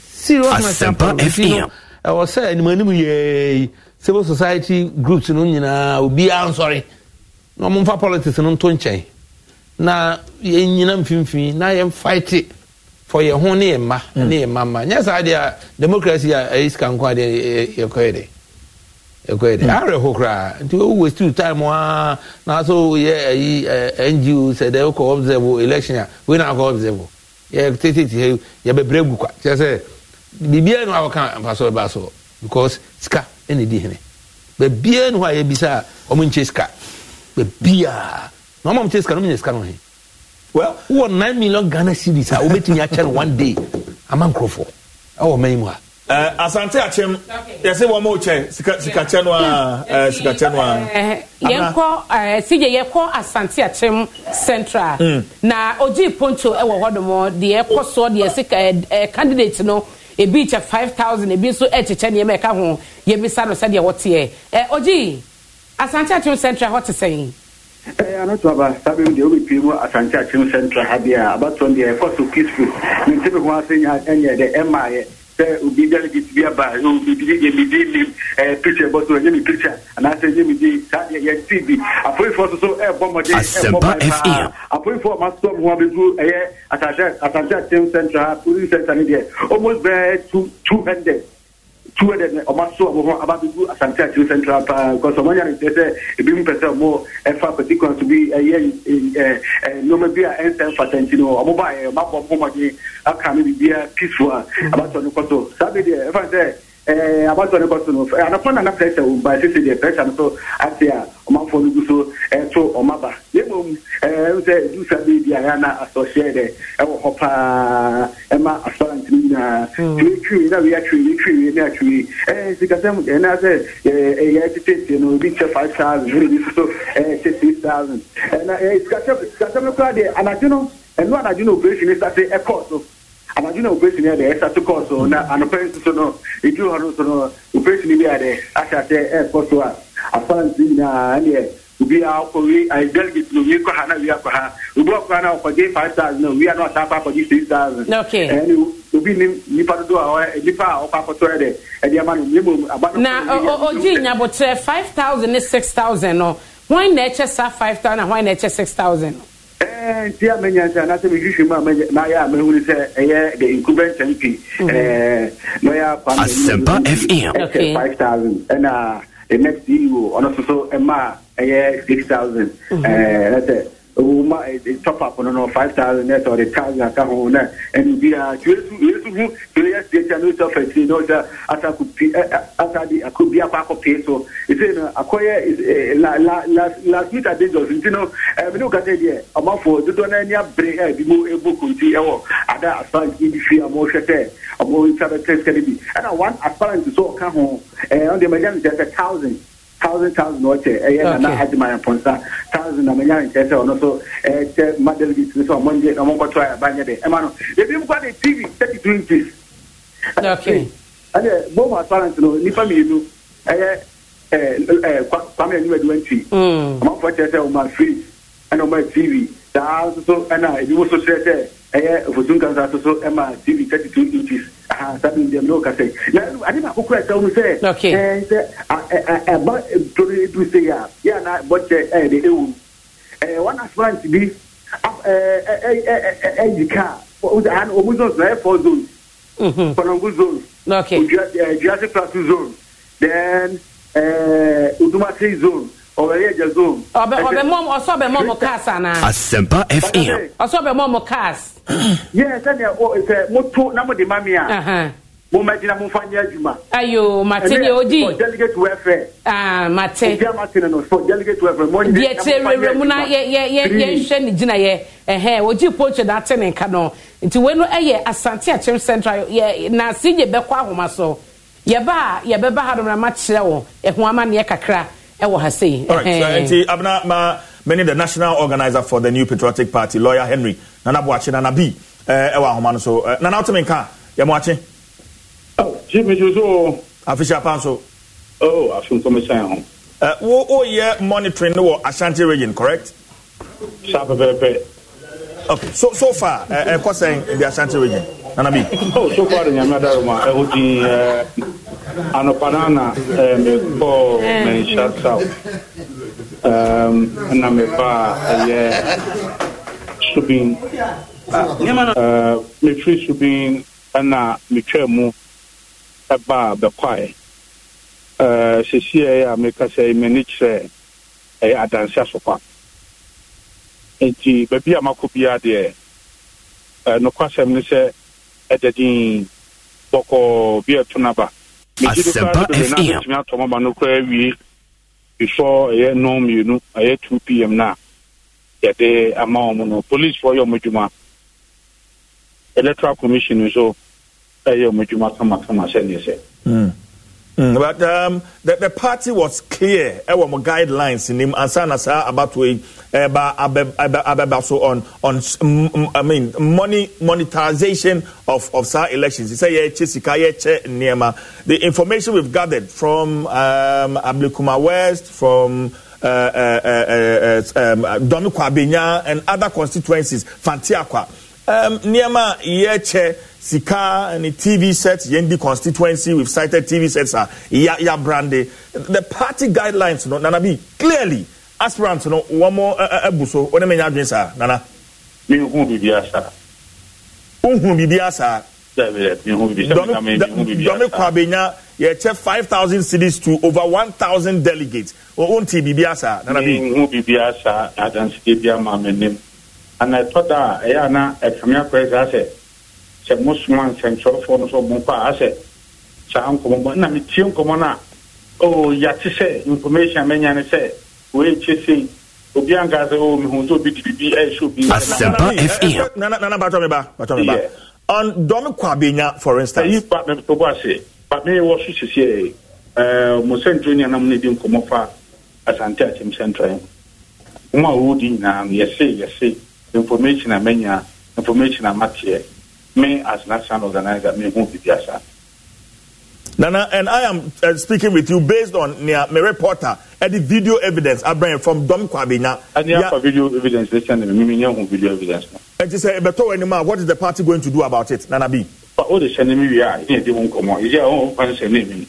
Speaker 12: serious national problem ti no ɛwɔ sɛ animanim yɛɛyi eh, civil society groups no nyinaa obiara nsɔre na ɔmo nfa politics no nto nkyɛn na yɛnyina mfimfini na yɛn fight for yɛn ho ne yɛn mma mm. ne yɛn mma mma nyɛ saa deɛ democracy a ɛyɛ sika nko adeɛ eh, yɛkɔyɛ de ɛkɔyɛ dɛ hmm. awerɛho koraa nti wowe still time a na so woyɛ ayi e, ngo sɛ dɛ wokɔ observe election a wei na akɔ observe yɛtetete ha yɛbɛbrɛ gu kwa kyerɛ sɛ biribiaa ne wakɔka mfa so ɛba soɔ because sika ɛne di hene baabiaa ne hɔ a yɛbisa a ɔmo nkye sika baabiaa na ɔma mkye sika no mnyɛ sika no he well wowɔ 9 million ghana series a wobɛtumi akyɛ no one day ama nkurɔfoɔ ɛwɔ man mu a Eh,
Speaker 3: asante akyem yɛsɛ wɔn mo kyɛ sikakyɛ no a (laughs) eh, sikakyɛ no a.
Speaker 9: Eh, yɛnkɔ sigye yɛkɔ asante akyem central mm. na ogyi ponto wɔ hɔnom deɛ ɛkɔ soɔ deɛ sika candidate no ebi kyɛ five thousand ebi nso ɛkyekyɛ nneɛma ɛka ho yɛbisa no sɛdeɛ wɔteɛ ogyi asante akyem central hɔ te sɛn.
Speaker 3: anɔto aba sabe deɛ wobɛpie mu asante akyem central ha deɛ abatoɔ deɛ ɛkɔ so kisco mentimi ho ase nyɛ dɛ ɛmaayɛ sɛ obi delegate bi aba medidi yɛ medi nim picture bɔ so ɛnyɛ me picture anaasɛ ɛnyɛ medi saa deɛ yɛti bi apolifoɔ so so ɛbɔ mmɔden ɛbɔ maa apolifoɔ ɔma sɔ mu ho abɛduru ɛyɛ asante atem central police center ne deɛ almost bɛɛ two two hundred two hundred na ọba so ọmọ hàn abadugu asante akyiri central paa because ọmọ yàrá ìtẹ sẹ ebi mu pẹsẹ ọmọ ẹfa petitions bi ẹyẹ ẹ ẹ nneọma bi a ẹnsẹ fata nti no ọmọ ba ẹ ọmọ abọ ọmọ ọmọdé aka mi bibi a peaceful a abatọ ne kọtọ sábẹ deɛ ɛfa sɛ ɛɛ abatọ ne kọtọ no anapɔ nana pressure wo ba ɛsɛ sɛ deɛ pressure no so ase a ɔmanfoɔ no gu so ɛto ɔmaba mmom ɛɛ sɛ dusa baabi a yɛana asɔhyɛ dɛ ɛwɔ hɔ paa ɛma asɔrant no nyinaa twetwie na weiatwee yɛtwee ne atwee ɛɛ sikasɛm ɛna sɛ yɛtetetee no obi kyɛ five thousand ɛna bi so kyɛ eh, six thousand ɛna eh, sikasɛm eh, no koraa deɛ anadwo no ɛno anadwo no operation no sase ɛkɔɔ so anadwo na operation yɛ dɛ ɛsa to na anɔpɛ nso so no ɛduru hɔ no so no operation bi a dɛ ahyɛ sɛ ɛɛkɔ so a asɔrant nyinaa ɛneɛ obi a owi ayi delegate na owi kɔ na owi akɔ obi ɔkɔ ha na ɔkɔgye eh, eh, eh, e five thousand na owi a na ɔsan e akɔ six thousand. okay ɛni obi ni nipa dodo a nipa a ɔkɔ akɔtɔ yɛ dɛ ɛdi ama no ne mu aba no. na ɔgye
Speaker 9: nyabotrɛ five thousand ne six thousand no wɔn na ɛkyɛ saa five thousand na wɔn na ɛkyɛ six thousand.
Speaker 3: ɛɛ nti a mɛnya nsɛ anasɛ mi hwehwɛ mu a mɛnya n'ayɛ a mɛhuri sɛ ɛyɛ the incumbent mp
Speaker 11: ɛɛ
Speaker 16: lɔya kwame. asempa fm. ɛkyɛ five thousand ɛna the next
Speaker 3: ceo ɔno e ɛyɛ six thousand
Speaker 11: mhm. ɛɛ
Speaker 3: ɛsɛ owó top up no no five thousand ɛsɛ ɔde thousand aka ho na ɛnu bi a tuyesu tuyesu hu tuyesu tiɛ tiɛ n'oyɛ fɛsi na ɔda ataku pi ɛ atadi ako bi akɔ akɔ pie so ɛsɛ no akɔyɛ ɛ la la la last meter dangerous nti no ɛɛ mi ni o ka sɛ deɛ ɔmanfo dodoɔ náà ni abere ɛ bi mo ebo konti ɛwɔ ada aspirant yi bi fi ɔmo hwɛ sɛ ɔmo sábɛ tɛ sikɛli bi ɛna one aspirant so ɔka ho ɛɛ ɔn thousand thousand ɔkyɛ ɛyɛ nana adwuma yɛpɔnsa thousand na menya ne nkyɛ sɛ ɔno so ɛkyɛ ma delegates no sɛ ɔmɔnye ɔmɔnkɔtɔ a ɛba nyɛ dɛ ɛma no ebi mu de tv thirty two inches ɛnɛ bɔɔmu assurance no nipa mmienu ɛyɛ ɛɛ ɛɛ kwame anyiwa diwa nti ɔmɔnfɔ kyerɛ sɛ ɔmɔ fridge ɛna ɔmɔ tv saa soso ɛna ebi mu so kyerɛ sɛ ɛyɛ ofosun kansa soso ɛma tv thirty two inches sabi ndem n'o ka se na ale b'a ko ɛsɛ ɔmu sɛ ɛɛ sɛ ɛɛ ba edu se ya ya na bɔ cɛ de ewu ɛɛ wɔn asfalant bi ɛɛ ɛɛ ɛɛ ɛyi kaa ɔmu zones na ɛɛ four zones
Speaker 16: kɔnɔngu
Speaker 3: zones ojuase plateau zone then ɛɛ
Speaker 9: odumase zone. asɛmpa
Speaker 3: fm yɛ sɛdeɛ sɛ moto na mode ma me a
Speaker 9: momadina momfa nyɛ adwuma ayo mate deɛ ogyi delegate wɛfrɛ mate matene no so delegate wɛfrɛ deɛ kyerɛ werɛ mu na yɛnhwɛ ne gyinayɛ ɛhɛ ogyi poche da ate ne nka no nti wei no e ɛyɛ asante akyem central na sɛ yɛbɛkɔ ahoma so yɛba a yɛbɛba ha no na makyerɛ wɔ ɛho amanneɛ kakra ɛwɔ ha sei. all right so
Speaker 3: nti abena ma many the national organizer for the new patriotic party lawyer henry nana buakye nana b ɛwɔ ahoma no so eh, nana ɔtí mi nka yɛ mu akye. chief mi soso. afisa pan so. oh asunso mi sàn wo o yɛ monitoring no wɔ ashanti region correct. sa pɛpɛpɛ. okay so so far ɛ eh, ɛ eh, in the ashanti region nana bi. so far nyame adaro ma ɛho uh, din ɛɛ anɔpana na ɛɛ um, mekɔ mɛnhyia um, saw ɛɛm na meba ɛyɛ uh, subin ɛɛ uh, mefiri subin ɛna metwaa mu ɛbaa bɛkɔɛ ɛɛ sisi ɛyɛ a meka sɛ m'ani kyerɛ ɛyɛ adansi asokwa nti baabi a makɔ biara deɛ ɛɛ nokwasɛm ne sɛ ɛdɛ din bɔkɔɔ bi ɛto naba
Speaker 16: asɛmpa fm mɛtumi
Speaker 3: atɔ maba no ɛyɛ non mmienu ɛyɛ two pm na yɛde ama wɔn no policefoɔ yɛ wɔn adwuma electoral commission nso ɛyɛ wɔn adwuma kamakama sɛdeɛ sɛ. Mm. but um, the, the party was clear. Our guidelines in him, and Sanasa about to about so on on I mean money monetization of of SAR elections. He said The information we've gathered from um, Ablikuma West from uh, uh, uh, uh um, and other constituencies, Fantiakwa. Um, niema Yeche Sika and the TV sets, Yendi constituency, we've cited TV sets, uh, ya, ya Brande. The party guidelines, Nana Nanabi, clearly aspirant no wɔn abu so wɔn mɛ nya adwene saa nana. mi hu bibi asa. o hu bibi asa. dɔmi kwabenya yɛkyɛ five thousand cities to over one thousand delegates o n ti bibi asa nana bi. mi
Speaker 16: hu bibi asa adansike bi ama mi nim ana ɛtɔ da a ɛyɛ ana ɛfamia kɔɛ sɛ asɛ sɛ mo suma nsɛnkyɔrɔfoɔ no so mo
Speaker 3: kɔ asɛ saa nkɔmɔ na mi tie nkɔmɔ na o oh, yate sɛ information mɛ nya ne sɛ. wɔyɛkye sei obi anka sɛ o mehun sɛ obi de ɛhyɛ bi asɛmpa fm kɔ abenya for instance ase ba mewɔ so sesiɛ mo sɛntro ne no di nkɔmmɔ fa asante atem sɛntrɛ mo a wɔdi nyinaa no yɛse yɛse information a manya information a mateɛ me as national organizer mehu biribi Nana, and I am uh, speaking with you based on near my reporter and the video evidence I bring from Dom Kwabina. And yeah, for video evidence, they send me video evidence. And she said, Beto anymore, what is the party going to do about it, Nana B? But all the sending me, yeah, they won't come on. Yeah, oh, I'm sending me.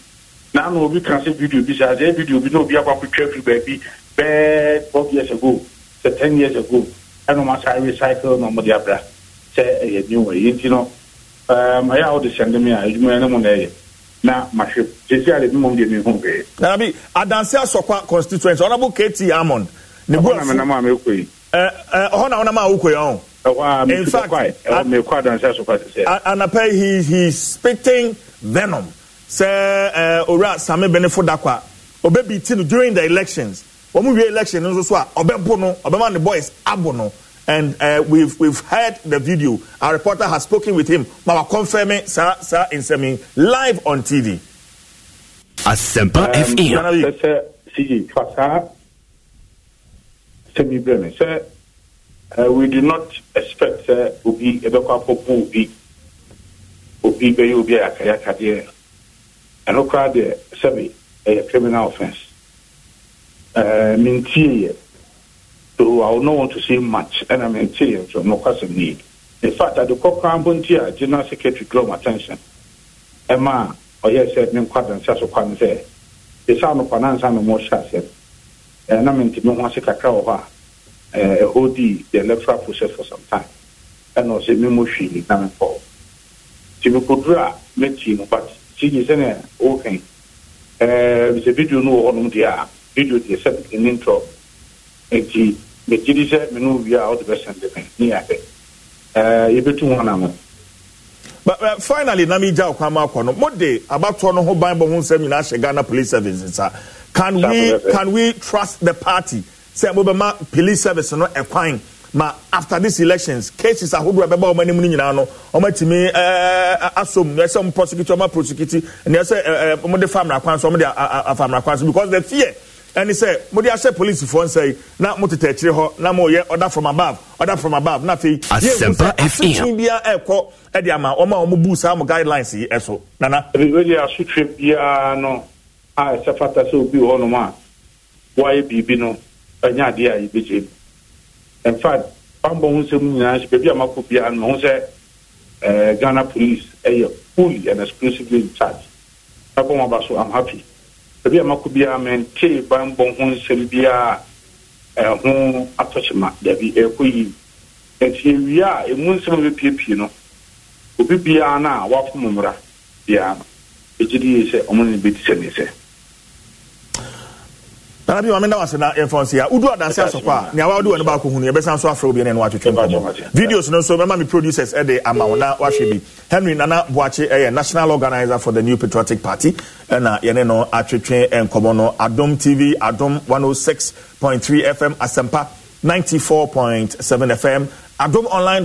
Speaker 3: Now, we can say video, besides every video, we know we have a picture, baby, bad, four years ago, so 10 years ago. I don't want recycle, no more, eh, um, yeah, bruh. Say, you know, I have all the sending me, I'm going to na mahwɛ sesi a lebi mom deɛ mehu hwee nanabi adanse asɔkwa constituency honorable kt amon ne na amenam a mekɔi ɔhɔ eh, eh, na wonam a wokɔi ɔho in fact mekɔ adanse asɔkwa sesɛ anapa he he spitting venom sɛ eh, owura same benefo dakwa obɛbi ti no during the elections wɔn mu wie election nso so a ɔbɛbo no ɔbɛma ne boys abo no and uh, we've we've heard the video. Our reporter has spoken with him. Now confirming, sir, sir, in semi live on TV. Asempa FM. Um, sir, uh, we do not expect uh, obi ebekwa popo obi obi bɛyɛ obi a yɛakayɛ akadeɛ ɛno koraa deɛ sɛbe ɛyɛ criminal offense. uh, mentieeɛ so I would not want to see much, and I maintain mean, from no question need. The fact, that the Cochrane Bontia, General Secretary draw my attention. Emma, or oh, yes, said, Nim Quadrant, Sasso Quan said, the sound of finance and more shots, and I mean to know once a cacao, a hold the electoral process for some time, and also Mimoshi, Naman Paul. Timu Kudra met him, but she is in a okay. Uh, eh, the video no on oh, the video, the second intro. It mɛtiri sɛ menu wie a wode bɛsɛnde me ne yɛbɛ yɛbɛtu ho anama uh, finally na megya wo kwan ma akɔ no mode abatoɔ no ho ban bɔ ho nsɛm nyinaa hyɛ ghana police service nsa can we can we trust the party sɛ mobɛma police service no ɛkwan ma after these elections cases ahodoɔ ɛbɛba wɔn anim no nyinaa no wɔmatumi ɛɛ asom ɛsɛ wɔn prosecute wɔn aprosecute ɛnìyɛ sɛ ɛɛ wɔn de famra kwan so wɔn de afa kwan so because the fear ɛne sɛ mode ahyɛ policefoɔ nsɛe na motete akyire hɔ na moyɛ order from above order from above na afei yɛsotwe biara ɛkɔ ɛde ama ɔma a ɔmobu saa mo guidelines yi ɛso nana ɛde asotwe biara no a ɛsɛ fata sɛ obi wɔ hɔnom a wayɛ biribi no ɛnyɛ adeɛ a yɛbɛgye mu in fact bambɔ ho nsɛm nyinaa nso baabi a makɔ biara no maho sɛ Ghana police, uh, fully and exclusively in charge. That's what I'm so I'm happy ebi amako biara mentee banbɔ ho nsɛm biara ɛho eh, atɔkyema dabi ɛkɔ eh, yi nti ewie a emu nsɛm a ebipiepie no obi biara no a wafom mmra biara no egyedi yi sɛ ɔmo ne bi ti sɛ ne nsɛm nana bi maame ndawase na yɛn fɔnsi a wudu adansi asɔkɔ a nea wawudi wɔn baako hunu yɛ bɛsa nso afra obi ɛna ɛna watwitwi nkɔmɔ videos no nso mɛma mi producers ɛde ama wɔn na wahwɛ bi henry nana buakye ɛyɛ national organiser for the new patriotic party ɛna yɛne no atwitwi nkɔmɔ no adom tv adom one oh six point three fm asempa ninety four point seven fm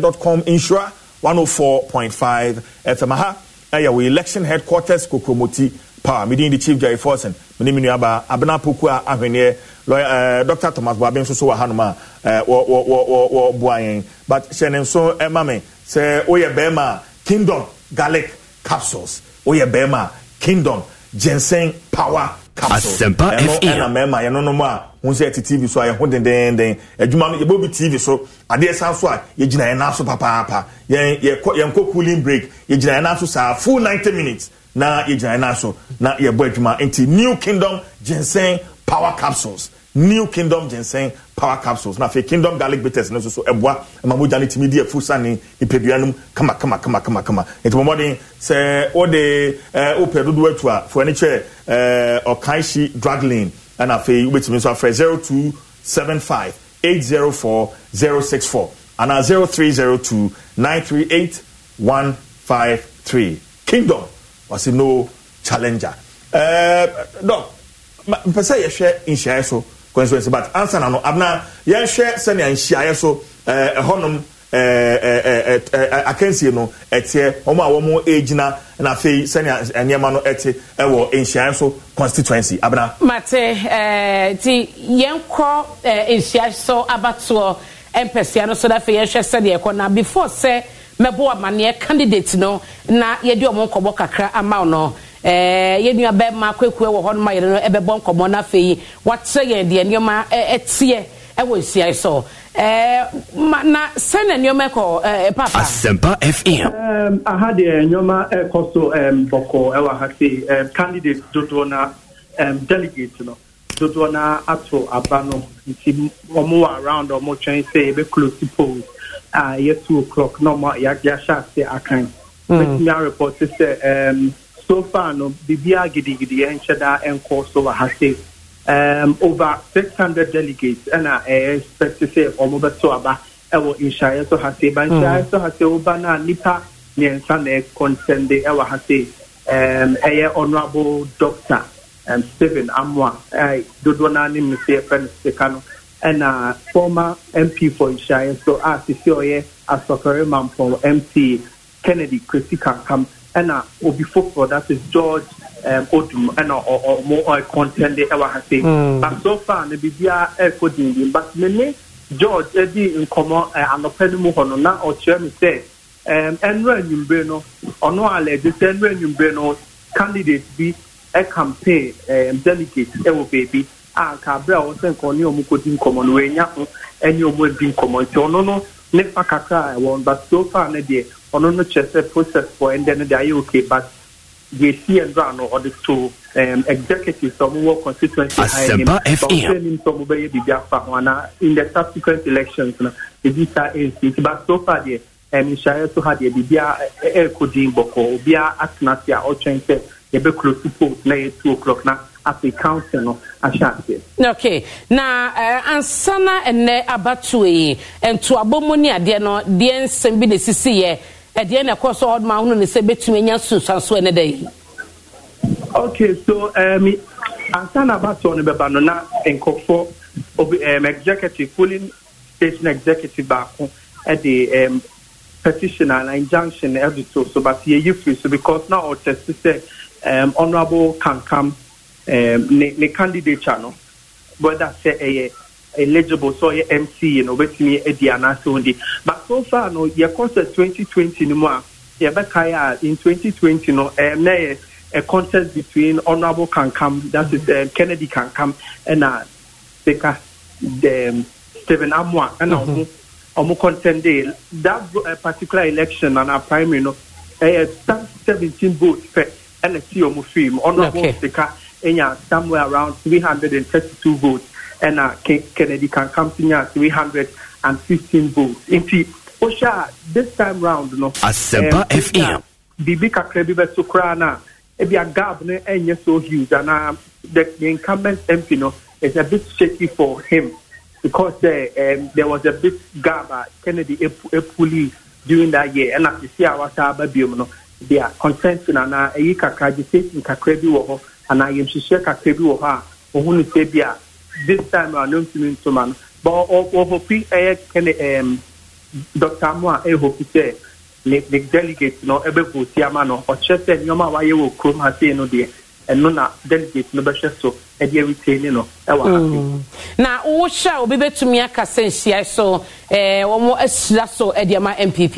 Speaker 3: dot com insura one oh four point five fm aha ɛyɛ wɔ election headquarters kokromoti power medin de chief jerry forson mene me nuaba abena poku a ahweneɛ uh, eh, dr thomas boabe nso so wɔ hanom a eh, wɔboa yɛn but hyɛ ne nso ɛma eh, me sɛ woyɛ bɛrima kingdom garlic capsules woyɛ bɛrima kingdom Ginseng power Capsules. Asempa, asɛmpa ɛna mɛma yɛnonom a ho sɛ ɛte tv so a yɛho dendenden adwuma no yɛbɛbi tv so adeɛ san so a yɛgyina yɛn nan so papaapa yɛnkɔ cooling break yɛgyina yɛn nan so saa full ninety minutes na yɛgyina ɛna so na yɛbɔ adwuma nti new kingdom ginseng power capsules new kingdom ginseng power capsules na afei kingdom garlic bitters no nso ɛboa ɛma mogya no tumi di afu sane nipadua no kama kama kama kama kama nti bɔmmɔden sɛ wode ɛɛ wopɛ dodoɔ atu a foɔ ani kyerɛ ɛɛ ɔkanhyi drug lane ɛna afei wobɛtumi nso afrɛ zero two seven five eight zero four zero six four ana zero three zero two nine three eight one five three kingdom wɔsi eh, no challenger ɛɛ dɔn mpɛ sɛ yɛhwɛ nhyiaeɛ so constituency but ansa na no abena yɛhwɛ sɛnea nhyiaeɛ so ɛɛ ɛhɔnom ɛɛ ɛɛ akansie no ɛteɛ wɔn a wɔn egyina na afei sɛnea nneɛma no ɛte ɛwɔ nhyiaeɛ so constituency abena.
Speaker 9: mate ɛɛ ti yɛn kɔ ɛɛ nhyiaeɛ so abatoɔ mpɛsia no so na afei yɛhwɛ sɛdeɛ ɛkɔ na before sɛ. Se... mɛbɔ amanneɛ candidate no na yɛde ɔmo nkɔmɔ kakra ama no ɛɛ yɛn nua bɛrima kwekue wɔ hɔ nom a yɛn no ɛbɛbɔ nkɔmɔ n'afɛ yi wakyerɛ yɛn deɛ nneɛma ɛteɛ ɛwɔ nsia so ɛɛ ma na sɛn na nneɛma kɔ ɛɛ papa.
Speaker 11: asempa fm.
Speaker 3: ɛɛm aha deɛ nneɛma ɛkɔ so ɛɛm bɔkɔ ɛwɔ aha se ɛɛm candidate dodoɔ na ɛɛm delegate no dodoɔ na ato aba no nti wɔn wɔ around wɔn twɛn sɛ ebe close polls. a ɛyɛ two o'clock na ɔmo yɛahyɛ ase akan mɛtumi mm. arepɔte sɛ ɛɛm so far no biribiara gidigidi yɛn nhyɛ daa ɛnkɔ so wɔ ha se um, over 600 delegates ɛna ɛyɛ expect sɛ ɔmo bɛto aba ɛwɔ nhyiaeɛ so ha se ba mm. nhyiaeɛ so ha se woba no a nnipa mmiɛnsa na ɛkɔnsɛnde ɛwɔ ha se um, ɛyɛ honourable doctor stephen amoa dodoɔ no a ne mmesi yɛfrɛ no sika no ɛna former mp for nhyiraeɛ so a sisi ɔyɛ asɔkɔre mampɔn mc kennedy kwesi kankam ɛna obi foforɔ that is george um, odum ɛna ɔmo ɔkɔntɛnde ɛwɔ ha se hmm. but so far no biribiara ɛrekɔ dindin but mene george ɛdi nkɔmɔ ɛ anɔpɛ no mu hɔ no na ɔkyerɛ mi sɛ ɛm um, ɛnura enyimbre no ɔno alɛgye sɛ ɛnura enyimbre no candidate bi ɛkampe ɛm um, delegate ɛwɔ beebi a ka abira a wɔsɛ nka ɔne ɔmo kodi nkɔmɔ no wɔanya ho ɛne ɔmo adi nkɔmɔ nti ɔno no ne fa kakra a ɛwɔ but so far ne deɛ ɔno no kyerɛ sɛ process for ɛndɛ no de ayɛ okay but deɛ si ɛndra no ɔde to executives a wɔwɔ constituency high nim but ɔsɛ nim sɛ ɔmo bɛyɛ biribi afa ho ana in the subsequent elections no ebi sa ɛnsi nti but so far deɛ um, nhyɛeɛ so ha deɛ biribia ɛɛkɔ din bɔkɔɔ obiara atena ase a ɔtwɛn sɛ yɛbɛkuro two poles na yɛ two o'clock na afei council no ahyɛ aseɛ.
Speaker 9: okay na uh, eh, ansana ɛnɛ abatoɔ yi ntoabɔ mu ne adeɛ no deɛ nsɛm bi na esisi yɛ ɛdeɛ na ɛkɔ so ɔdoma ahono ne sɛ betumi anya sunsanso ɛnɛ dɛ yi.
Speaker 3: okay so um, eh, ansana abatoɔ no bɛba no na nkɔfoɔ obi um, executive polling station executive baako ɛde um, petition and injunction ɛde to so but yɛyi firi so because na ɔtɛsi sɛ um, honourable kankam um, eh, ne ne candidature no whether sɛ ɛyɛ eligible sɛ ɔyɛ mc yi no obetumi adi anaasɛ ondi but so far no yɛkɔ sɛ 2020 no mu a yɛbɛka in 2020 no ɛm um, na a contest between honourable kankam that is uh, kennedy kankam ɛna uh, sika um, stephen amoa And ɔmo. Mm -hmm. ọmụ kọntende that uh, particular election na na primary know, ɛyɛ seventeen votes pɛ ɛna si ọmụ firi mu ọnụ ọmụ enya somewhere around 332 votes ɛna uh, Kennedy can to near 315 votes In fact, Osha, this time round no Asɛmpa FM um, Bibi kakra bi bɛso koraa no a ebi a gap no so huge anaa um, the, the incumbent MP no is a bit shaky for him because uh, um, there was a big gap at uh, Kennedy epuli during that year ɛna sisi see our aba biom no they are consenting anaa ɛyi kakra gestation kakra bi wɔ hɔ anaa yɛnhyehyɛ kakra bi wɔ hɔ a ɔhu no sɛ bi a this time a no ntumi ntoma no but ɔhɔpi ɛyɛ kɛne ɛɛm dɔkta mu a ɛhɔpi sɛ ne ne delegate no ɛbɛbɔ ti ama no ɔkyerɛ sɛ nneɛma a wayɛ wɔ kurom ha no deɛ ɛno na delegate no bɛhwɛ so ɛde awiteni no ɛwɔ ha mm.
Speaker 9: na wohyɛ a obi bɛtumi aka sɛ nhyia so ɛɛ wɔn ahyira so ɛde ama npp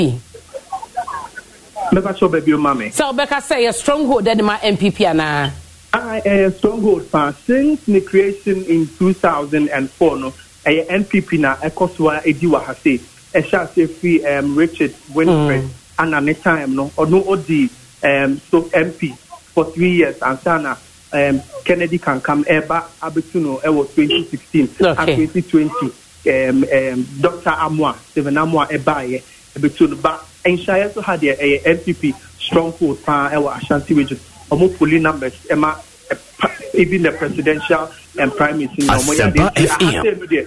Speaker 9: mɛka sɛ ɔbɛbi ma me sɛ ɔbɛka sɛ yɛ stronghold ɛde ma npp anaa I I a stronghold fan
Speaker 3: since the creation in 2004 no ɛyɛ NPP na ɛkɔ so a ɛdi wɔ ha se ɛhyɛ ase fi um, Richard Winfrey. And mm. ana ne time no ɔno ɔdi um, so MP for three years ansana um, Kennedy kankam ɛba abɛtu no ɛwɔ 2016 and 2020 um, um, Dr. Amoa Stephen Amoa ɛbaayɛ ɛbɛtu no ba nhyɛn so ha deɛ ɛyɛ NPP stronghold fan ɛwɔ Ashanti region. ɔmo poli numbers ɛma eh, even the presidential and prime minister na ɔmo yɛ de ah, eh, ti ase no deɛ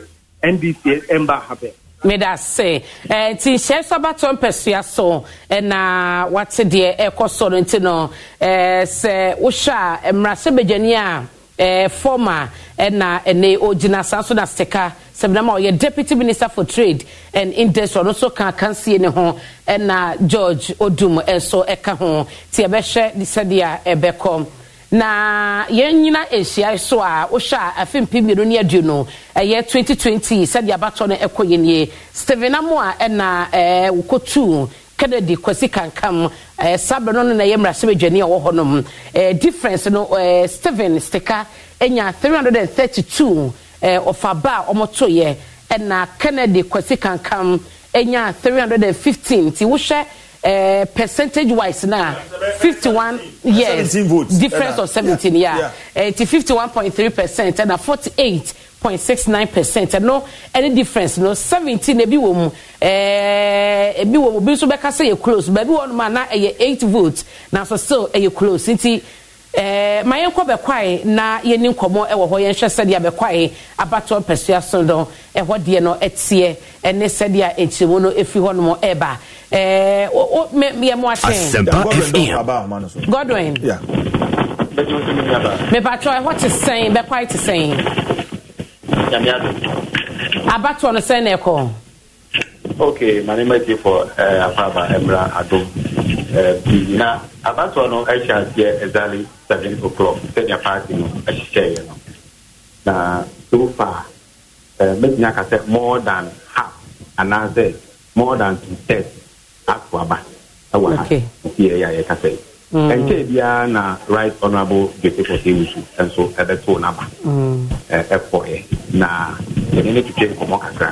Speaker 3: ndc ɛmba habɛ.
Speaker 9: meda se nti hyɛn so mpɛsua eh, so na wate deɛ ɛkɔ so no nti no sɛ wohwɛ a mmarahyɛbadwani a Eh, fom a eh, ɛna ɛne eh, ɔgyina saa so na sika sɛminama ɔyɛ deputy minister for trade and industry ɔno nso ka akansie ne ho ɛna george odum nso ɛka ho ti ɛbɛhwɛ sɛdeɛ ɛbɛkɔ na yɛn nyina ahyia e so a wohwɛ a afe mpe mmienu ne adu no ɛyɛ 2020 sɛdeɛ abatɔ no ɛkɔ yɛ nie steven amo a ah, ɛna ɛɛ wokɔtuu kennedy kwasi kankam eh, sabre no na yɛ mmarahyɛbadwani a ɔwɔ hɔnom eh, difference no eh, steven stika anya 332 eh, ɔfa ba a ɔmɔtoyɛ ɛna kennedy kwasi kankam anya 315 nti wohwɛ uh, eh, percentage wise na fifty one years difference of seventeen yeah, yeah. yeah. Uh, to fifty one point three percent and na forty eight point six nine percent ɛno ɛne difference no seventeen ebi wɔ mu ɛɛɛ eh, ebi wɔ mu bi nso bɛka sɛ yɛ close baabi wɔ nom a na ɛyɛ eight vote na so still ɛyɛ close nti ɛɛɛ eh, ma yɛn kɔ bɛkwae na yɛn ni nkɔmɔ ɛwɔ hɔ yɛn hwɛ sɛdeɛ bɛkwae abatoɔ pɛsua so no ɛhɔ deɛ no ɛteɛ ɛne sɛdeɛ ekyirimu no efi hɔ nom ɛɛba ɛɛɛ eh, o mɛ yɛ mo akyɛn. asempa fm godwin. mepatro ɛhɔ te sɛn bɛkwae te sɛn nyame ado abatoɔ no sɛn na ɛkɔ
Speaker 16: okay mane
Speaker 3: mati fɔ eh, afaaba mmra adom bi eh, na abatoɔ no ahyɛ aseɛ exactly seven o'clock sɛnea party no ahyehyɛeɛ no na so far eh, mɛtumi aka sɛ more than half anaasɛ more than
Speaker 16: two thirds ato aba ɛwɔ ha nti ɛyɛ a yɛka sɛ Mm. nkyɛn biara na right honourable jose kotewusu nso ɛbɛto n'aba ɛkɔɛ mm. eh, na yɛne ne twitwe nkɔmɔ kakra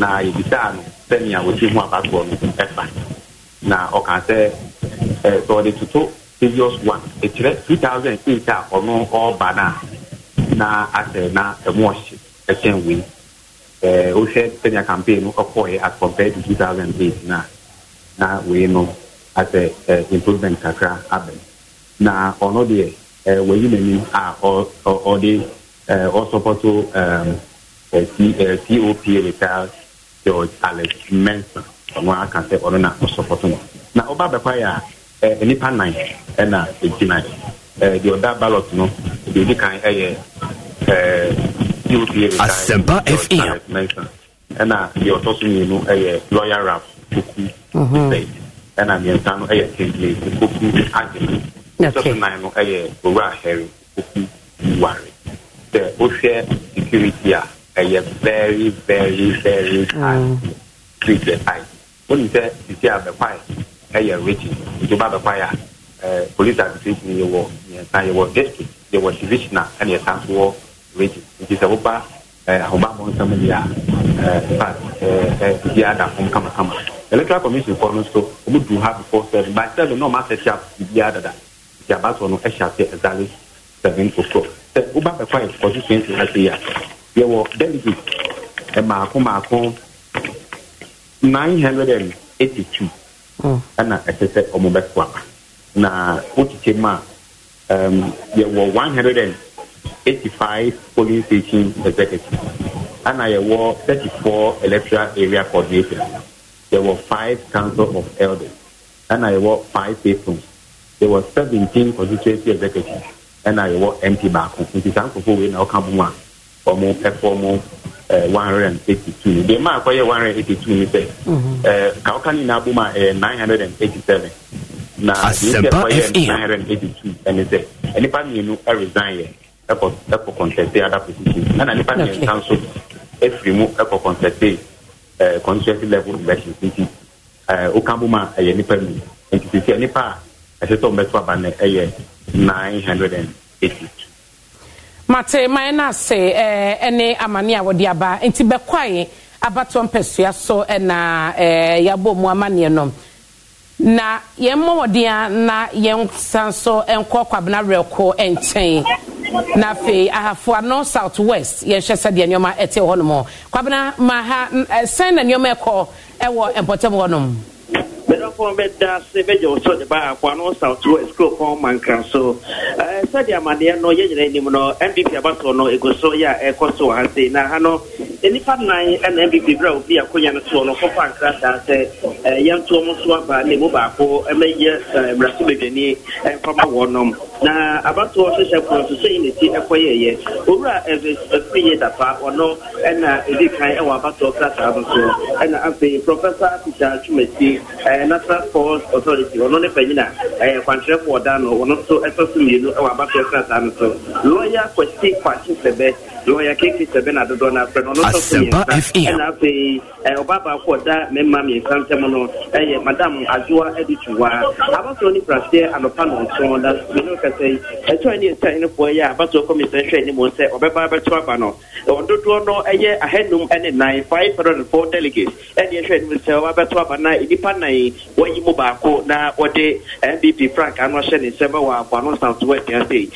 Speaker 16: na yɛbisaa no sɛnea wɔsi ho abatoɔ no ɛfa na ɔka sɛ eh, sɛ ɔde toto previous one ɛkyerɛ two thousand eight a ɔno ɔreba no a na asɛ na ɛmu ɔhye ɛhyɛn wei ɛɛ wohwɛ sɛnea campaign no ɔkɔɛ as compared to two thousand eight na na wei no as a eh, improvement kakra abɛn na ɔno deɛ eh, wɔyi n'anim a ɔde eh, ɔsɔpɔtɔ ehm, cop retired george alex mensa ɔno aka sɛ ɔno na ɔsɔpɔtɔ no na ɔba abɛkwa yɛ a nnipa nan ɛna
Speaker 3: egyina deɛ ɔda ballot no deɛ odi kan yɛ cop retired alex mensa ɛna deɛ ɔtɔ so mmienu yɛ lawyer rap
Speaker 16: kuku. Mhm. ɛna mmiɛnsa no yɛ kente nkoku agye no no yɛ owura ahɛre nkoku ware sɛ wohwɛ
Speaker 3: security a ɛyɛ very very very oh. high. treat the eye wɔn sɛ sisi abɛkwae ɛyɛ rich. nti ba abɛkwae a ɛɛ police administration yɛ wɔ mmiɛnsa yɛ wɔ district yɛ wɔ division a ɛna yɛ san so wɔ region nti sɛ
Speaker 16: woba ọba àwọn nsọmọ di a bibi ada fún kamakama
Speaker 3: electoral commission kọ no nso ọmọ dùn ha before seven by e seven náà ọmọ asẹsẹ bibi adada ti abatọ no ẹhyẹ ase ẹdale seven o'clock sẹ ọba bẹkọ ẹ kọjú twenty na ṣe yà yẹ wọ delegate ẹ eh, maako maako nine hundred and eighty two ẹna hmm. ẹsẹ e sẹ ọmọ bẹkọ aba na o tètè mu a yẹ wọ one hundred and. 85 polling station executives and I wore 34 electoral area coordinators. There
Speaker 16: were five council of elders and I wore five patrons. There were 17 constituency executives and I wore MP baako nti saa nkoko wei na ɔka mu a ɔmo
Speaker 3: ɛfɔ mo one hundred and eighty two deɛ mmaa akɔyɛ one hundred and eighty two ni sɛ ɛɛ ka ɔka ne nyinaa bom a ɛɛ nine hundred and eighty seven. na deɛ nti ɛkɔyɛ nine hundred and eighty two ɛne sɛ nnipa mmienu ɛresign yɛ ɛkɔ ɛkɔ kɔntɛte ada petition ɛna
Speaker 16: nipa mmiɛnsa nso efiri mu ɛkɔ kɔntɛte eh, ɛɛ constituency level election nti ɛɛ okamu ma ɛyɛ nipa mi nti sisi nipa a ɛsɛ sɛ ɛyɛ nine hundred and eighty two.
Speaker 9: mate man eh, no ase ɛne amane a wɔde aba nti bɛkwae abatoɔ mpɛsua so ɛna eh, yɛabɔ mu amanneɛ no na yɛn mmɔwɔdea na yɛn san so nkɔ kwabena rɛko nkyɛn na afei ahafoa north south west yɛnhwɛ sɛdeɛ nneɛma ɛte hɔnom kwabena ma ha sɛn na nneɛma ɛkɔ ɛwɔ mpɔtam hɔnom.
Speaker 3: mɛdɔfo bɛda se bɛgya ɔsɔ de baako ano south west kuro kɔn manka so sɛde amadeɛ no yɛ nyina anim no npp abatoɔ no ɛgu so yɛ a ɛkɔ so
Speaker 16: ha sei na ha no nnipa nnan ɛna npp berɛ a obi akɔnya no soɔ no kɔfa nkrataa sɛ
Speaker 3: yɛntoɔ mo so aba na ɛmu baako mɛyɛ mmaraso badwani mfama wɔ nom na abatoɔ hyehyɛ korɔ so sɛi ne ti ɛkɔyɛyɛ owura ɛfɛyɛ dapa ɔno ɛna ɛdi kan ɛwɔ abatoɔ krataa no so ɛna afei professor peter
Speaker 16: twumasi ɛɛ national sports authority ɔno ne panyin a ɛɛ kwantwerɛfoɔ ɔda no ɔno nso
Speaker 3: ɛtɔ so mmienu ɛwɔ abatoɔ krataa no so lɔya kwasi kwasi sɛbɛ lɔya keke sɛbɛn na dodo na fɛ n'o tɔ fɛn yɛn sa ɛna afei ɛ ɔba baako ɔda mɛma mi san
Speaker 16: tɛmɛ no ɛyɛ madam aduwa ɛdi tuwa abatɔ ni praseɛ anɔpa nɔntɔn na minnu kɛse yi ɛtɔn ni nsa yi ni fɔ yɛ abatɔ kɔmisen hwɛ ni mu nsɛ ɔbɛba abɛtɔ aba no
Speaker 3: wɔn dodoɔ no ɛyɛ ahɛnum ɛne nan five hundred and four delegates ɛni ɛhwɛ ni mu nsɛ ɔbɛtɔ aba na nipa nan wɔyi mu baako na wɔde npp frank ano hyɛ ne nsɛm ɛwɔ aboano south west yɛn se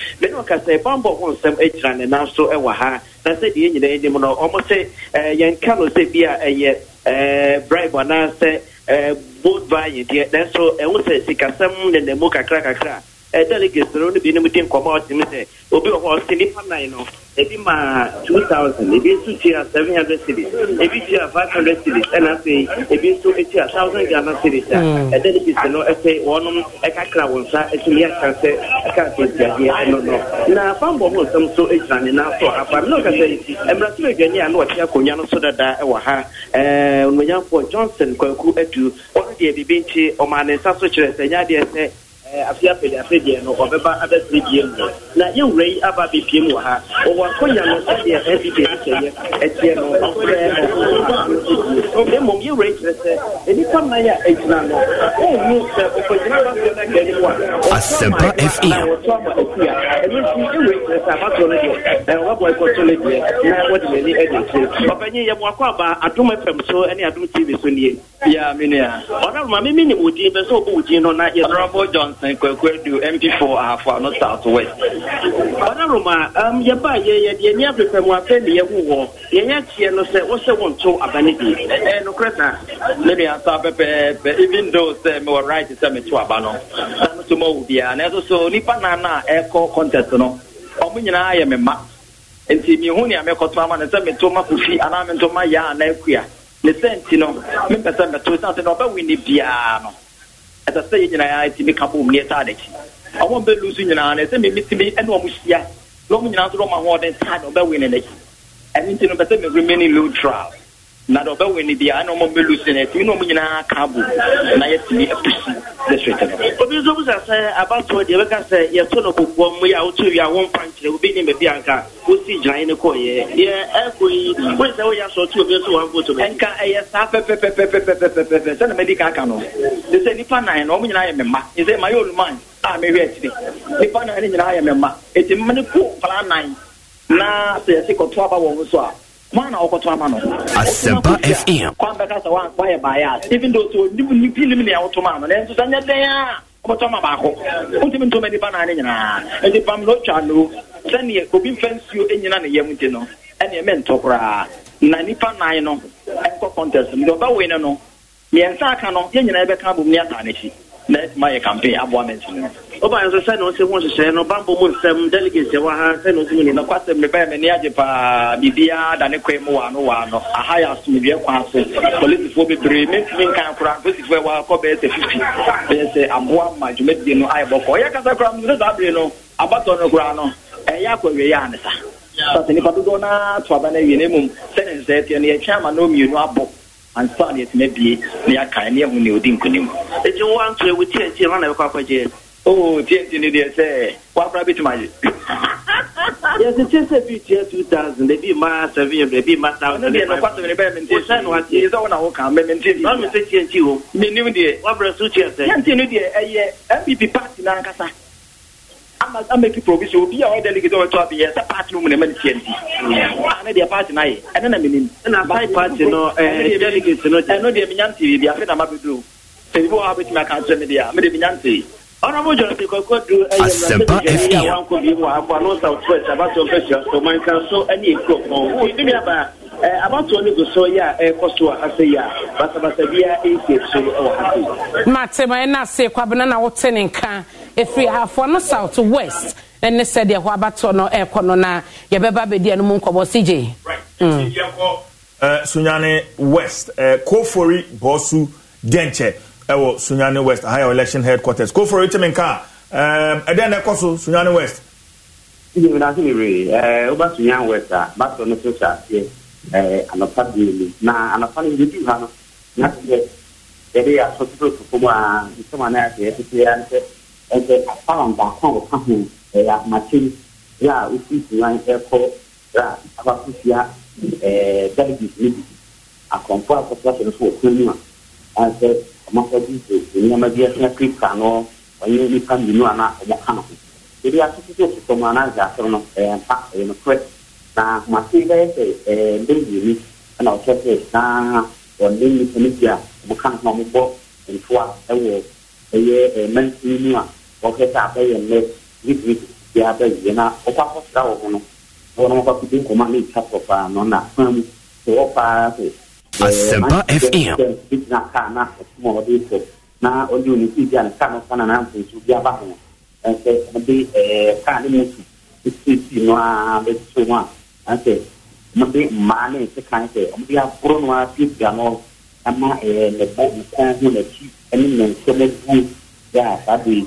Speaker 3: na sɛ deɛ nyinaa anim no ɔmo sɛ yɛnka no sɛ bi a ɛyɛ bribe anaasɛ vote buying deɛ nanso ɛho sɛ sikasɛm nenam mu kakra kakra a delegates no bi nom di nkɔmɔ ɔte m sɛ obi wɔ hɔ ɔse nnipa ebi maa two
Speaker 16: thousand ebi nso tia seven hundred cities ebi tia five hundred cities ɛna ebi nso tua thousand ghana cities hmm. a delegates no ɛsɛ wɔnom ɛkakra wɔn nsa aka sɛ ɛka sɛ ntiadeɛ na fanbɔ ho so ne nan so ɔka sɛ a na akonnwa no dada ɛwɔ ha ɛɛ onimanyamfoɔ johnson kwaku
Speaker 3: adu ɔno deɛ nti nsa so kyerɛ sɛ Eh, afi apɛlɛ apɛ deɛ no ɔbɛba abɛsiri bie mu na yɛwura yi aba abɛpie mu wɔ ha ɔwɔ akɔnya no ɛdeɛ ɛbi deɛ ɛkyɛyɛ ɛkyɛ no ɔfrɛ ɔfrɛ bie mmom yɛwura yi kyerɛ sɛ nnipa nan a ɛgyina no ɔnhu sɛ ɔkɔgyina abasoɔ no agani mu a
Speaker 11: asɛmpa fe
Speaker 3: wɔtɔ ama akyi a ɛno nti yɛwura yi kyerɛ sɛ abasoɔ no deɛ wɔbɔ ɛkɔtɔ no deɛ na wɔde n'ani ɛde akyire ɔbɛnye yɛmoakɔ aba adom fm so ne adom tv so nie ya menua ɔnaroma memene odin bɛ sɛ ɔbɔ odin no na yɛ honorable johnson nkwaku eh, adu mp4 ahafo ano south west ɔna roma um, yɛba yɛyɛ yɛni abepɛ mu afɛ ne yɛho wɔ yɛnyɛ kyeɛ no sɛ wɔsɛ wɔnto abane bi ɛɛ nokorɛ saa ne de asa pɛpɛɛpɛ even though sɛ mewɔ right sɛ meto aba no saa no so ma wo na nanso eh, so nnipa naana a ɛkɔ contest no ɔmo nyinaa yɛ me ma nti mehu nea mekɔto ama no sɛ meto ma kofi anaa meto ma yɛ a na akua ne sɛ nti no mempɛ sɛ meto sɛ sɛ na ɔbɛwe ne biara no ɛsɛ sɛ yɛ nyinaa tumi ka bom ne ɛtaa n'akyi ɔmo bɛ lusu nyinaa no ɛsɛ mɛmi tumi ɛna ɔmo hyia na ɔmo nyinaa nso ɔmo ahoɔden saa na ɔbɛwe ne n'akyi ɛne nti no bɛsɛ mɛ remaining neutral na dɔ bɛ wɛni di yan na ɔmɔ sɛnɛ tumi na nyinaa kan bo na yɛ tumi ɛpusi district no. obi nso bisa sɛ abatɔ deɛ bɛka sɛ yɛtɔ no bɔbɔ mu yɛ a wotu wia wɔn mpa nkyerɛ obi ne baabi anka wosi gyinae ne kɔɔyɛ deɛ ɛkɔ yi woyi sɛ woyɛ asɔɔti obi nso wɔn voto bɛ. sɛ na mɛ di ka aka no de sɛ nipa nan na ɔmɔ yɛ mɛ ma de sɛ ma yɛ oluman a mɛ hwɛ akyire
Speaker 7: nipa nan ne nyinaa yɛ mɛ ma eti mɛ ne ko fara nan na sɛ wọn na ọkọ tó ama nọ.
Speaker 3: asempa
Speaker 11: fm.
Speaker 7: kwan bɛ kasa wọn akpa yɛ baayas even though
Speaker 3: so nimu ni pin nimu ni ɛwɔ tuma ano lɛnso sɛ nyɛ den a ɔbɛ tɔ ma baako o ti mi ntoma nipa naani nyinaa ɛdi pam na otwa no sɛnea obi nfɛ nsuo enyina ne yam ti no ɛnea mɛ ntɔ koraa na nipa nan no ɛkɔ contest mu deɛ ɔbɛ wɔ yi no no mmiɛnsa
Speaker 4: aka no yɛn nyinaa yɛbɛka abom ni ata n'akyi. na ɛtuma yɛ campaign aboa mɛ
Speaker 3: o ɔba yɛ sɛ na ɔsɛ ho nhyehyɛ no bambɔ mu nsɛm delegates ɛwɔ ha sɛ na ɔsɛ mu nyinaa kwasɛm ne bɛyɛ m'ani agye paa biribiara da ne ano ano aha yɛ asomdua kwan so polisifoɔ bebree mɛntumi nkan koraa polisifoɔ ɛwɔ akɔ bɛyɛ sɛ fifi bɛyɛ sɛ aboa ma dwumadie no ayɛ bɔkɔ ɔyɛ kasa koraa mu sɛ saa no abatɔ no no ɛyɛ yɛ
Speaker 7: nipa dodoɔ naa
Speaker 4: na nsɛ no ansa ne yɛtumi abie na yɛakae ne yɛhu ne ɔdi nkonim
Speaker 3: ɛti wo anto ɛwo tiantie ma na ɛbɛkɔ akɔgyeɛ o tiantie no deɛ sɛ woakora bɛtumi agye
Speaker 13: yɛsɛkyɛ sɛ bi tia 2000 ebi
Speaker 3: ma 700 ebi ma 1000sɛ wona deɛ wabrɛ so tia sɛ tianti no deɛ ɛyɛ mpp party no ankasa amaki provision obi a ɔyɛ delegate ɔbɛtɔ abɛyɛ sɛ party mu na ɛma ne tia nti ne deɛ party no ayɛ ɛno na menim na party no eh, eh, delegate no ɛno deɛ menya ntee bi afei na mabɛduro sɛ bibi wɔ ha bɛtumi aka kyerɛ me deɛ a mede menya ntee eh, honorable jonathan kwakwadu asempa fm a wankɔ bi mu akɔ ano south west abatɔ mpɛsia so mankan so ɛne ɛkuro pɔn wo ɛdumi aba abatoɔ no gu so yɛ a ɛrekɔ so a asɛ yi a basabasa bi a so ɛwɔ ha se
Speaker 9: matema ɛna ase kwabena na wote ne nka ɛfiri ahafoɔ no south west ne sɛdeɛ hɔ abatoɔ no ɛrekɔ no na yɛbɛba bɛdi ɛno mu nkɔmmɔ sigye
Speaker 3: sunyane west kofori bɔsu denkyɛ ɛwɔ sunyane west ahayɛ election headquarters kofori timi nka ɛdɛn na ɛkɔ so sunyane west nyimina ase bebree ɛɛ woba sunyane west a bato no so hyɛ
Speaker 16: aseɛ ɛɛ anɔpa bienu na anɔpa no yɛdi ha no na sɛ yɛde asɔsoro to fam a nsɛm a na yɛde yɛtete ya nsɛ 이제각방은나타나고하는내가마침야우리중앙에코야아바쿠시야에자기미디 a kɔnfɔ akɔtɔ sɔrɔ fo okun mu a an sɛ ɔmɔkɔdu do onyama bi ɛsɛn kirika no ɔnye nipa mmienu ana ɔmɔ ka no ho ebi atutu sɛ sɔsɔ mu ana gya soro no ɛyɛ mpa ɛyɛ no korɛ na mase bɛyɛ sɛ ɛɛ mbɛ mmienu ɛna ɔkyɛ sɛ saa ɔne nipa no bi a ɔmɔ ka no ho ɔmɔ bɔ ntoa ɛwɔ ɛyɛ ɛɛ mɛnsin mu a wɔhwɛ sɛ abɛyɛ nnɛ wikiri biara bɛwie na wɔkɔ akɔsra wɔ ho no wɔn wɔkɔ akɔdi nkɔmɔ ne ntwa sɔ paa no na fan mu sɛ wɔ paa sɛ Asempa FM. Na kaa na ɔsoma ɔde sɛ na ɔde ɔne si bi a ne kaa no fa na na mpɔnsu bi aba ho ɛsɛ ɔde ɛɛ kaa ne mu tu sisi no a bɛtutu mu a ɛsɛ ɔde mmaa ne nsekan sɛ ɔde aboro no a fiafia no ama ɛɛ ne bo ne kɔn ho n'akyi ɛne ne nsɛm agu yɛ a saa de.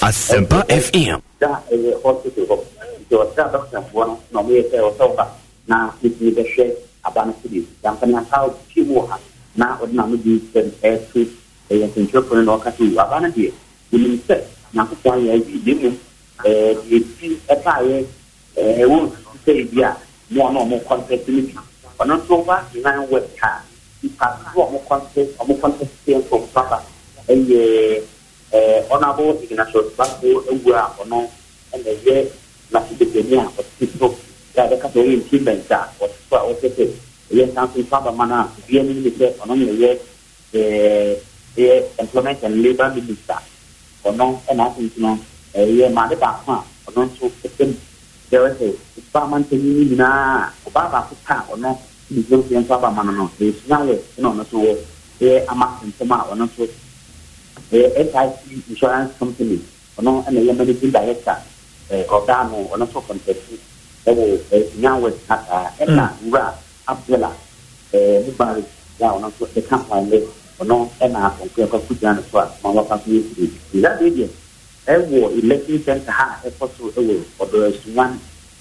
Speaker 11: asɛmpa fm na
Speaker 16: metumi bɛhwɛ aba no sɛdeɛ yɛmfa ne asa pie mu wɔ ha na ɔde na mode sɛm ɛto ɛyɛ nsɛntwerɛfo no na ɔka sɛ aba no deɛ menim sɛ nyankopɔn ayɛ awi de mmom ɛti ɛbaayɛ ɛwɔ nsusu sɛ bi a mo a na ɔmo kɔntɛst no bi ɔno nso wa nan wɛ kaa nipa so ɔmo kɔntɛst ɔmo kɔntɛst sɛ nso ɔmo papa ɛyɛ ɛɛ eh, ɔnabɔ ignacio baako ewu a ɔno ɛna ɛyɛ nasidepɛni a ɔte so yɛ a bɛka sɛ ɔyɛ ntimɛnta a ɔte so a ɔte sɛ ɛyɛ sanso fabama no a bia no ne sɛ ɔno na ɛyɛ ɛɛ ɛyɛ employment and labour minister ɔno ɛna ase nso no ɛyɛ eh, maame baako a ɔno nso ɛsɛm kyerɛ sɛ ɔbaa mantanin nyinaa ɔbaa baako ka ɔno ne nso nso fabama no no ɛsua yɛ ɛna ɔno nso wɔ ɛyɛ ama ntoma a ɔno nso ɛyɛ eh, nic insurance company ɔno ɛna ɛyɛ managing director ɛɛ eh, ɔdaa no ɔno nso kɔntɛkti ɛwɔ eh, ɛɛ nyanwɛs ataa ɛna wura mm. abdullah ɛɛ mubarak ya ɔno nso ɛka panye ɔno ɛna ɔnkɔ ɛkɔ kugyina no so a ah, ma wafa so yɛ kiri nza de deɛ ɛwɔ election center ha a ɛkɔ so ɛwɔ ɔdɔ ɛsuwan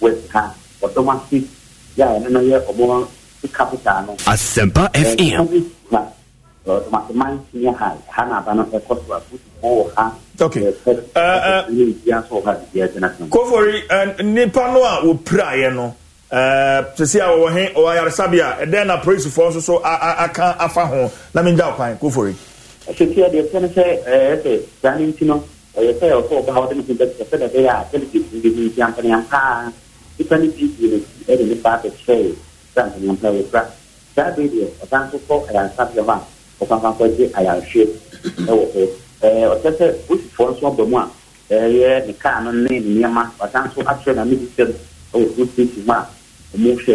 Speaker 16: west ha ɔdɔm ase ya ɔno no yɛ ɔmo capital no.
Speaker 11: asempa fm
Speaker 16: teman-teman punya hal kan apa nak ekos waktu oh okay uh, uh, kofori
Speaker 3: uh, nipa no a wopira yɛ no sisi a wɔwɔ he ɔwɔ ayaresabea ɛdɛn na polisifoɔ nso so aka afa ho na mi n gya ɔkwan kofori. sisi ɛdeɛ fɛn sɛ ɛɛ sɛ dani ti no ɛyɛ sɛ
Speaker 16: ɔsɔ ɔba ɔde ne ti bɛ sɛ ɛsɛ ɛbɛyɛ a tɛlifisi bi bi bi ampaniampa nipa ne bi bi ne ɛde ne ba bɛ kyerɛ sɛ ampaniampa yɛ saa bɛ deɛ ɔdan so kɔ ayaresabea hɔ a ɔfanfankɔgye ayarehwɛ ɛwɔ hɔ ɛɛ ɔkyɛ sɛ polisifoɔ nso aba mu a ɛyɛ ne kaa no ne nneɛma wasan nso atwerɛ na mesi sɛm ɛwɔ police station mu a ɔmo hwɛ n'ase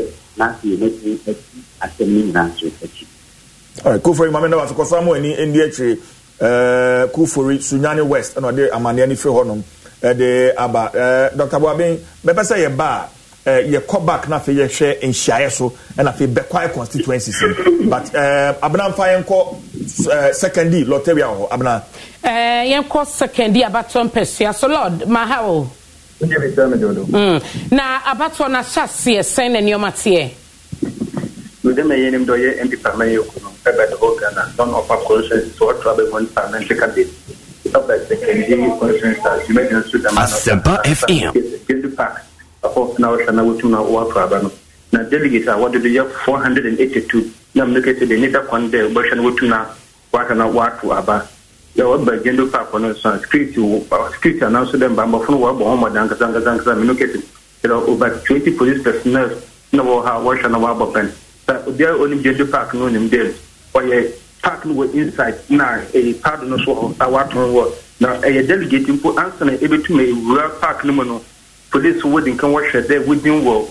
Speaker 16: yɛ n'akyi akyi asɛm no nyinaa nso
Speaker 3: akyi. kofori maame ndaba so kɔsa ani ndi akyire kofori sunyani west ɛna ɔde amaneɛ no firi hɔnom ɛde aba ɛɛ dr buaben bɛpɛ sɛ yɛ baa. Eh, yɛkɔ back na afei yɛhwɛ nhyiaeɛ so ɛna afei bɛkwae constituencies no but eh, abena mfa yɛnkɔ eh, second lottery a wɔ hɔ abena
Speaker 9: yɛnkɔ second abatɔ mpɛsua so lord maha o
Speaker 3: hmm.
Speaker 9: na abatɔ no ahyɛ aseɛ sɛn na nneɔma teɛ
Speaker 3: mede yɛ nim dɛ ɔyɛ mp parliament yɛ kuno ɛbɛde hɔ ghana non of constituency so ɔtra bɛmu parliamentary candidate ɛbɛ second constituency a dwumadi nso dama no asɛmpa fm of na ɔhwɛ na wɔtum na wɔato aba no na delegate a wɔde do 482 na mmeka sɛ deɛ ne da kwan dɛ wɔbɛhwɛ na wɔtum na wɔahwɛ na wɔato aba yɛ wɔba gendo park no nso a street street a nanso dɛ mbambɔfo no wɔabɔ ho mmɔden ankasa ankasa ankasa menu kɛse kyerɛ over 20 police personnel na wɔwɔ ha wɔhwɛ na wɔabɔ pɛn sɛ obiara onim gendo park no onim dɛ ɔyɛ park no wɔ inside na ɛyɛ pad no so a wɔato no na ɛyɛ e, delegate mpo ansa na ɛbɛtum e, awura park no mu no police wodi nkan wɔhwɛ dɛ wodin wɔ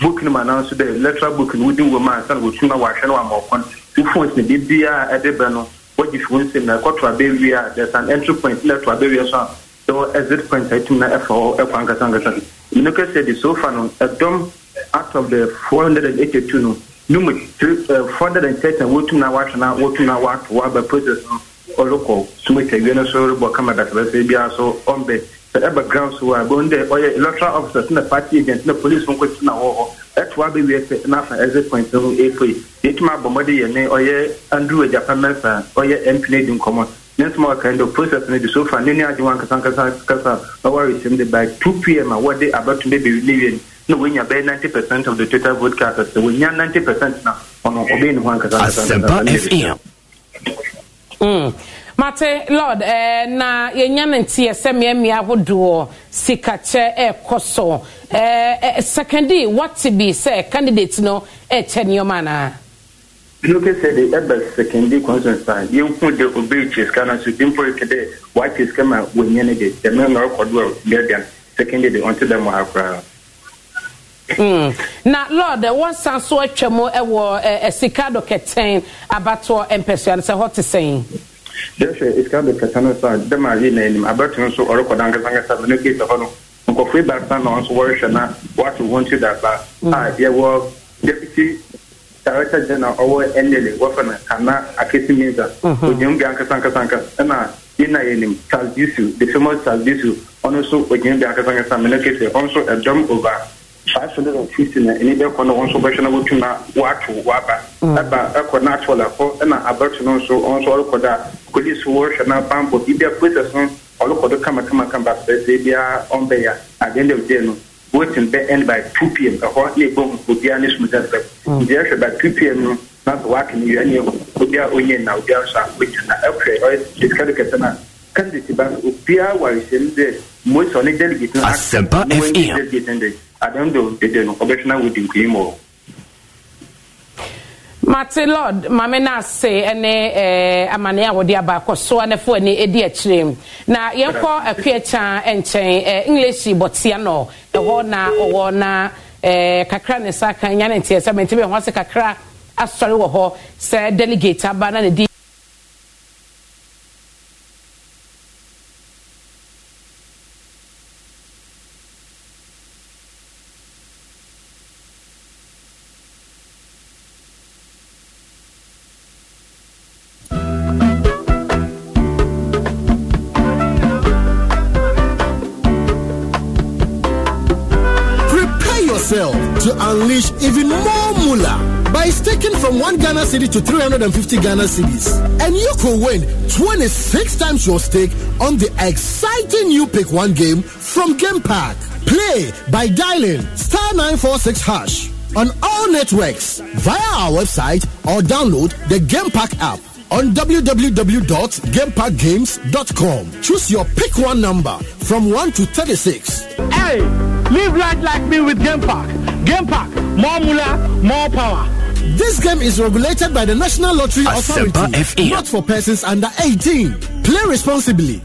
Speaker 3: book no ma nanso dɛ electoral book no wodin wɔ ma ansa na wotum na wɔahwɛ na wɔama ɔkɔn wo phones ne biribiaa ɛde bɛ no wɔgye fi wo nsɛm na ɛkɔto abɛwie a there's an entry point na ɛto abɛwie so a dɔ exit point a ɛtum na ɛfa hɔ ɛkɔ ankasankasa no kɛ sɛ de so far no ɛdɔm out of the four hundred and eighty two no no mu three uh, four hundred and thirty na wotum na wɔahwɛ na wotum na wɔato wɔaba process no ɔrekɔ sumatawie no so rebɔ kama dasabɛsɛ biara so ɔmbɛ ɛba ground so a bɛhu dɛ ɔyɛ electoral officers na party agent na police fo nkɔtena wɔ hɔ ɛtoa bɛwie sɛ na afa exit point no ho ɛpoi yɛtumi abɔ mmɔde yɛ ne ɔyɛ andrew agyapa mɛsa a ɔyɛ mp no adi nkɔmmɔ ne nsɛm ɔkae dɛ process no de so far ne ne agye wɔ ankasankasakasa a ɔwɔ resɛm de by two pm a wɔde abatom bɛbɛwi ne wie no na wɔnya bɛyɛ 90 percent of the total vote cast sɛ wɔnya 90 percent na ɔno ɔbɛyɛ ne ho ankasankasa
Speaker 9: mate lord eh, na yɛnya ne nteɛ sɛ mmeammea ahodoɔ sikakyɛ eh, ɛrekɔ so eh, eh, secondary wate bi sɛ candidate no ɛrekyɛ eh, nneɔma anaa
Speaker 3: noke sɛ de ɛba secondary consensus a yɛnhu de obɛrekyi sika no so bi mpo rekɛ dɛ wakye sika ma wɔnya no de dɛmɛ na ɔrekɔdo a deadean de ɔnte dɛm wɔ koraa
Speaker 18: Mm.
Speaker 9: na lord wɔnsan so atwa mu wɔ sika dɔkɛtɛn abatoɔ eh, mpɛsua no sɛ hɔ te sɛn
Speaker 3: dɛhwɛ esika bɛkata no sa dɛ ma yi n'anim abɛto nso ɔrekɔda nkasankasa mene gate hɔ no baasa na ɔnso wɔrehwɛ na wɔato wɔn ti daba mm. a yɛwɔ deputy director general ɔwɔ nla wɔfɛ no kana bi ankasankasanka ɛna yɛnim charles the famous charles ɔno nso bi ɛdɔm five hundred and fifty na ɛni bɛ kɔ na wɔn nso bɛhwɛ na wɔtwi na wɔato wɔaba ɛba mm. ɛkɔ na atɔ la kɔ ɛna abɛto no nso wɔn nso ɔrekɔ do a polisi wɔrehwɛ na bambɔ biribi a process no ɔrekɔ do kamakamakama sɛsɛ biara ɔmbɛya at the end of the day no voting by two pm ɛhɔ mm. na ebom obiara ne at the end of the day no ɔbɛtena wodi nkunim o
Speaker 9: mate lord maame no ase ne amane a wɔde aba akɔsoa no foɔ ani di akyire na yɛnkɔ akuakya nkyɛn english bɔtea no ɛhɔ na ɔwɔ na kakra ne sa ka nya ne nteɛ sɛ mentimi ɛho ase kakra asɔre wɔ hɔ sɛ delegate aba na ne di
Speaker 8: even more moolah by staking from one Ghana city to 350 Ghana cities. And you could win 26 times your stake on the exciting new Pick One game from Game Park. Play by dialing star 946 hash on all networks via our website or download the Game Park app on www.gamepackgames.com, Choose your pick one number from 1 to 36. Hey! Live life like me with Game Park. Game Park, more moolah, more power. This game is regulated by the National Lottery Authority, not for persons under 18. Play responsibly.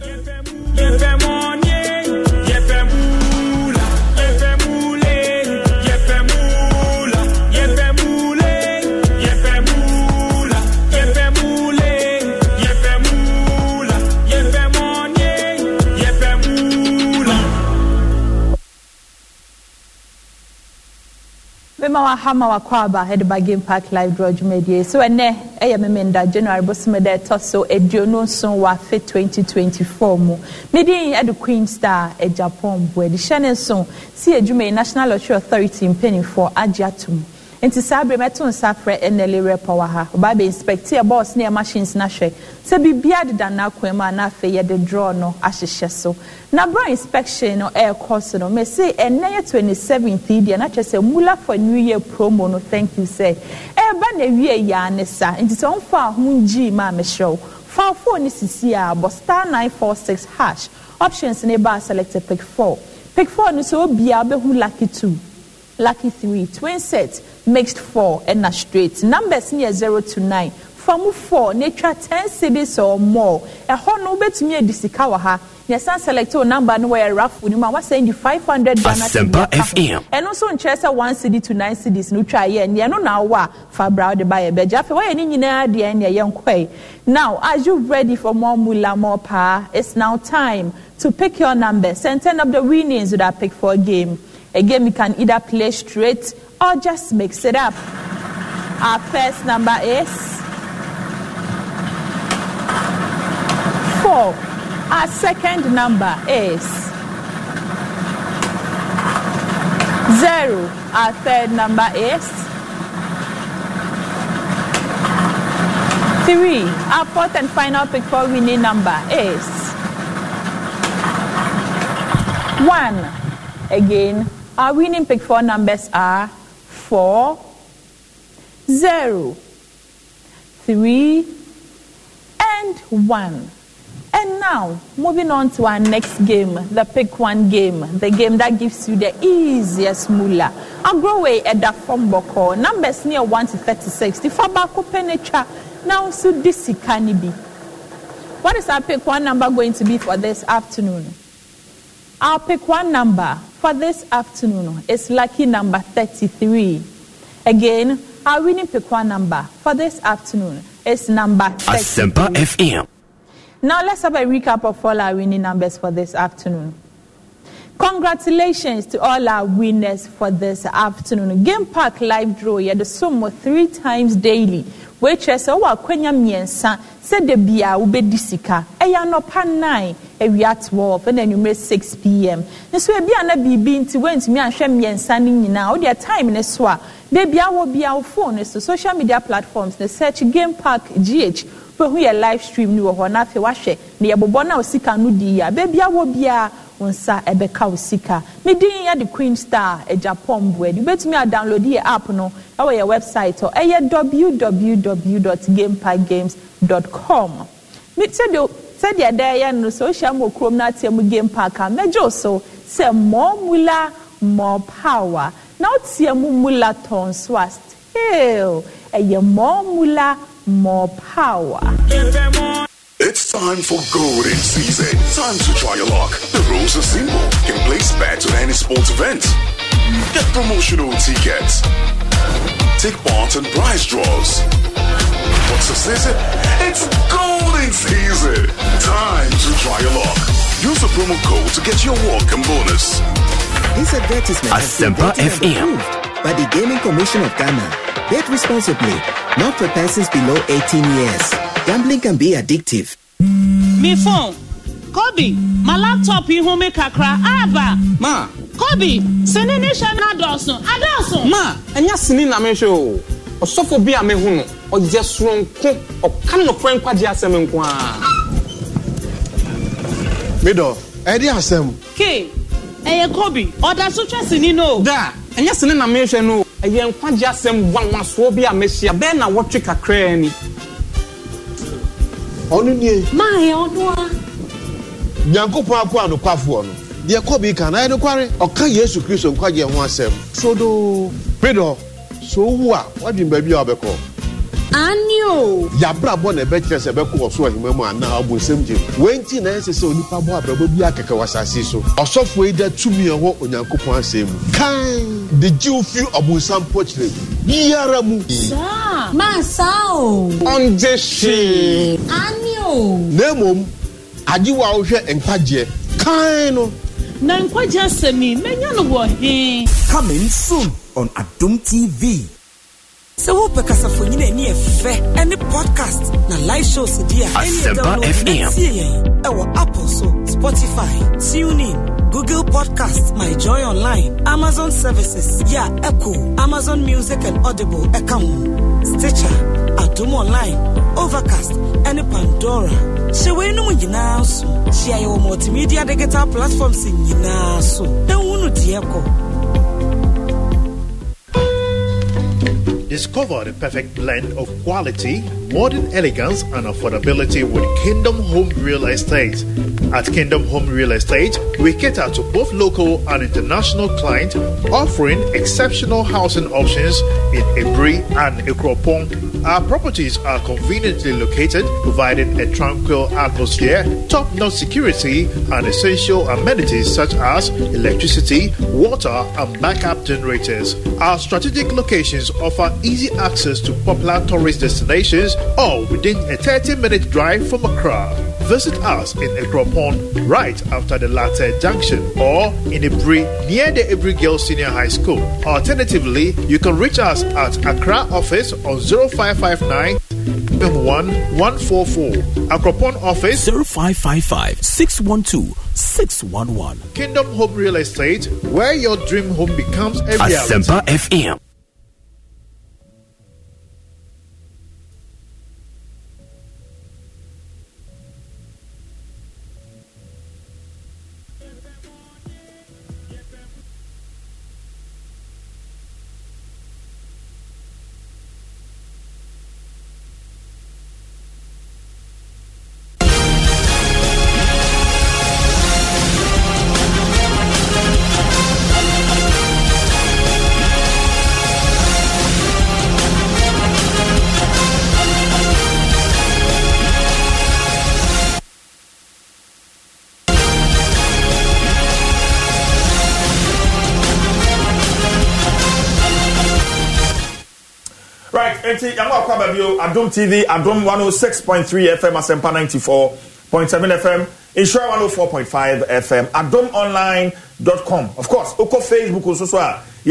Speaker 5: bɛma wahama wakɔ aba ɛde ba game park live draw dwumadie so ɛnɛ ɛyɛ memenda january bosome dɛ ɛtɔ so aduonu nson wɔ afe 2024 mu medin ɛde queen star agyapɔn e boadi hyɛ ne nso si adwuma yi national lottery authority mpanimfoɔ agye atom nti saa abiri mɛto nsa frɛ nla rɛpɔ wɔ ha ɔbaa bɛ inspecti yɛ bɔɔs ne yɛ machines na hwɛ sɛ biribia deda n'akwan mu a na yɛde draw no ahyehyɛ so na bra inspection no ɛrekɔ so no mɛsi ɛnna yɛ twenty seventh deɛ na sɛ mula for new year promo no thank you sɛ ɛreba na ewie yaa ne sa nti sɛ ɔnfa ahom gyii ma mehyerɛw fa phone ne sisi a bɔ star nine four six hash options ne ba select pick four pick four no sɛ obiara bɛhu lucky two lucky three twin set. mixed four a straight numbers near zero to nine famu four nature ten cities or more whole no wobɛtumi me a wɔ ha yɛsan select o number no wɔyɛ raffo no mu a send di five hundred ghana asempa fm And also nkyerɛ one city to nine cities. no twa And you no na awɔ for fa bra wode bed. yɛ bɛgya afei wɔyɛ ne nyinaa deɛ neɛ now are you ready for more mula more power it's now time to pick your number send ten up the winnings that I pick for a game a game you can either play straight or just mix it up. Our first number is 4. Our second number is 0. Our third number is 3. Our fourth and final pick for winning number is 1. Again, our winning pick four numbers are four, zero, three, and one. And now, moving on to our next game, the pick one game, the game that gives you the easiest moolah. Agrowe Eda Fomboko, numbers near 1 to 36. The Fabako Penetra, now so this be. What is our pick one number going to be for this afternoon? Our pick one number for this afternoon is lucky number 33. Again, our winning piqua number for this afternoon is number 33. FM. Now let's have a recap of all our winning numbers for this afternoon. Congratulations to all our winners for this afternoon. Game Park Live Draw, you the sum three times daily. Waitress, oh, akwenya miensa, said the bia, ube disika, eya no pan nine awia 12 na anwummerɛ 6 pm nso ebi a na biribi nti wɔntumi ahwɛ mmiɛnsa no nyinaa wode time ne so a beebi awɔ bia wo phone so social media platforms ne search game park gh wobɛhu yɛ live stream no wɔ hɔ na afei wahwɛ na yɛbobɔ no a wo no di a beebi awɔ biaa wo nsa ɛbɛka wo sika medin yɛde queen star agyapɔn boadi wobɛtumi a download yɛ app no ɛwɔ yɛ website hɔ ɛyɛ www gameparkgames com sɛdeɛ sɛdeɛ yɛ no sɛ mu no ateɛ mu game park a mɛgye so sɛ mula power na woteɛ mu mula tɔn so a still ɛyɛ mula power
Speaker 11: It's time for golden season. Time to try your luck. The
Speaker 8: rules are simple. You can place bets on any sports event. Get promotional tickets. Take part in prize draws. What's the season? It's gold! It's easy. Time to try your luck. Use a promo code
Speaker 6: to
Speaker 3: get your welcome bonus. This advertisement
Speaker 6: has been approved by the Gaming Commission of Ghana. Bet responsibly, not for persons below 18 years. Gambling can be addictive.
Speaker 13: Me phone. Kobe, my laptop in home kakra. Aba. Ma. Kobe, sini ni hwɛ na dɔɔso. Adɔɔso. Ma,
Speaker 3: ɛnyɛ sini na me hwɛ ɔsɔfo bi a mehu no ɔyɛ soronko ɔka
Speaker 4: nnɔfra nkwagye asɛm nko a medɔ ɛde asɛm
Speaker 13: ke ɛyɛ kobi ɔda so twɛ sini no da ɛnyɛ sini na mehwɛ no ɛyɛ nkwagye asɛm wanwasoɔ bi a mehyia bɛɛ na wɔtwe kakraa ni
Speaker 4: ɔno nie maayɛ ɔno a nyankopɔn akɔ anokwafoɔ no deɛ kɔbi ka na ɛde kware ɔka yesu kristo nkwagyeɛ ho asɛm sodo medɔ so wu a wadin baabi a wabɛkɔ
Speaker 9: ani o.
Speaker 4: yabra bɔ na ɛbɛ kyerɛ sɛ ɛbɛ kɔ ɔsoro ahima mu anaa ɔbɔ nsɛm gyem wɛnti na ɛsɛ sɛ onipa bɔ abɛbɔ bi akɛkɛ wɔ asase so ɔsɔfo yi da tumi ɛwɔ onyankopɔn asɛm mu kan de gye ofi ɔbɔnsam pɔkyerɛ biara mu. saa maa saa o. ɔnde
Speaker 3: hwee. ani o. na mmom agye wo a wohwɛ nkwagyeɛ
Speaker 6: kan no. na nkwagyeɛ asɛm yi mɛnya no wɔ hee. coming soon on Adum TV. sɛ wopɛ kasafonyina ani ɛfɛ ɛne podcast na
Speaker 17: live shows di a ɛneɛdawnotie yɛn ɛwɔ apple so spotify tunin google podcast my joy online amazon services yɛ a ɛko amazon music and audible ɛka ho stitcher adom online overcast ɛne pandora hyɛ weinom nyinaa so hyia yɛwɔ multimedia digital
Speaker 8: platforms nyinaa so na hu no deɛ kɔ Discover the perfect blend of quality modern elegance and affordability with Kingdom Home Real Estate. At Kingdom Home Real Estate, we cater to both local and international clients, offering exceptional housing options in Ebri and Ikropong. Our properties are conveniently located, providing a tranquil atmosphere, top-notch security, and essential amenities such as electricity, water, and backup generators. Our strategic locations offer easy access to popular tourist destinations or within a 30 minute drive from Accra. Visit us in Ekropon right after the latter junction or in Ibri near the Ibri Girls Senior High School. Alternatively, you can reach us at Accra office on 0559 nine one one Akropon office 0555 612 611 Kingdom Home Real Estate where your dream home becomes a reality. Asempa FM
Speaker 3: ba bio tv adom 106.3 fm asempa 94.7 fm insure 104.5 fm adom of course oko facebook nso so a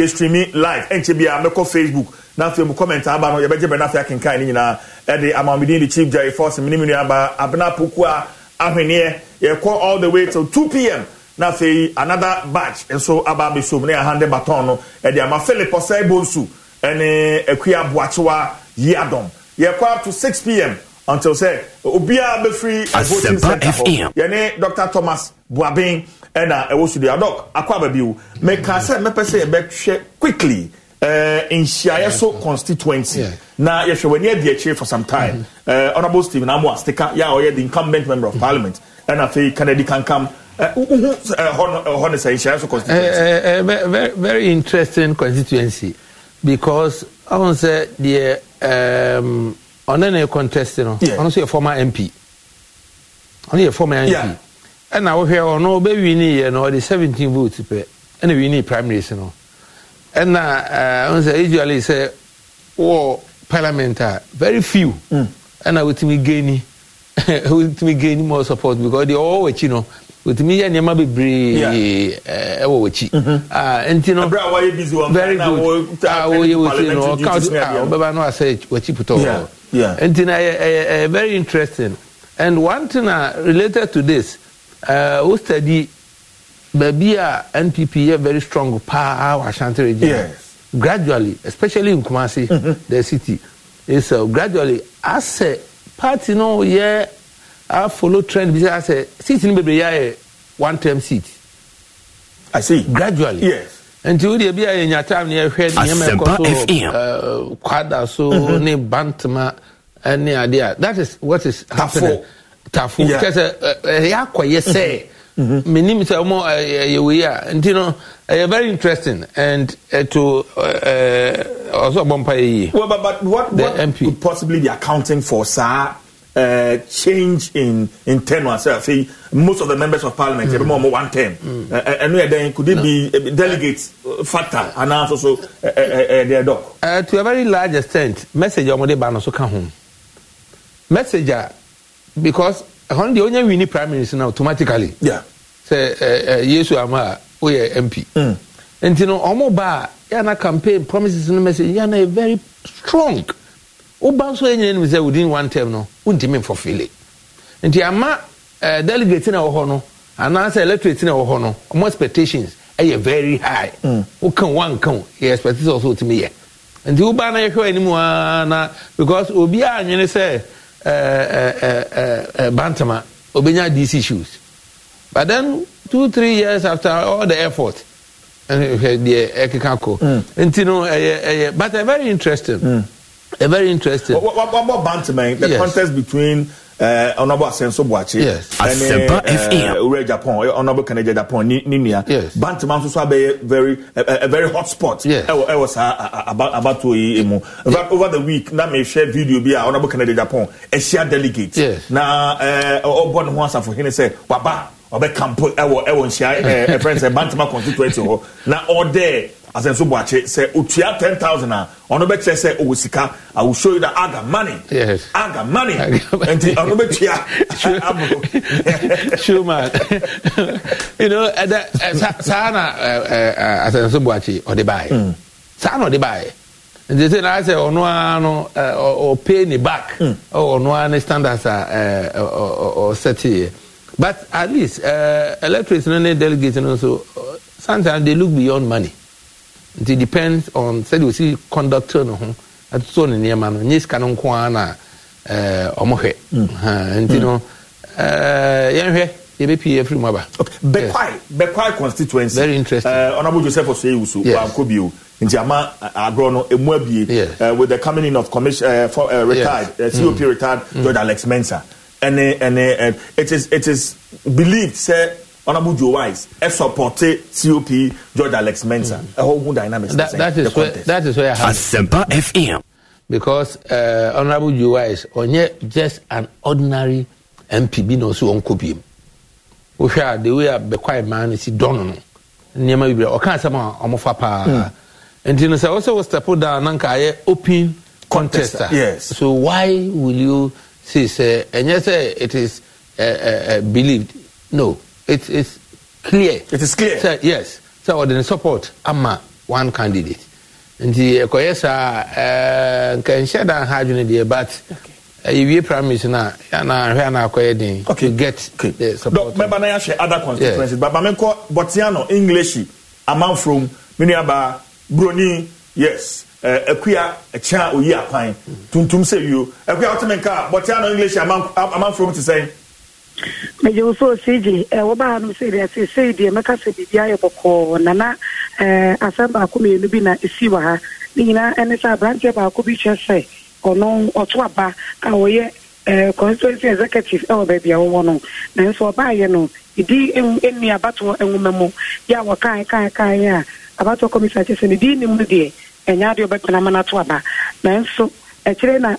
Speaker 3: ah, streaming live ɛnkyɛ bi a ah, mɛkɔ facebook n'afɛ mu comment aba ah, no yɛbɛgye bɛn n'afɛ akenkan ne nyinaa ɛde eh, amaamidi de chief jerry force mini mini aba abena pokua ahweneɛ eh, yɛkɔ all the way till two pm n'afɛ yi another batch nso aba abɛsom ne yɛ hande eh, baton no ɛde ama philip ɔsɛn bonsu ɛne akuya boakyewa yi adɔm yɛkɔ up to six pm until sɛ obiara bɛfiri voting center hɔ yɛne dr thomas buaben ɛna ɛwɔ studio adɔk akɔ ababiwo mɛka sɛ mɛpɛ sɛ yɛbɛhwɛ quickly uh, nhyiaeɛ so constituency yeah. na yɛhwɛ w'ani adi akyire for some time mm-hmm. eh, honourable stephen amoa stika yɛ a ɔyɛ the incumbent member of mm-hmm. parliament ɛna afei kennedy kankam wohu hɔ ne sɛ nhyiaeɛ so constituency
Speaker 12: eh, very interesting constituency because ɔhu sɛ deɛ um, ehm, ɔne ne contest no yeah. ɔno nso yɛ former mp ɔno yɛ former mp yeah. ɛna wohwɛ ɔno ɔbɛwi ne yɛ no ɔde 17 votes pɛ ɛna wi ne primaries no ɛna eh, ɔno sɛ usually sɛ wɔ parliament a very few mm. ɛna mm. wotumi gaini (laughs) wotumi gaini more support because deɛ ɔwɔ wɔ akyi no wotumi yɛ nneɛma bebree ɛwɔ wɔkyi nti no very good a wɔyɛ wɔsi no ɔka ɔbɛba ah, no asɛ wɔkyi putɔ nti no ɛyɛ very interesting and one thing uh, related to this wo uh, study baabi a npp yɛ very strong paa wɔ ashanti region yes. gradually especially in kumasi mm-hmm. the city is uh, gradually asɛ party no yɛ. Yeah, I follow trend bi sɛ asɛ seat ni bebree yɛ one term seat. I see. Gradually. Yes. nti wo deɛ bi a yɛnya time ne yɛhwɛ nneɛma ɛkɔ so kwada so ne bantama ne adeɛ that is what is happening tafo kyɛ sɛ ɛyɛ akɔyɛ sɛ menim sɛ ɔmɔ yɛwɔ yi a nti no ɛyɛ very interesting and uh, to ɔsɔ bɔ mpa yɛ yie the mp possibly be accounting for saa
Speaker 3: uh, change in in tenure sef See most of the members of parliament hmm. every mo one term And yẹ then could it no. be uh, eh, delegate eh, factor and also so ẹdẹ
Speaker 12: dọ. to a very large extent message ọmọdé ba náà so ka ho message because ọ̀hún de onye win ni prime minister na automatically sẹ eh, yesu yes, a are yẹ mp hmm. you know, ọmọ ba a yana campaign promises ni message yana very strong ó bá ń sọ yẹn nyina within one term no wontumi mfɔfele nti ama uh, delegate na wɔ hɔ no anaasɛ electorate na wɔ hɔ no ɔmo expectations ɛyɛ very high mm. wokan wankan yɛ expectations ɔso otumi yɛ nti woba na yɛhwɛ anim aa na because obi a nwene sɛ eh, eh, bantama obenya these issues but then two three years after all the effort deɛ ɛkeka kɔ mm. nti no ɛyɛ ɛyɛ but very interesting. Mm. A very interesting. What, what, what about Bantamang? The yes. contest between
Speaker 3: uh, Honorable Asenso Buachi yes. and Asemba uh, uh Japan, uh, Honorable Kennedy Japan, Ninia. Yes. Bantamang so be very a, a very hot spot. Yes. I was about about to emu. E over the week, Now me share video Be Honorable Kennedy Japan, a share delegate. Yes. Na uh, Obon ho asafo hene say waba ɔbɛ kampo ɛwɔ ɛwɔ nhyia ɛɛ eh, eh, friends ɛ eh, bantama constituency hɔ oh. na ɔdɛ asɛnso buakye sɛ otua ten thousand a ɔno bɛkyerɛ sɛ owó oh, sika i will show you that aga money
Speaker 12: yes. aga money nti
Speaker 3: ɔno bɛtua
Speaker 12: aburo. show
Speaker 3: man (laughs)
Speaker 12: you know ɛdɛ saa na asɛnso buakye ɔde baayɛ saa na ɔde baayɛ nti sɛ na sɛ ɔno ara no ɔpay ne back ɔno hmm. oh, ara ne standards a ɔsɛteɛ uh, but at least uh, electorate no ne delegate no nso uh, sometimes they look beyond money nti depends on sɛde osi conductor no ho atoto ne nneɛma no nye sika no nko ara na ɔmo hwɛ nti no yɛnhwɛ yɛbɛpii afiri mu aba. bɛkwai
Speaker 3: bɛkwai constituency. very interesting. ɔnabɔ eh, joseph osoye wusu wanko bi o oh, nti ama eh, agorɔ no emu abie eh, with the coming in of commission uh, for, uh, retired yes. uh, cop mm. retired mm. george alex mensah ɛne ɛne it is it is believed say. Honorable Joe Wise
Speaker 12: ẹ sọpọtẹ COP George Alex Mensah mm-hmm. ẹ hó hu dynamics that, that is where, that is where I have Asempa FM. because uh, Honorable Joe Wise ọ̀nyẹ just an ordinary MP bi na ọsọ wọn kọ bi mu wohwɛ a the way a bɛkwa mmaa no si dɔno no nneɛma bebree ɔka asɛm a ɔmofa paa mm. nti no sɛ wo sɛ wo step down na nka ayɛ open contest yes. so why will you say sɛ ɛnyɛ sɛ it is uh, uh, uh, believed no it is clear. it is clear. sɛ yes sɛ ɔde ne support ama one candidate nti ɛkɔyɛ saa ɛɛ nkɛnhyɛ dan ha adwene deɛ but ɛyɛwie eh, primaries na yana ahwɛ ana akɔyɛ den. to get okay. the support. dɔk mɛba na yɛahwɛ other constituencies yeah. baba menkɔ
Speaker 3: bɔtiano english amanfrom menuaba broni yes akuya eh, ɛkyɛn eh, a oyi akwan mm. tuntum sɛ yio akuya wɔtɛmɛ nka bɔtiano english amanfrom ti sɛn.
Speaker 17: megyem so osigye wɔbaa no sɛ deɛ ase sei deɛ mɛka sɛ biribi ayɛ bɔkɔɔ na na asɛm baako mmienu bi na ɛsi wɔ ha ne nyinaa ɛne sɛ aberanteɛ baako bi kyerɛ sɛ ɔno ɔto aba a wɔyɛ constituency executive ɛwɔ baabi a wɔwɔ no nanso ɔbaayɛ no ɛdi abatoɔ nwoma mu yɛ a wɔkae kae kae a abatoɔ kyerɛ sɛ ne di nim no deɛ ɛnyɛ adeɛ ɔbɛtena ma no ato aba na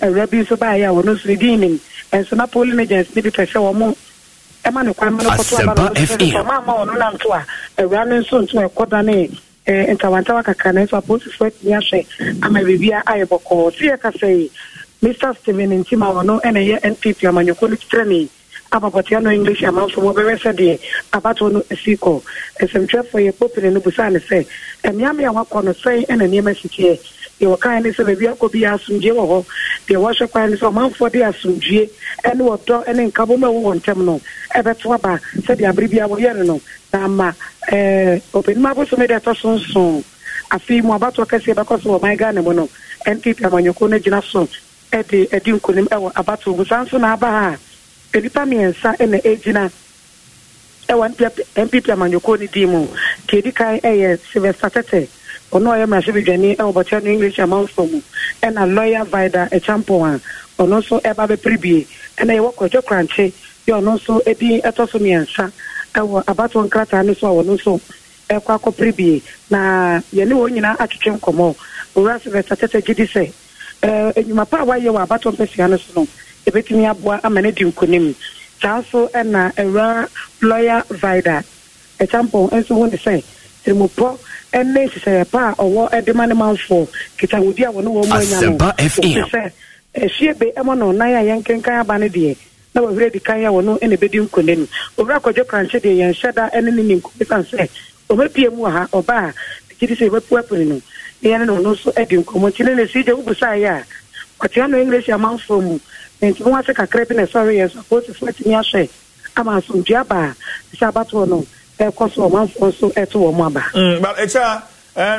Speaker 17: awura bi nso baayɛ a wɔno nso ne di nim ɛnso na polling agents ne bi pɛ sɛ wɔn ɛma ne kwan ma no kɔtɔ aba no ɔma ama ɔno nam to a awura ne nso ntum ɛkɔda ne ntawantawa kakra na ɛso apolisifoɔ atumi ahwɛ ama biribia ayɛ bɔkɔɔ sɛ yɛka sɛ mr steven ntim a ɔno ɛna ɛyɛ npp amanyɔkɔ no kyerɛ ne ababɔtea no english amanfo wɔbɛwɛ sɛ deɛ abatoɔ no asi kɔ ɛsɛmtwerɛfoɔ yɛ popine no busa ne sɛ ɛmeame a wakɔ no sɛn ɛna nneɛma sikyeɛ deɛ wɔkae ne sɛ baabi akɔ bi yɛ wɔ hɔ deɛ wɔhwɛ ne sɛ ɔmanfoɔ de a ntɛm no ɛbɛto aba sɛdeɛ abere na ɔpanim ɛtɔ so afei mu abatoɔ kɛseɛ bɛkɔ so wɔ ɔman ghana mu no npp amanyɔkuo no gyina so de adi nkonim wɔ abatoɔ mu saa nso na aba a nnipa mmiɛnsa na ɛgyina ɛwɔ npp amanyɔkuo no di mu kan yɛ ɔno ɔyɛ mmarahyɛbadwani wɔ eh, bɔkyɛ no english amanfo mu ɛna eh, lawyer vida a ɔno nso ɛba bɛpere bie ɛna yɛwɔ krankye yɛ ɔno nso ɛtɔ so mmiɛnsa ɛwɔ abatoɔ nkrataa no so a nso ɛkɔ akɔpere na yɛne wɔn nyinaa atwitwe nkɔmɔ owura sylvester tɛtɛ gye di sɛ ɛɛ enyuma eh, pa a wayɛ wɔ abatoɔ mpɛsia no so no ebetumi aboa ama ne di nkonim saa nso ɛna ɛwura lawyer vida ɛkyampɔn nso wɔn ne sɛ e ɛne pa a ɔwɔ ɛde ma ne manfoɔ ụdị a wɔne wɔ mu anya n'o sɛ ɛhyie be ɛma no ɔnan a yɛnkenkan aba no deɛ na kan a wɔno ne bɛdi nkone no krankye deɛ da ne sɛ mu wɔ ha ɔba a gye di sɛ na yɛne ɔno nso adi nkɔmmɔ nti ne ne sii wobu saeɛ a ɔtea no english mu nti mo ase kakra bi na ɛsɔre yɛ so atumi ahwɛ ama asomdua baa ɛkɔ so ɔmo afɔ nso ɛto wɔn aba.
Speaker 3: Mm, but ɛkyɛ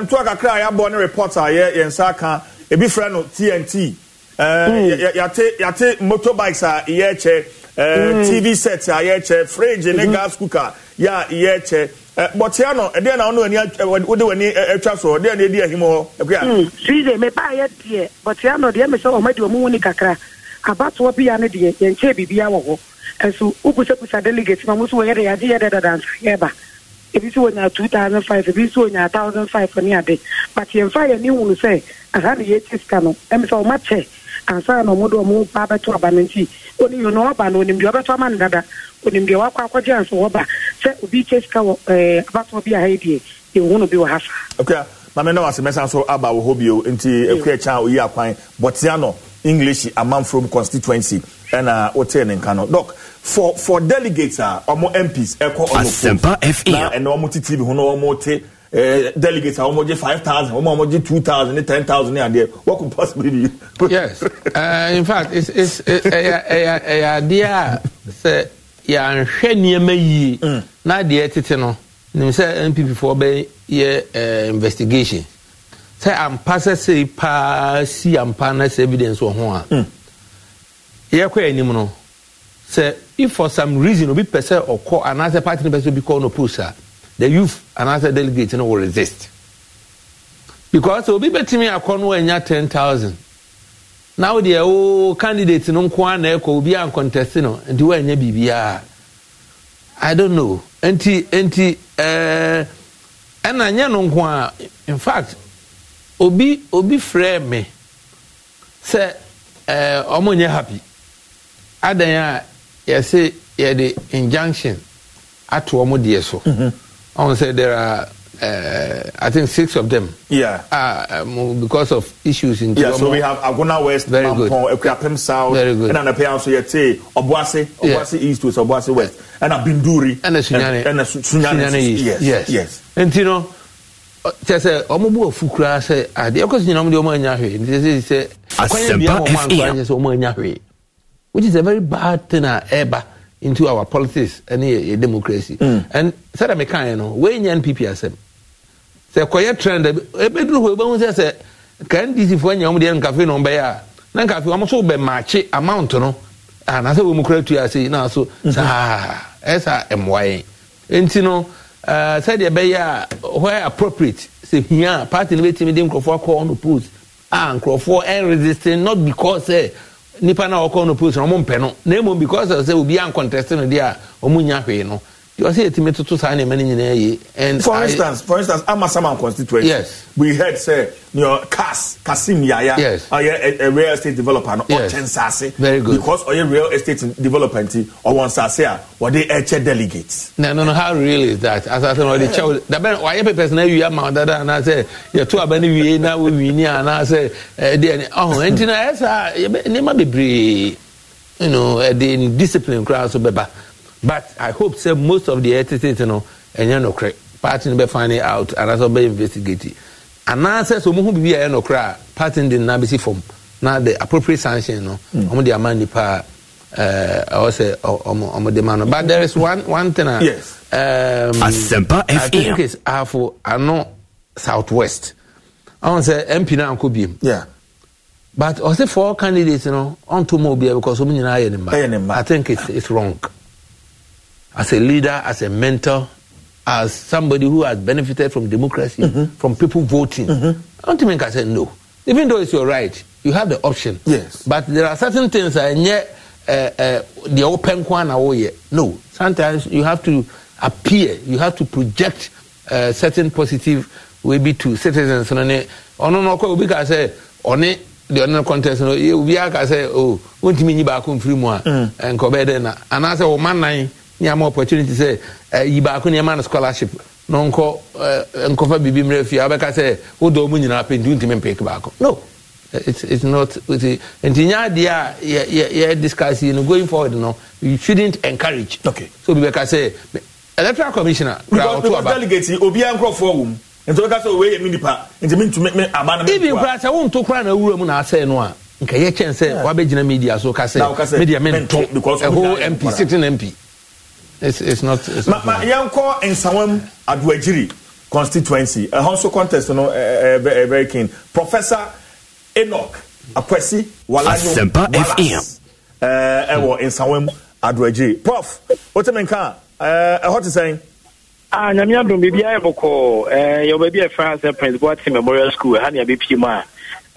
Speaker 3: ntoa uh, um, kakra a yɛabɔ ne report a yɛ yɛn nsa aka ebi frɛ no tnt um, mm. yate yate motorbikes a yɛɛkyɛ um, mm. tv set a yɛɛkyɛ fridge ne mm-hmm. gas cooker yɛ eh, e a eh, eh, e e yɛɛkyɛ bɔtia no ɛdeɛ na ɔno ani wode w'ani atwa so ɛdeɛ na ɛdi ahim hɔ ɛkoa
Speaker 17: sise mebaa yɛ deɛ bɔtia no deɛ me sɛ ɔma de ɔmo wo kakra abatoɔ bia no deɛ yɛnkyɛ biribia wɔ hɔ nso wokusakusa delegate ma mo so wɔyɛ de yɛagye yɛ dɛ dadansa yɛba ebi so wɔnya two thousand five ebi so wɔnya thousand five ne ade but yɛmfa yɛ ne hunu sɛ aha ne yɛkyi sika no ɛm sɛ ɔma kyɛ ansa na ɔmo de ɔmo ba abɛto aba no nti oni yɛ na ɔba no onim deɛ ɔbɛto ama ne dada onim deɛ wakɔ akɔgye ansa ɔba sɛ obi kyɛ sika wɔ ɛɛ eh, abatoɔ bi a ha yɛ deɛ yɛhunu bi wɔ ha saa.
Speaker 3: okay maame na wase mɛsan so aba wɔ hɔ bio nti ekura kyɛn a oyi akwan bɔtia english amanfrom constituency ɛna wɔte ne nka no doc for for delegates ah, a ɔmo mps ɛkɔ ɔmo poll na ɛna ɔmo titi bi ho na ɔmo te ɛɛ delegates a ɔmo gye five thousand ɔmo a ɔmo two thousand ne ten thousand ne
Speaker 12: adeɛ what could possibly be. (laughs) yes uh, in fact it's it's ɛyɛ ɛyɛ ɛyɛ adeɛ a sɛ yɛahwɛ nneɛma yie na adeɛ tete no nim sɛ npp foɔ bɛ yɛ ɛɛ investigation sɛ ampa sɛ sɛ paa si ampa na sɛ evidence wɔ ho a ah. mm. yɛkɔ anim no sɛ if for some reason obi pɛ sɛ ɔkɔ anaasɛ party no pɛ sɛ obi kɔ no post a the youth anaasɛ delegate no will resist because obi bɛtumi akɔ no anya ten thousand Now wo deɛ wo oh, candidate no nko a na ɛkɔ obi a nkɔntɛsi no nti woanya biribiara i don't know nti nti ɛɛ eh, ɛna nyɛ no nko a in fact obi obi frɛ me sɛ ɛɛ eh, wɔn nyɛ happy adan a yɛse yɛde injunction ato wɔn deɛ so mhm. ɔn sɛ there are uh, I think six of them. Yeah. Uh, um, because of issues in. Yeah, so we have
Speaker 3: Aguna West, Very Mampong, Ekuapem South, Very good. and Anape also yet Obuase, Obuase yeah. East, Obuase West, and Abinduri, and a Sunyani, and a Sunyani, Sunyani East. Yes, yes, yes.
Speaker 12: And you know, kyɛ sɛ ɔmo bu afu koraa sɛ adeɛ ɔkɔ so nyina ɔmo deɛ ɔmo anya hwee nti sɛ sɛ kwan yɛ bia ɔmo ankora kyɛ sɛ ɔmo anya hwee which is a very bad thing a uh, ɛreba into our politics ɛne yɛ yɛ democracy. Mm. and sɛdeɛ mi kan yɛ no wei nyɛ npp asɛm ah, sɛ kɔyɛ trend ebeduru hɔ ebɛhu sɛ sɛ ka ndc foɔ nyɛ wɔn deɛ nkafe na wɔn a na nkafe wɔn nso bɛ maakye amount no anaasɛ wɔn kura tu ase na so saa ɛsa ɛmoa yɛn nti no ɛɛ sɛdeɛ bɛyɛ a where appropriate sɛ hia party no bɛtumi de nkurɔfoɔ akɔ on the post a ah, nkurɔfoɔ ɛn eh, resisting not because ɛ. Eh, nipa no a no polls no ɔmo mpɛ no na mmom because sɛ obi ankɔntɛste no deɛ a ɔmo nya hwee no ɔsɛ yɛtumi toto saa nneɛma no nyinaa yie for I, instance
Speaker 3: for instance amasaman constituency
Speaker 12: yes we heard say your cas
Speaker 3: kasim yaya yes ɔyɛ uh, a, a real estate developer no yes ɔkyɛn saase very good because ɔyɛ real estate developer nti ɔwɔ nsaase a ah, wɔde ɛkyɛ delegates.
Speaker 12: na no no how real is that asase na ɔde kyɛw dabɛn wayɛ pepɛs na awie ama ɔdada anaasɛ yɛto aba no wie na wɔwie ni anaasɛ ɛdeɛ ɔho nti na ɛyɛ saa nneɛma bebree you know ɛde ah, eh, discipline koraa so bɛba but i hope say most of the etiquette no ɛnyɛ nokorɛ party no bɛ find it out anaasɛ ɔbɛ investigate anaasɛ sɛ ɔmo ho biribi a ɛyɛ nokorɛ a party no de nna bɛsi fam na the appropriate sanction no hmm. ɔmo de ama nipa a ɛwɔ sɛ ɔmo ɔmo de ma no but there is one one thing a. yes. Um, asempa fm i think it's afo ano south west ɔn sɛ mp na anko biem. Yeah but ɔsɛ four candidates no ɔn to mo obiara because ɔmo nyinaa yɛ ne mma. i think it's it's wrong as a leader, as a mentor, as somebody who has benefited from democracy, mm-hmm. from people voting, mm-hmm. Antimen can say no. Even though it's your right, you have the option. Yes. But there are certain things and yet eh, eh, the open one away. No. Sometimes you have to appear, you have to project uh, certain positive way to citizens. Ono no ko obi ka say one deɛ ɔne no contest no obiara ka sɛ o wontumi nyi baako mfiri mu a nkɔbɛɛ dɛ na anaasɛ wɔma oh, nan ne ama opportunity sɛ eh, yi baako ne ɛma no scholarship na nkɔ eh, nkɔfa biribi mmerɛ fie abɛka sɛ wodɔ mu nyinaa pɛ nti wontumi mpɛki baako no eh, it's, it's not nti nyɛ adeɛ a yɛ discuss yi no going forward no you shouldn't encourage okay. so obi bɛka electoral commissioner kra ɔto aba delegate obiara nkurɔfoɔ wɔ mu nti wɔka sɛ ɔwɔ yɛ mi nipa nti mi ntumi mi aba na mi nkura ibi nkura sɛ wonto kora na awura mu na asɛe no a nka yɛ kyɛn sɛ wabɛgyina media so ka sɛ media mento ɛho mp sitting mp It's, it's not. It's ma, not ma yɛnkɔ nsawam
Speaker 3: aduagyiri constituency ɛhɔ nso contest no ɛɛ ɛɛ very keen professor enoch akwasi walajo walas ɛɛ ɛwɔ nsawam aduagyiri prof wotemenka ɛɛ ɛhɔ te sɛn. a nyame adom biribi ayɛ bɔkɔɔ ɛɛ yɛ baabi a ɛfra sɛ prince boate memorial school ɛha ne abɛpie mu a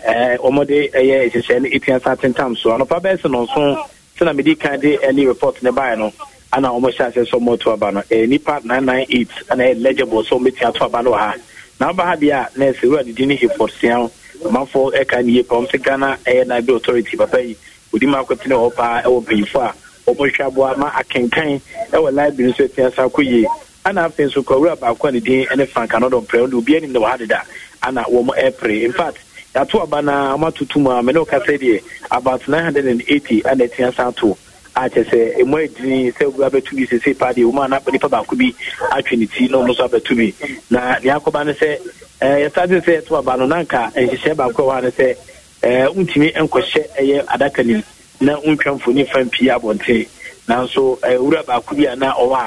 Speaker 3: ɛɛ wɔmde ɛyɛ nhyehyɛ no ɛtua sa atentam so anɔpa bɛɛ sɛ no nso sɛ na mede kan de ɛne report ne baeɛ no ana wɔn hyɛ ase sɛ wɔn to aba no ɛyɛ nipa nine nine eight ɛna ɛyɛ legible sɛ wɔn ti ato aba no wɔ ha na ha bi a nɛɛsi wura didi ne hip ɔsia amanfoɔ ɛka ne yie pa wɔn sɛ ghana ɛyɛ na bi authority papa yi odi mu akɔtena hɔ paa ɛwɔ mpanyinfo a wɔn hwɛ aboa ma akenkan ɛwɔ library nso ɛtia sa kɔ yie ana afei nso kɔwura baako a ne din ɛne franka no dɔn pɛrɛ ɔno obi anim na wɔ ha deda ana wɔn ɛpere in fact yàtò aba na ɔmo atutu mu a mɛ ne ɔkasa deɛ about nine hundred and eighty ɛna ɛtia sa to akyɛ sɛ ɛmu adini sɛ obi abɛtu bi sese paa deɛ wɔn a nipa baako bi atwe ne ti na ɔno nso abɛtu bi na nea akɔba no sɛ ɛɛ yɛsade sɛ ɛto aba no nka nhyehyɛ baako ɛwɔ ano sɛ ɛɛ ntumi nkɔhyɛ ɛyɛ adaka nim na ntwa mfoni fɛn pii abɔnten nanso ɛɛ wura baako bi a na ɔwɔ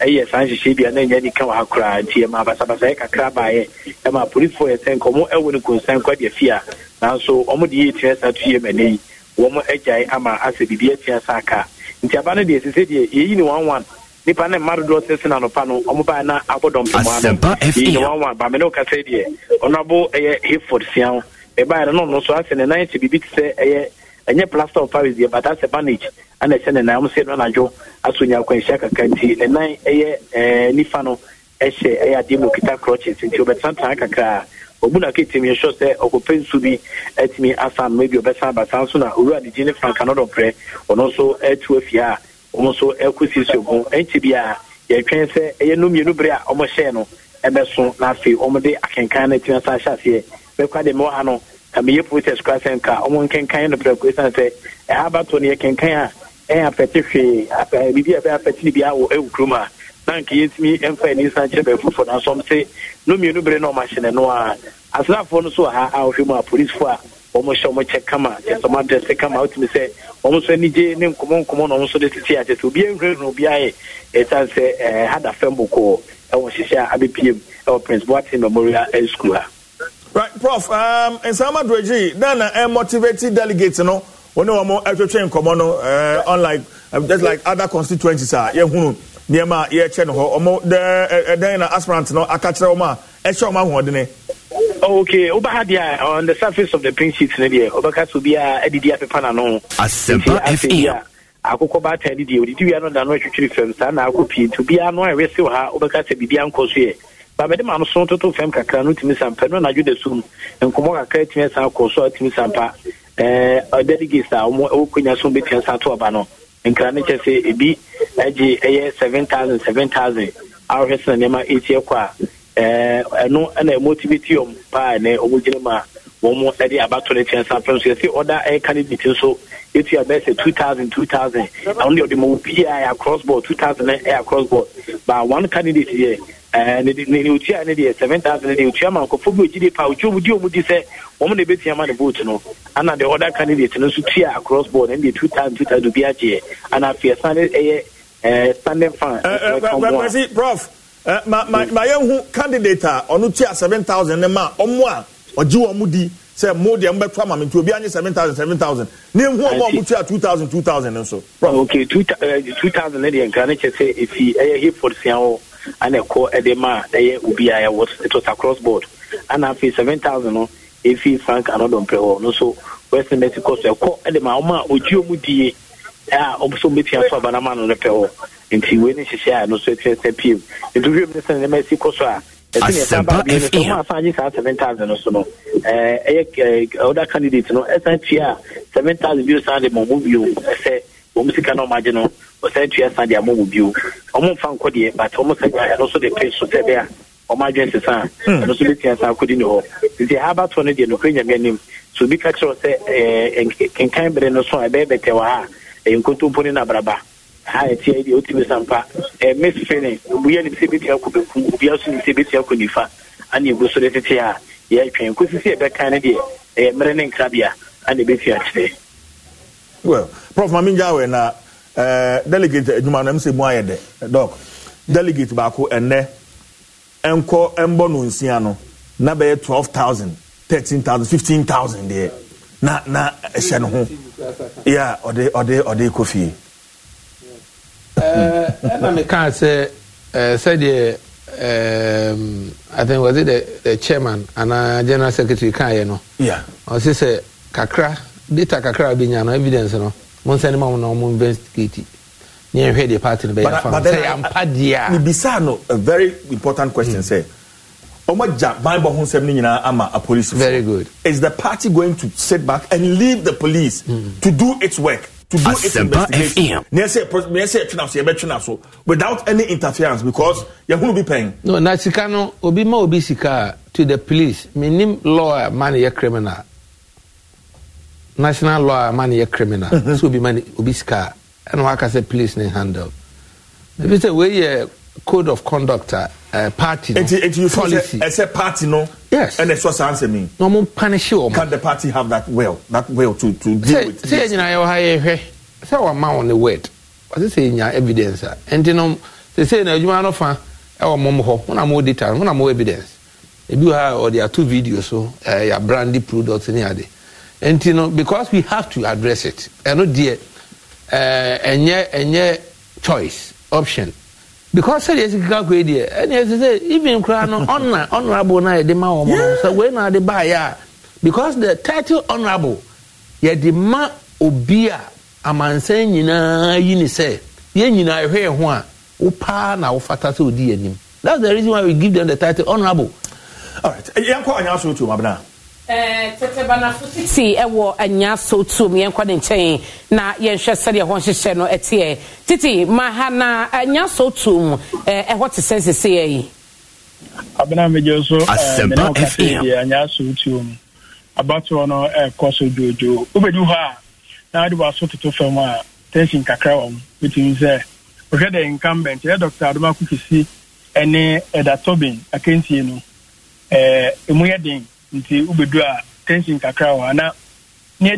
Speaker 3: a ɛyɛ saa nhyehyɛ bi a na nyɛ nika wɔ ha koraa nti ɛma basabasa yɛ kakra baayɛ ɛma polisifoɔ yɛ sɛ nkɔmɔ ɛwɔ ne kɔnsa nkɔ fi fia nanso wɔn de yɛ etia sa tu yɛ mɛ yi wɔn agyae ama asɛ biribi atua sa aka nti aba no deɛ sese deɛ yɛyi ne wan wan nipa na anɔpa no wɔn baa na abɔ dɔmpem ano e. yɛyi ne ne deɛ ɔno abo ɛyɛ hayford sian ɛbaa yɛn no no so asɛ ne nan sɛ ɛyɛ ɛnyɛ plaster of paris bata bandage ɛna ne
Speaker 16: nan nya akwanhyia nti ne nan ɛyɛ ɛɛ nifa no ɛhyɛ ɛyɛ adeɛ mu okita na ke tumi nsọ sɛ ɔkɔpɛ nsu bi
Speaker 3: atumi e asan mmadu ɔbɛsan abasa nso na owura de gyene franka no dɔprɛ ɔno nso atu afie a ɔmo nso ɛkɔsi so mu ɛnkyɛ bi a yɛtwɛn sɛ ɛyɛ no mmienu bere a ɔmo hyɛɛ no ɛbɛso na afei ɔmo de akenkan no atumi asan ahyɛ aseɛ mɛkɔ de mɛwɔ ha no ameyɛ protest kora sɛ nka ɔmo nkenkan no prɛ kɔ ɛsiane sɛ ɛha e abatɔ no yɛ kenkan a ɛyɛ apɛte hwee biribi a na nke yɛtumi mfa ani nsa nkyerɛ baafufoɔ no asɔm se no mmienu bere na ɔmahyɛ ne no a asraafoɔ no so wɔ ha a wɔhwɛ mu a polisifoɔ a wɔn hyɛ wɔn kyɛ kama kyɛ adrɛse kama wɔtumi sɛ wɔn nso ani ne nkɔmɔ na wɔn nso de tete akyɛ sɛ obiara nhwiren obiara yɛ ɛsan sɛ eh, hada fɛn bɔkɔɔ ɛwɔ hyehyɛ a abɛpiem ɛwɔ prince boateng memorial school ha. right prof um, nsàmà dùrẹ́jì dana ẹ motivate delegate no wọn ni wọn ɛtwetwe nkɔmɔ no ɛɛ eh, unlike um, just like other constituencies a yɛ nneɛma a yɛrekyɛ no hɔ ɔmo dɛɛ ɛdɛn e, e, na aspirant no aka kyerɛ wɔn a ɛhyɛ wɔn ahoɔden. okay woba ha deɛ on the surface of the print sheet e no deɛ wobɛka sɛ obiaa adidi apepa n'ano asɛmpa fm akokɔ baata no deɛ odidi wia no da no atwitwiri fam saa na akɔ pii nti obiaa no a ɛwɛsew ha wobɛka sɛ biribia nkɔ so yɛ
Speaker 16: bamɛde ma no so toto fam kakra no tumi sampa no anadwo da so mu nkɔmmɔ kakra tumi asan akɔ so a tumi sampa ɛɛ delegates a wɔn ɛwɔ konya so bɛtumi asan to aba nkira ne
Speaker 3: kyɛ sɛ ebi agye ɛyɛ seven thousand seven thousand ahwɛ sɛ nneɛma eti ɛkɔ a ɛɛ ɛno ɛna ɛmotivate wɔn paa ne wɔn gyina mu a wɔn ɛde abato ne kyɛn san fɛn so yɛsi ɔda ɛyɛ candidate nso etu a bɛyɛ two thousand two thousand ɛno deɛ ɔde mu obi a ɛyɛ across board two thousand ɛyɛ across board but one candidate yɛ. Eh, ne otua ne deɛ e seven thousand ne deɛ ma nkɔfo bi ogyi de pa otua mu di omu di sɛ wɔn na ebetua ma ne vote no ɛna deɛ ɔda candidate no nso tua across board ne deɛ two thousand two thousand bi agyeɛ ɛna afei ɛsan ne ɛyɛ ɛɛ standing fan. ɛɛ ɛɛ prof eh, ma ma ma yɛn hu candidate a ɔno tua seven thousand ne ma ɔmo a ɔgye wɔn di sɛ mo deɛ mo bɛ to ama mi nti obi anyi seven thousand seven thousand ne hu ɔmo a mo tua two thousand two thousand nso. ok eh, two thousand ne deɛ nkira ne kyɛ sɛ efi ɛyɛ hip hop sian ana ɛkɔ de ma a ɛyɛ obi a ɛwɔ it was board ana afei seven thousand no efi frank anodɔmpere hɔ no so western net cost ɛkɔ de ma ɔmo a ogyi ɔmo die a ɔmo so metia so abanama no no pɛ hɔ nti wei ne hyehyɛ a no so ɛkyerɛ sɛ pm nti wiem ne sɛn nneɛma esi kɔ so
Speaker 16: a asempa fm ɔmo asan gye saa seven thousand no so no ɛɛ ɛyɛ ɛɛ ɔda candidate no ɛsan tia seven thousand bi o san de ma ɔmo bio ɛsɛ wɔn sika na wɔn agye no
Speaker 3: wɔsan tua san deɛ wɔn wɔ bio wɔn mfa nkɔ deɛ but wɔn sɛ ɛno nso de pe so sɛ bɛyɛ wɔn adwene sisa hmm. ɛno nso de tia san akɔdi ne hɔ nti ha abatoɔ no deɛ nokura nyame anim so
Speaker 16: obi ka kyerɛ sɛ ɛɛ nkenkan bere no so ɛbɛyɛ bɛtɛ wɔ ha ɛyɛ nkontompo ne nabraba
Speaker 3: ha ɛte ayi deɛ otumi sampa ɛɛ miss fini obuya ne bi sɛ ebi akɔ benkum obi aso ne bi sɛ ebi akɔ nifa ana egu so de tete a yɛ atwɛn kosisi ɛbɛkan well prof mami na eh, delegate adwuma no ɛmu mu ayɛ dɛ delegate baako ɛnɛ ɛnkɔ ɛnbɔ no nsia no na bɛyɛ twelve thousand thirteen thousand fifteen thousand deɛ
Speaker 12: na na ɛhyɛ eh, no ho
Speaker 3: yɛ ɔde ɔde ɔde kɔ fie.
Speaker 12: ɛna sɛ sɛdeɛ I think was it the, the chairman and uh, general secretary kan yɛ no. ɔsi sɛ kakra data kakra bi nya no evidence no mo nsɛn ma mo na mo investigate ni ehwɛ de party no bɛyɛ fa sɛ yampa deɛ.
Speaker 3: nibisa no a very important question mm. sɛ ɔmɔ bible ho nsɛm ne nyinaa ama apolisifoɔ. very good. is the party going to sit back and leave the police mm. to do its work. to do its investigation. Nese twena so yɛbɛtwena so without any interference because yɛhunu bi pɛn.
Speaker 12: no na sika no obi ma obi sika to the police menim law a ma ne criminal. national law a ma yɛ criminal sɛ obi ma obi sika ɛna waka sɛ police ne handle ebi sɛ wei yɛ code of conduct a uh, party no eti eti you feel say ɛsɛ party no yes ɛna ɛsɔ saa nsɛm yi na ɔmo punish wɔn can the party have
Speaker 3: that will that will to to deal
Speaker 12: se, with sɛ sɛ nyinaa yɛ wɔ ha yɛ hwɛ sɛ wɔn ma wɔn ne word wɔte sɛ nya evidence eh, a ɛnti no sese na adwuma no fa ɛwɔ mo mo hɔ wɔn na mo detail. wɔn na mo evidence ebi wɔ ha ɔde ato video so ɛɛ eh, yɛ abrandi product ne ade. And you know, because we have to address it. And dear, ɛnyɛ ɛnyɛ choice option because sɛdeɛ ɛsi kika koe deɛ ɛna ɛsi sɛ even koraa no ɔna honourable na yɛde ma wɔn no sɛ wei na ade baa yɛ a because the title honourable yɛde ma obi a amansan nyinaa yi ne sɛ yɛn nyinaa ɛhwɛ yɛn ho a wo paa na wofata sɛ odi yɛn anim that's the reason why we give them the title honourable. all right yɛn kɔ anyanso otu omabena.
Speaker 9: si ɛwɔ anya so tuom yɛnkɔ ne nkyɛn na yɛnhwɛ sɛdeɛ ɛhɔ no ɛteɛ eh, titi eh, eh, ha na anya so tuom ɛhɔ te sɛ seseɛ yi
Speaker 3: abena megye so anya so tuom abatoɔ no ɛkɔ so dwoodwoo wobɛdu hɔ a na wode wɔaso toto fam a ah, tension kakra wɔ m sɛ wohwɛ dɛ incumbent yɛ dɔctor adoma akokɛsi ɛne tobin akantie no yɛ nti wobɛdu a tension kakra wɔ ana